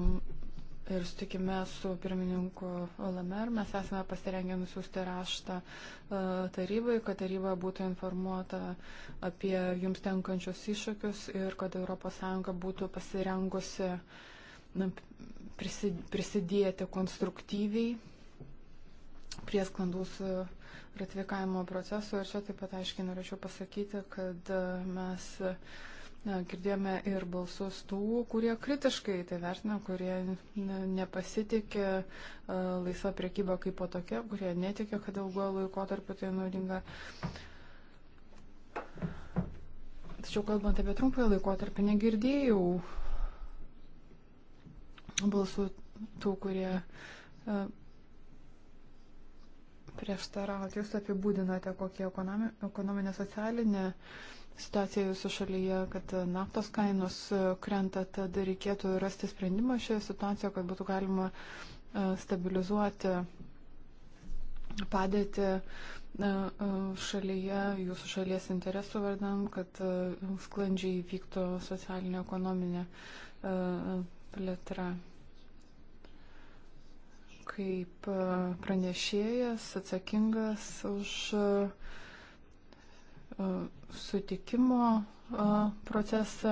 ir sutikime su pirmininku Lamer, mes esame pasirengę nusiųsti raštą tarybai, kad taryba būtų informuota apie jums tenkančius iššūkius ir kad ES būtų pasirengusi prisidėti konstruktyviai prie sklandus ratifikavimo proceso. Ir čia taip pat aiškiai norėčiau pasakyti, kad mes Na, girdėjome ir balsus tų, kurie kritiškai tai vertina, kurie nepasitikė e, laisvą priekybą kaip po tokia, kurie netikė, kad ilguoju laikotarpiu tai naudinga. Tačiau kalbant apie trumpąją laikotarpį, negirdėjau balsų tų, kurie e, prieštarauti. Jūs apibūdinote, kokia ekonominė, socialinė uh, situacija jūsų šalyje, kad naftos kainos krenta, tad reikėtų rasti sprendimą šioje situacijoje, kad būtų galima e, stabilizuoti padėtį e, e, šalyje, jūsų šalies interesų vardam, kad sklandžiai vyktų socialinė ekonominė plėtra kaip pranešėjas atsakingas už uh, E, sutikimo e, procesą,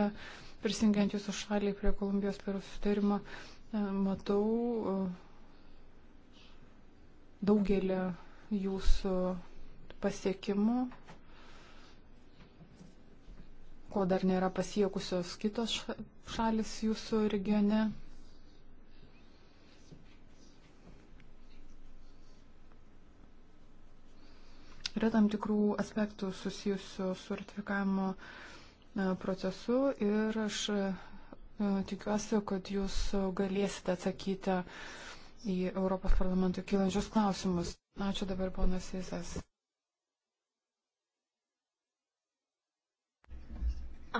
prisijungiant jūsų šaliai prie Kolumbijos perų sutarimo, e, matau daugelį jūsų pasiekimų, ko dar nėra pasiekusios kitos šalis jūsų regione. Yra tam tikrų aspektų susijusių su ratifikavimo e, procesu ir aš e, tikiuosi, kad jūs galėsite atsakyti į Europos parlamento kylančius klausimus. Ačiū dabar, ponas Isas.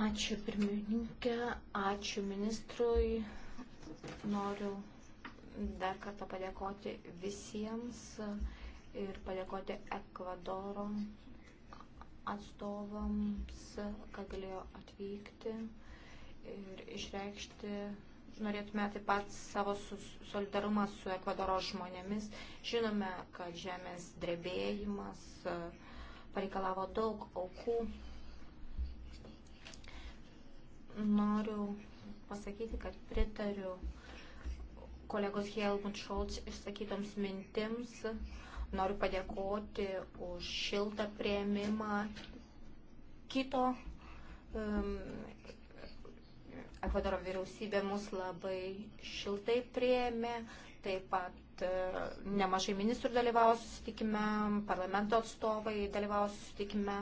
Ačiū pirmininkė, ačiū ministrui. Noriu dar kartą padėkoti visiems. Uh, ir padėkoti Ekvadoro atstovams, kad galėjo atvykti ir išreikšti. Norėtume taip pat savo solidarumą su Ekvadoro žmonėmis. Žinome, kad žemės drebėjimas e, pareikalavo daug aukų. Noriu pasakyti, kad pritariu kolegos Helmut Scholz išsakytoms mintims. Uh, Noriu padėkoti už šiltą prieimimą kito. Um, Ekvadoro vyriausybė mus labai šiltai prieėmė, taip pat uh, nemažai ministrų dalyvavo susitikime, parlamento atstovai dalyvavo susitikime,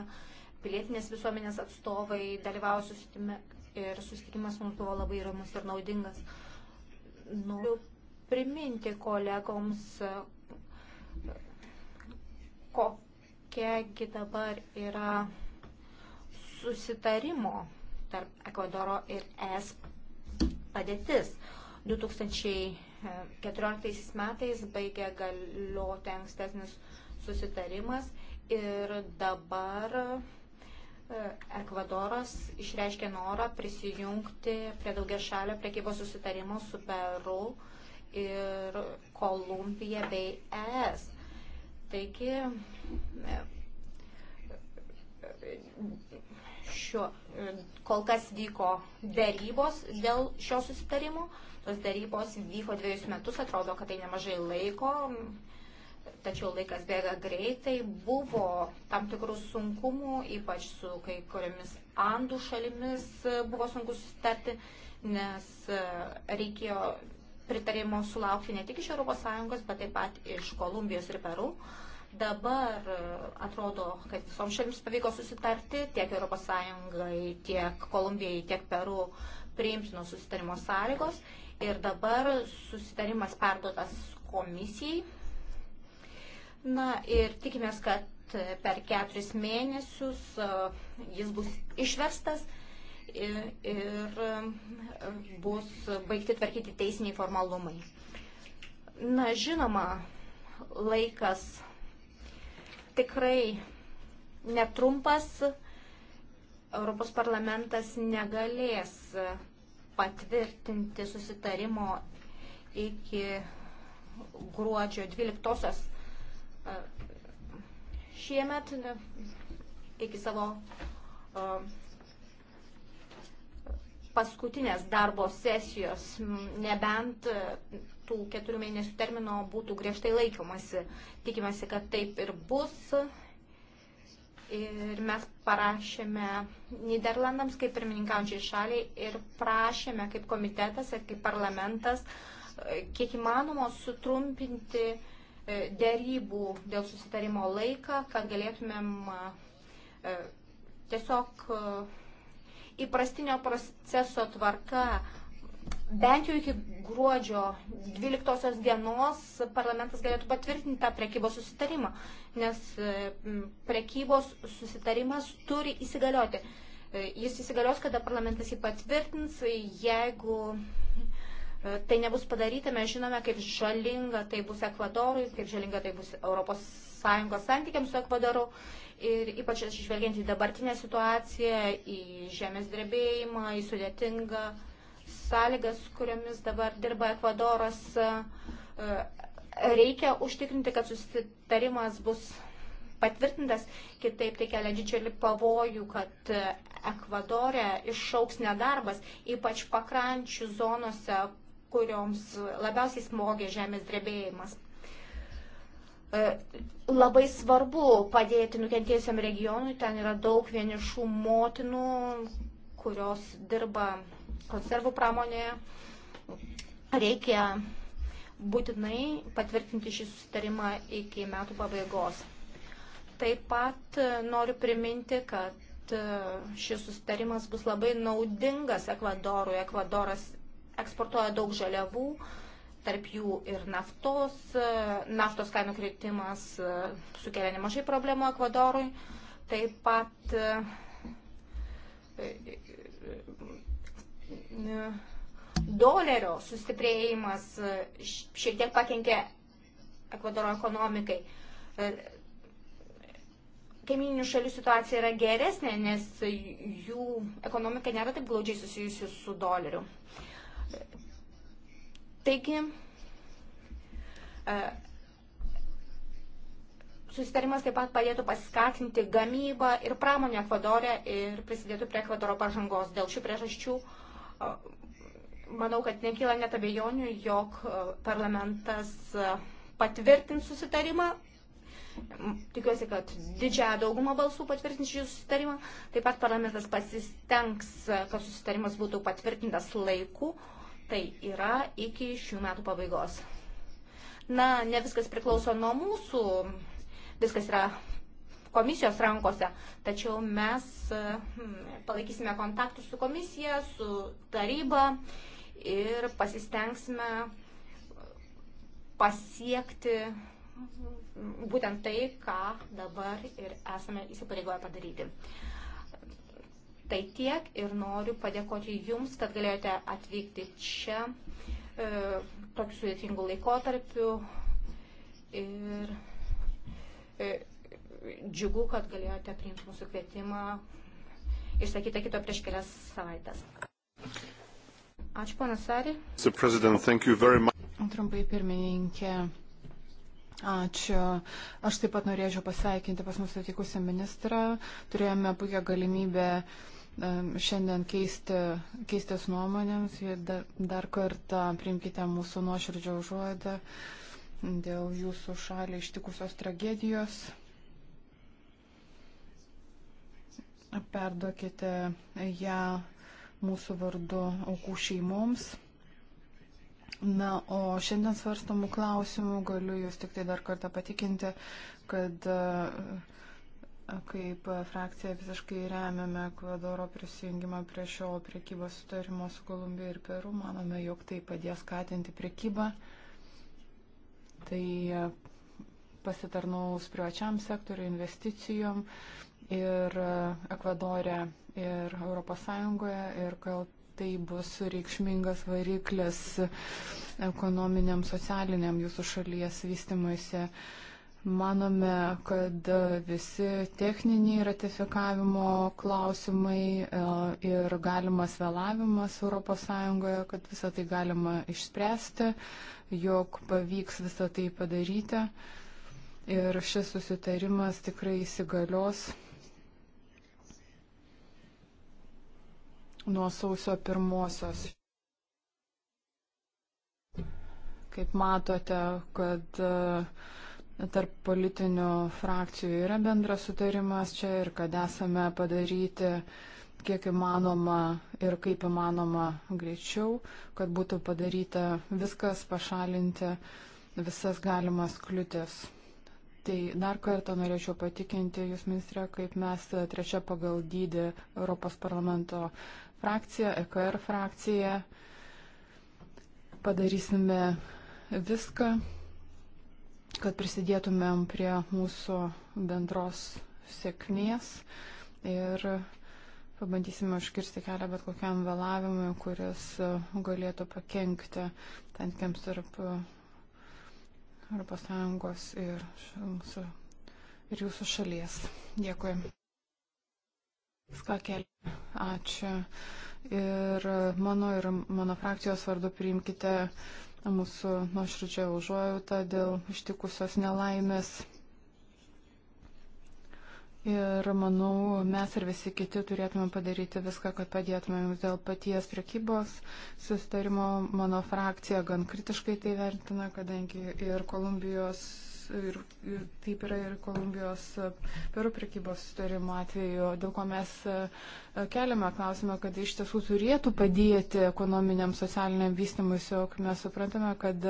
pilietinės visuomenės atstovai dalyvavo susitikime ir susitikimas mums buvo labai ramus ir naudingas. Noriu priminti kolegoms, kokiagi dabar yra susitarimo tarp Ekvadoro ir ES padėtis. 2014 metais baigė galioti ankstesnis susitarimas ir dabar e, Ekvadoras išreiškė norą prisijungti prie daugia šalio priekybos susitarimo su Peru ir Kolumbija bei ES. Taigi e, šio, e, kol kas vyko darybos dėl šio susitarimo. Tos darybos vyko dviejus metus, atrodo, kad tai nemažai laiko, tačiau laikas bėga greitai. Buvo tam tikrų sunkumų, ypač su kai kuriomis andų šalimis buvo sunku susitarti, nes e, reikėjo pritarimo sulaukti ne tik iš ES, bet taip pat iš Kolumbijos ir Peru. Dabar e, atrodo, kad visoms šalims pavyko susitarti tiek ES, tiek Kolumbijai, tiek Peru priimtinos susitarimo sąlygos. Ir dabar susitarimas perduotas komisijai. Na ir tikimės, kad per keturis mėnesius e, jis bus išverstas ir e, bus baigti tvarkyti teisiniai formalumai. Na, žinoma, laikas tikrai netrumpas. Europos parlamentas negalės patvirtinti susitarimo iki gruodžio 12-osios e, šiemet iki savo e, paskutinės darbo sesijos, nebent e, tų keturių mėnesių termino būtų griežtai laikomasi. Tikimasi, kad taip ir bus. Ir mes parašėme Niderlandams kaip pirmininkaujančiai šaliai ir prašėme kaip komitetas ir kaip parlamentas e, kiek įmanoma sutrumpinti e, dėrybų dėl susitarimo laiką, kad galėtumėm tiesiog įprastinio proceso tvarka bent jau iki gruodžio 12 dienos parlamentas galėtų patvirtinti tą prekybos susitarimą, nes prekybos susitarimas turi įsigalioti. E, jis įsigalios, kada parlamentas jį patvirtins, jeigu e, tai nebus padaryta, mes žinome, kaip žalinga tai bus Ekvadorui, kaip žalinga tai bus ES santykiams su Ekvadoru ir ypač žvelgiant į dabartinę situaciją, į žemės drebėjimą, į sudėtingą sąlygas, kuriomis dabar dirba Ekvadoras, e, reikia užtikrinti, kad susitarimas bus patvirtintas, kitaip tai kelia didžiulį pavojų, kad Ekvadorė iššauks nedarbas, ypač pakrančių zonose, kurioms labiausiai smogė žemės drebėjimas. E, labai svarbu padėti nukentėjusiam regionui, ten yra daug vienišų motinų, kurios dirba konservų pramonėje. Reikia būtinai patvirtinti šį susitarimą iki metų pabaigos. Taip pat e, noriu priminti, kad e, šis susitarimas bus labai naudingas Ekvadorui. Ekvadoras eksportuoja daug žaliavų, tarp jų ir naftos. Naftos kainų kritimas e, sukelia nemažai problemų Ekvadorui. Taip pat e, e, dolerio sustiprėjimas šiek tiek pakenkė Ekvadoro ekonomikai. Kaiminių šalių situacija yra geresnė, nes jų ekonomika nėra taip glaudžiai susijusi su doleriu. Taigi, e, susitarimas taip pat padėtų paskatinti gamybą ir pramonę Ekvadorė ir prisidėtų prie Ekvadoro pažangos. Dėl šių priežasčių e, manau, kad nekyla net abejonių, jog e, parlamentas patvirtins susitarimą. Tikiuosi, kad didžiąją daugumą balsų patvirtins šį susitarimą. Taip pat parlamentas pasistengs, kad susitarimas būtų patvirtintas laiku, Tai yra iki šių metų pabaigos. Na, ne viskas priklauso nuo mūsų, viskas yra komisijos rankose, tačiau mes hmm, palaikysime kontaktus su komisija, su taryba ir pasistengsime pasiekti būtent tai, ką dabar ir esame įsipareigoję padaryti. Tai tiek ir noriu padėkoti Jums, kad galėjote atvykti čia e, tokiu sudėtingu laikotarpiu. Ir e, džiugu, kad galėjote priimti mūsų kvietimą išsakytą kito prieš kelias savaitės. Ačiū, ponas Sari. Trumpai pirmininkė. Ačiū. Aš taip pat norėčiau pasveikinti pas mus atvykusią ministrą. Turėjome puikią galimybę uh, šiandien keisti, keistis nuomonėms. Dar, dar kartą primkite mūsų nuoširdžią užuodą dėl jūsų šaliai ištikusios tragedijos. Perduokite ją mūsų vardu aukų šeimoms. Na, o šiandien svarstamų klausimų galiu jūs tik tai dar kartą patikinti, kad uh, Kaip frakcija visiškai remiame Ekvadoro prisijungimą prie šio priekybos sutarimo su Kolumbija ir Peru. Manome, jog tai padės skatinti priekybą. Tai pasitarnaus privačiam sektoriu, investicijom ir Ekvadorė ir ES ir gal tai bus reikšmingas variklis ekonominiam, socialiniam jūsų šalies vystimuisi. Uh, Manome, kad visi techniniai ratifikavimo klausimai e, ir galimas vėlavimas ES, kad visą tai galima išspręsti, jog pavyks visą tai padaryti. Ir šis susitarimas tikrai įsigalios nuo sausio pirmosios. Kaip matote, kad uh, tarp politinių frakcijų yra bendras sutarimas čia ir kad esame padaryti kiek įmanoma ir kaip įmanoma greičiau, kad būtų padaryta viskas, pašalinti visas galimas kliūtis. Tai dar kartą norėčiau patikinti Jūs, ministrė, kaip mes trečia pagal dydį Europos parlamento frakcija, EKR frakcija, padarysime viską, kad prisidėtumėm prie mūsų bendros sėkmės ir pabandysime užkirsti kelią bet kokiam vėlavimui, kuris e, galėtų pakenkti tankiams tarp e, Europos Sąjungos ir, mūsų, ir jūsų šalies. Dėkui. Skakelė, ačiū. Ir e, mano ir mano frakcijos vardu priimkite mūsų nuoširdžią užuojautą dėl ištikusios nelaimės. Ir manau, mes ir visi kiti turėtume padaryti viską, kad padėtume jums dėl paties prekybos sustarimo. Mano frakcija gan kritiškai tai vertina, kadangi ir Kolumbijos ir taip yra ir Kolumbijos e, perų prekybos sutarimo atveju, dėl ko mes e, e, keliame klausimą, kad iš tiesų turėtų padėti ekonominiam socialiniam vystimui, jog mes suprantame, kad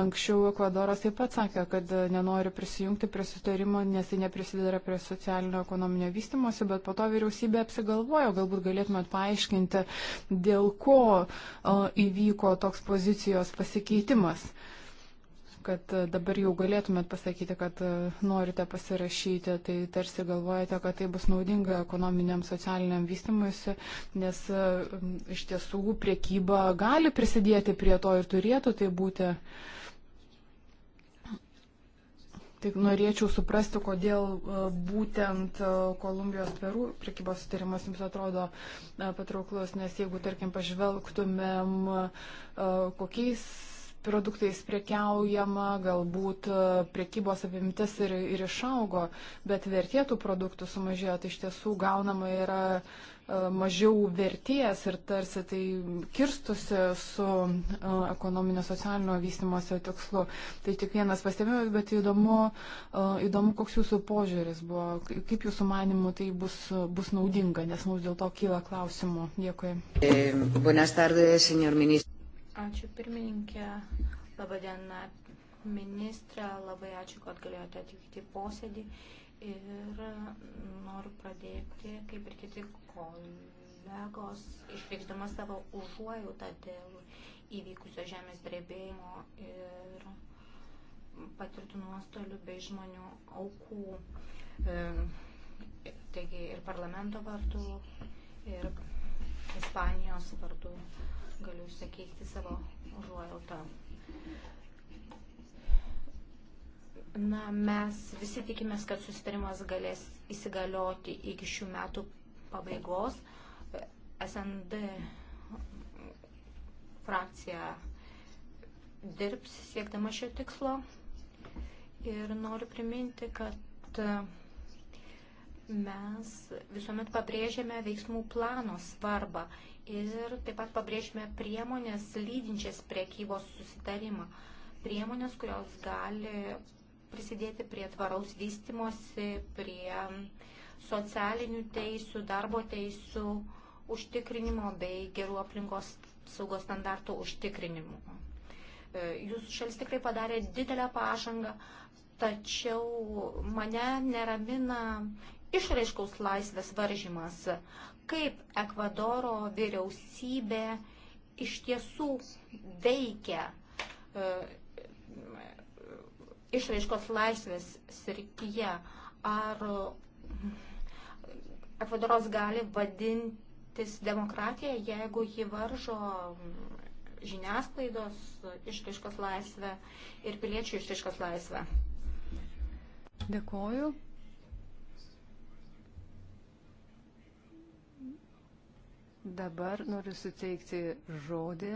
anksčiau Ekvadoras taip pat sakė, kad nenori prisijungti prie sutarimo, nes tai neprisideda prie socialinio ekonominio vystimosi, bet po to vyriausybė apsigalvojo, galbūt galėtumėt paaiškinti, dėl ko įvyko toks pozicijos pasikeitimas kad e, dabar jau galėtumėt pasakyti, kad e, norite pasirašyti, tai tarsi galvojate, kad tai bus naudinga ekonominiam, socialiniam vystimuisi, nes e, iš tiesų priekyba gali prisidėti prie to ir turėtų tai būti. Tik norėčiau suprasti, kodėl būtent Kolumbijos Perų prekybos sutarimas jums atrodo patrauklus, nes jeigu, tarkim, pažvelgtumėm, kokiais produktais prekiaujama, galbūt e, prekybos apimtis ir, ir išaugo, bet vertėtų produktų sumažėjo, tai iš tiesų gaunama yra e, mažiau vertės ir tarsi tai kirstusi su e, ekonominio socialinio vystimuose tikslu. Tai tik vienas pastebėjimas, bet įdomu, įdomu, koks jūsų požiūris buvo, kaip jūsų manimų tai bus, bus naudinga, nes mums dėl to kyla klausimų. Dėkui. E, Ačiū pirmininkė, laba diena ministrė, labai ačiū, kad galėjote atvykti į posėdį ir noriu pradėti, kaip ir kiti kolegos, išreikšdama savo užuojautą dėl įvykusio žemės drebėjimo ir patirtų nuostolių bei žmonių aukų. E, taigi ir parlamento vardu, ir Ispanijos vardu. Uh, galiu išsakyti savo užuojautą. Na, mes visi tikimės, kad susitarimas galės įsigalioti iki šių metų pabaigos. SND frakcija dirbs siekdama šio tikslo. Ir noriu priminti, kad mes visuomet pabrėžiame veiksmų plano svarbą ir taip pat pabrėžime priemonės lydinčias priekybos susitarimą. Priemonės, kurios gali prisidėti prie tvaraus vystimosi, prie socialinių teisų, darbo teisų užtikrinimo bei gerų aplinkos saugos standartų užtikrinimo. E, Jūsų šalis tikrai padarė didelę pažangą, tačiau mane neramina išraiškaus laisvės varžymas kaip Ekvadoro vyriausybė iš tiesų veikia e, išraiškos laisvės srityje. Ar Ekvadoras gali vadintis demokratija, jeigu jį varžo žiniasklaidos išraiškos laisvę ir piliečių išraiškos laisvę? Dėkoju. Dabar noriu suteikti žodį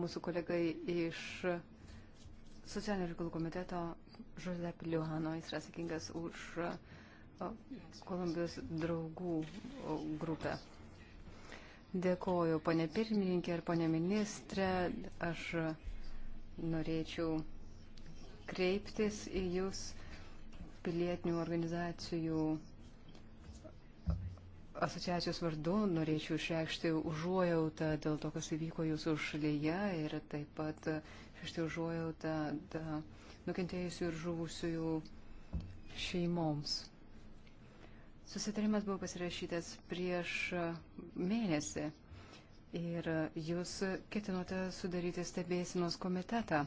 mūsų kolegai iš socialinių reikalų komiteto Žozep Liuhano. Jis yra atsakingas už Kolumbijos draugų grupę. Dėkoju, ponė pirmininkė ir ponė ministrė. Aš norėčiau kreiptis į jūs pilietinių organizacijų asociacijos vardu norėčiau išreikšti užuojautą dėl to, kas įvyko jūsų šalyje ir taip pat išreikšti užuojautą nukentėjusių ir žuvusiųjų šeimoms. Susitarimas buvo pasirašytas prieš mėnesį ir jūs ketinote sudaryti stebėsinos komitetą,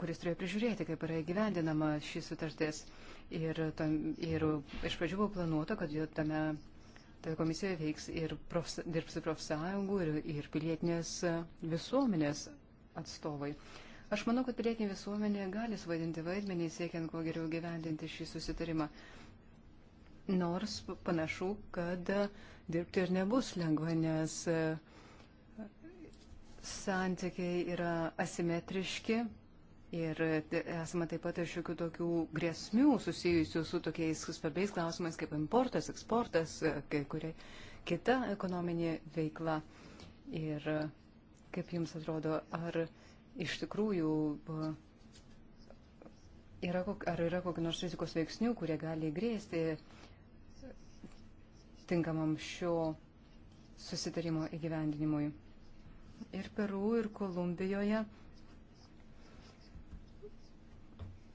kuris turėjo prižiūrėti, kaip yra įgyvendinama šis sutartis. Ir, tam, ir iš pradžių buvo planuota, kad tame toje komisijoje veiks ir profs, dirbs profsąjungų, ir, ir pilietinės visuomenės atstovai. Aš manau, kad pilietinė visuomenė gali svaidinti vaidmenį, siekiant kuo geriau gyvendinti šį susitarimą. Nors panašu, kad dirbti ir nebus lengva, nes e, santykiai yra asimetriški, Ir e, esame taip pat ir šiokių tokių grėsmių susijusių su tokiais svarbiais klausimais kaip importas, eksportas, e, kai kuria kita ekonominė veikla. Ir e, kaip jums atrodo, ar iš tikrųjų yra, ar yra kokių nors rizikos veiksnių, kurie gali grėsti tinkamam šio susitarimo įgyvendinimui? Ir Peru, ir Kolumbijoje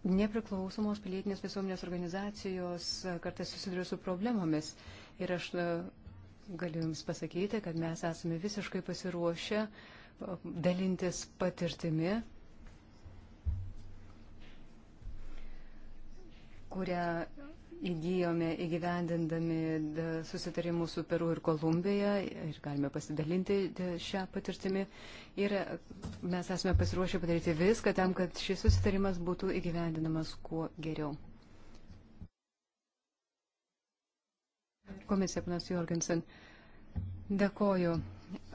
nepriklausomos pilietinės visuomenės organizacijos e, kartais susiduria su problemomis. Ir aš e, galiu Jums pasakyti, kad mes esame visiškai pasiruošę e, dalintis patirtimi, kurią įgyjome įgyvendindami e, susitarimus su Peru ir Kolumbija ir galime pasidalinti e, šią patirtimį. Ir e, mes esame pasiruošę padaryti viską tam, kad šis susitarimas būtų įgyvendinamas kuo geriau. Komisija, panas Jorgensen, dėkoju.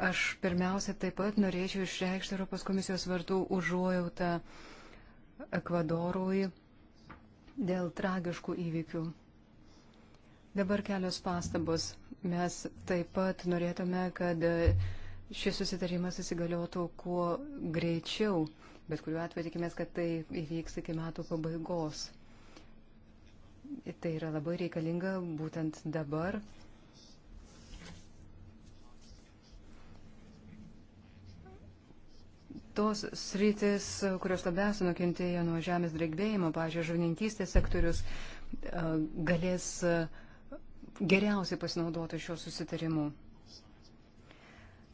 Aš pirmiausia taip pat norėčiau išreikšti Europos komisijos vartų užuojautą Ekvadorui dėl tragiškų įvykių. Dabar kelios pastabos. Mes taip pat norėtume, kad šis susitarimas įsigaliotų kuo greičiau, bet kuriuo atveju tikimės, kad tai įvyks iki metų pabaigos. Tai yra labai reikalinga būtent dabar, tos sritis, kurios labiausiai nukentėjo nuo žemės dregvėjimo, pažiūrėjau, žuvininkystės sektorius, e, galės e, geriausiai pasinaudoti šiuo susitarimu.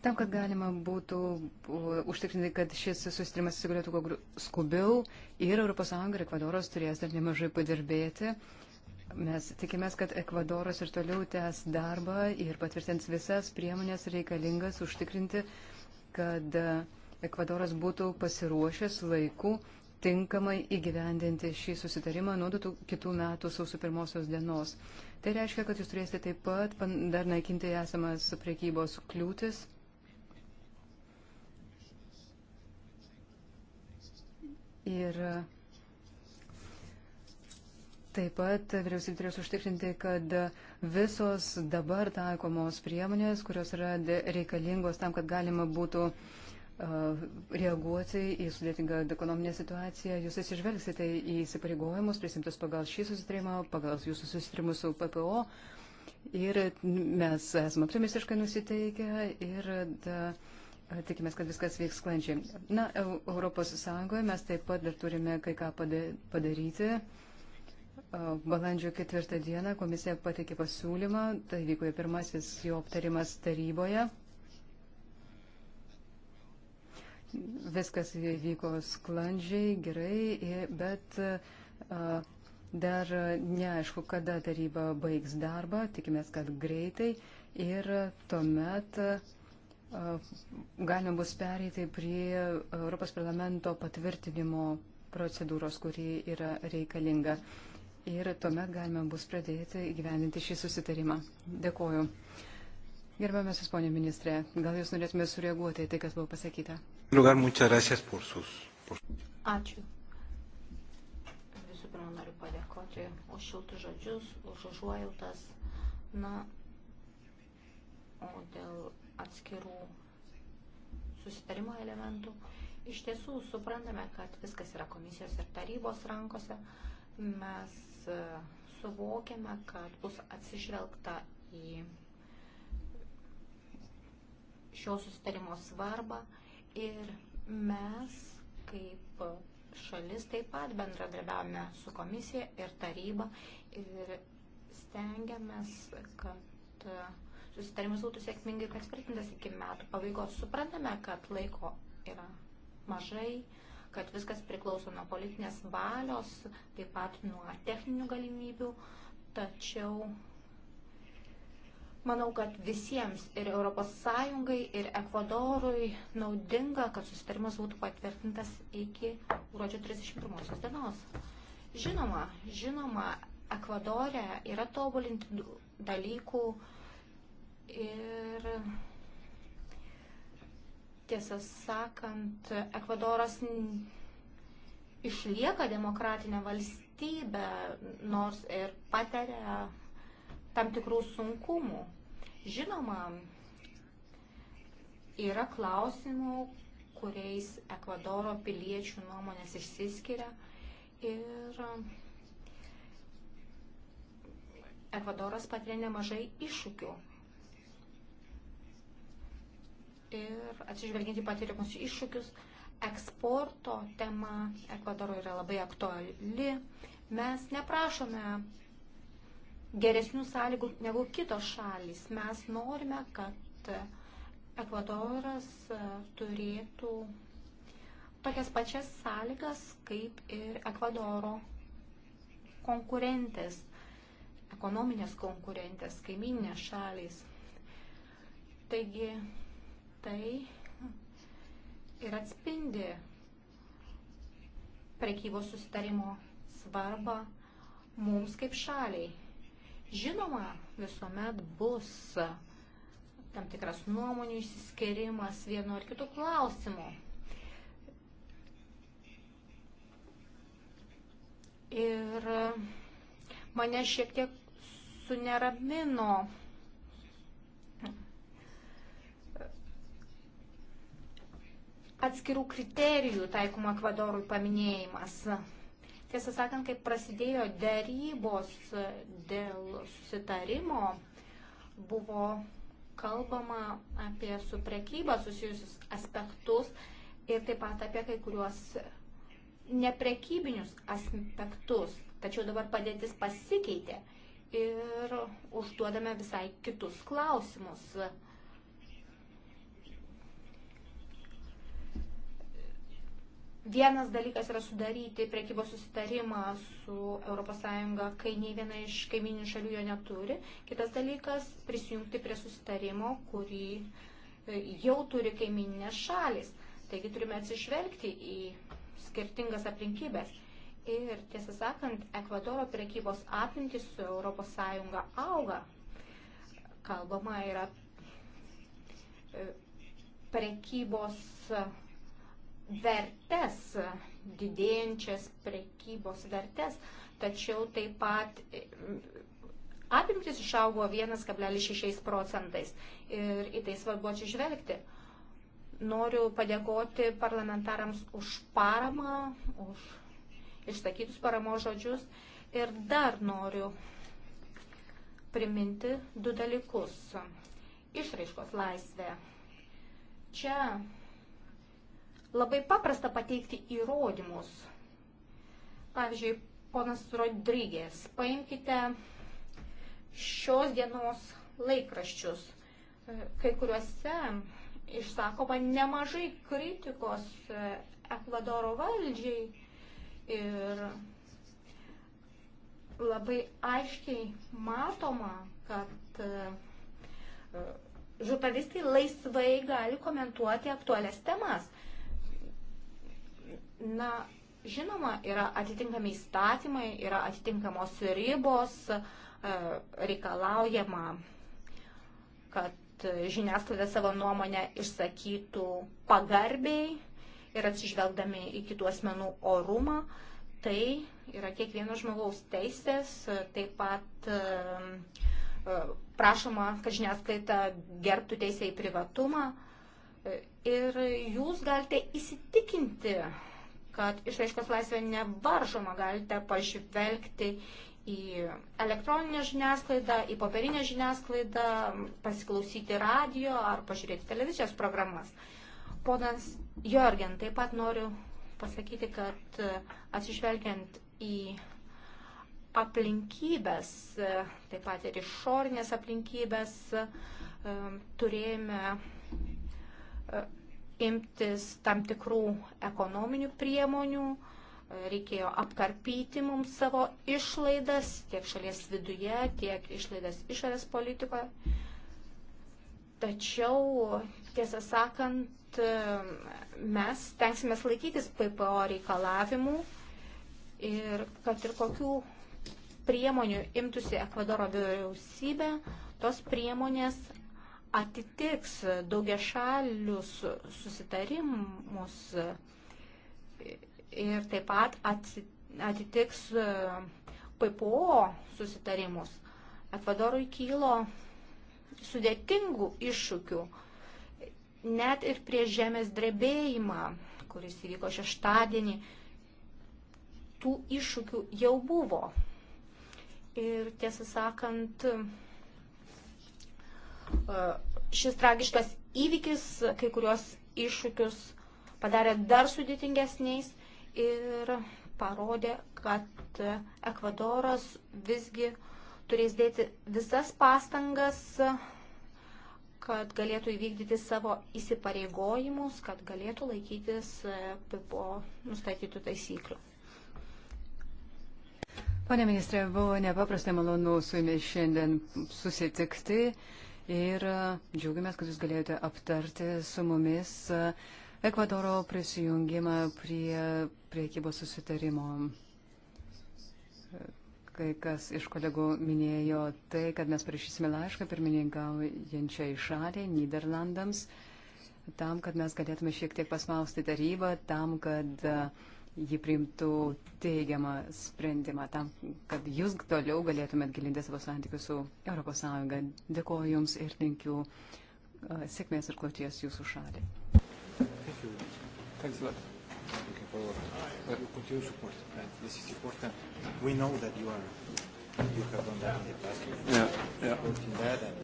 Tam, kad galima būtų e, užtikrinti, kad šis susitarimas įsigalėtų kuo skubiau ir ES ir Ekvadoras turės dar nemažai padirbėti. Mes tikimės, kad Ekvadoras ir toliau tęs darbą ir patvirtins visas priemonės reikalingas užtikrinti, kad uh, Ekvadoras būtų pasiruošęs laiku tinkamai įgyvendinti šį susitarimą nuo kitų metų sausio pirmosios dienos. Tai reiškia, kad jūs turėsite taip pat dar naikinti esamas priekybos kliūtis. Ir taip pat vyriausybė turės užtikrinti, kad visos dabar taikomos priemonės, kurios yra reikalingos tam, kad galima būtų uh, reaguoti į sudėtingą ekonominę situaciją. Jūs atsižvelgsite į įsipareigojimus prisimtus pagal šį susitarimą, pagal jūsų susitarimus su PPO. Ir mes esame optimistiškai nusiteikę ir da, tikimės, kad viskas vyks sklandžiai. Na, Europos Sąjungoje mes taip pat dar turime kai ką padaryti. Balandžio ketvirtą dieną komisija pateikė pasiūlymą, tai vyko pirmasis jo aptarimas taryboje viskas vyko sklandžiai, gerai, bet dar neaišku, kada taryba baigs darbą, tikimės, kad greitai ir tuomet galima bus pereiti prie Europos parlamento patvirtinimo procedūros, kuri yra reikalinga. Ir tuomet galima bus pradėti įgyvendinti šį susitarimą. Dėkuoju. Gerbiamasis ponė ministrė, gal jūs norėtumėte sureaguoti į tai, kas buvo pasakyta? Lugar, muchas gracias por sus. Por... Ačiū. Visų pirma, noriu padėkoti už šiltus žodžius, už užuojautas. Na, o dėl atskirų susitarimo elementų. Iš tiesų suprantame, kad viskas yra komisijos ir tarybos rankose. Mes e, suvokiame, kad bus atsižvelgta į šio susitarimo svarbą Ir mes, kaip šalis, taip pat bendradarbiavome su komisija ir taryba ir stengiamės, kad susitarimas būtų sėkmingai patvirtintas iki metų pabaigos. Suprantame, kad laiko yra mažai, kad viskas priklauso nuo politinės valios, taip pat nuo techninių galimybių, tačiau Manau, kad visiems ir ES, ir Ekvadorui naudinga, kad susitarimas būtų patvirtintas iki gruodžio 31 dienos. Žinoma, žinoma, Ekvadorė yra tobulinti dalykų ir tiesą sakant, Ekvadoras išlieka demokratinė valstybė, nors ir patiria tam tikrų sunkumų. Žinoma, yra klausimų, kuriais Ekvadoro piliečių nuomonės išsiskiria ir um, Ekvadoras patiria nemažai iššūkių. Ir atsižvelgiant į patiriamus iššūkius, eksporto tema Ekvadoro yra labai aktuali. Mes neprašome geresnių sąlygų negu kitos šalys. Mes norime, kad Ekvadoras e, turėtų tokias pačias sąlygas kaip ir Ekvadoro konkurentės, ekonominės konkurentės, kaiminės šalys. Taigi tai ir atspindi prekybos susitarimo svarbą mums kaip šaliai. Žinoma, visuomet bus tam tikras nuomonių išsiskirimas vienu ar kitu klausimu. Ir mane šiek tiek suneramino atskirų kriterijų taikoma Ekvadorui paminėjimas. Tiesą sakant, kai prasidėjo dėrybos dėl susitarimo, buvo kalbama apie su prekyba susijusius aspektus ir taip pat apie kai kuriuos neprekybinius aspektus. Tačiau dabar padėtis pasikeitė ir užduodame visai kitus klausimus. Vienas dalykas yra sudaryti prekybos susitarimą su ES, kai nei viena iš kaiminių šalių jo neturi. Kitas dalykas - prisijungti prie susitarimo, kurį e, jau turi kaimininės šalis. Taigi turime atsižvelgti į skirtingas aplinkybės. Ir tiesą sakant, Ekvadoro prekybos apimtis su ES auga. Kalbama yra e, prekybos vertes, didėjančias prekybos vertes, tačiau taip pat e, apimtis išaugo 1,6 procentais ir į tai svarbu atsižvelgti. Noriu padėkoti parlamentarams už paramą, už išsakytus paramo žodžius ir dar noriu priminti du dalykus. Išraiškos laisvė. Čia labai paprasta pateikti įrodymus. Pavyzdžiui, ponas Rodrygės, paimkite šios dienos laikraščius. Kai kuriuose išsakoma nemažai kritikos e, Ekvadoro valdžiai ir labai aiškiai matoma, kad e, e, žurnalistai laisvai gali komentuoti aktualias temas. Na, žinoma, yra atitinkami įstatymai, yra atitinkamos ribos, e, reikalaujama, kad žiniasklaida savo nuomonę išsakytų pagarbiai ir atsižvelgdami į kitų asmenų orumą. Tai yra kiekvieno žmogaus teisės, taip pat e, e, prašoma, kad žiniasklaida gerbtų teisę į privatumą. Ir jūs galite įsitikinti, kad išraiškos laisvė nevaržoma, galite pažvelgti į elektroninę žiniasklaidą, į popierinę žiniasklaidą, pasiklausyti radio ar pažiūrėti televizijos programas. Ponas Jorgen, taip pat noriu pasakyti, kad e, atsižvelgiant į aplinkybės, e, taip pat ir išorinės aplinkybės, e, turėjome imtis tam tikrų ekonominių priemonių, reikėjo apkarpyti mums savo išlaidas tiek šalies viduje, tiek išlaidas išorės politikoje. Tačiau, tiesą sakant, mes tenksime laikytis PPO reikalavimų ir kad ir kokių priemonių imtųsi Ekvadoro vyriausybė, tos priemonės atitiks daugia šalius susitarimus ir taip pat atitiks PPO susitarimus. Ekvadorui kylo sudėtingų iššūkių, net ir prie žemės drebėjimą, kuris įvyko šeštadienį, tų iššūkių jau buvo. Ir tiesą sakant, šis tragiškas įvykis kai kurios iššūkius padarė dar sudėtingesniais ir parodė, kad Ekvadoras visgi turės dėti visas pastangas, kad galėtų įvykdyti savo įsipareigojimus, kad galėtų laikytis po nustatytų taisyklių. Pane ministrė, buvo nepaprastai malonu su jumis šiandien susitikti ir e, džiaugiamės, kad jūs galėjote aptarti su mumis e, Ekvadoro prisijungimą prie priekybos susitarimo. Kai kas iš kolegų minėjo tai, kad mes prašysime laišką pirmininkaujančiai šaliai, Niderlandams, tam, kad mes galėtume šiek tiek pasmausti tarybą, tam, kad uh, ji priimtų teigiamą sprendimą tam, kad jūs toliau galėtumėt gilinti savo santykius su ES. Dėkuoju Jums ir linkiu uh, sėkmės ir kloties Jūsų šaliai. Thank you. Thanks a lot. Looking forward. Uh, continue support. Right? This is important. We know that you are. You have done that in the past. Yeah. Yeah. Worked in that. And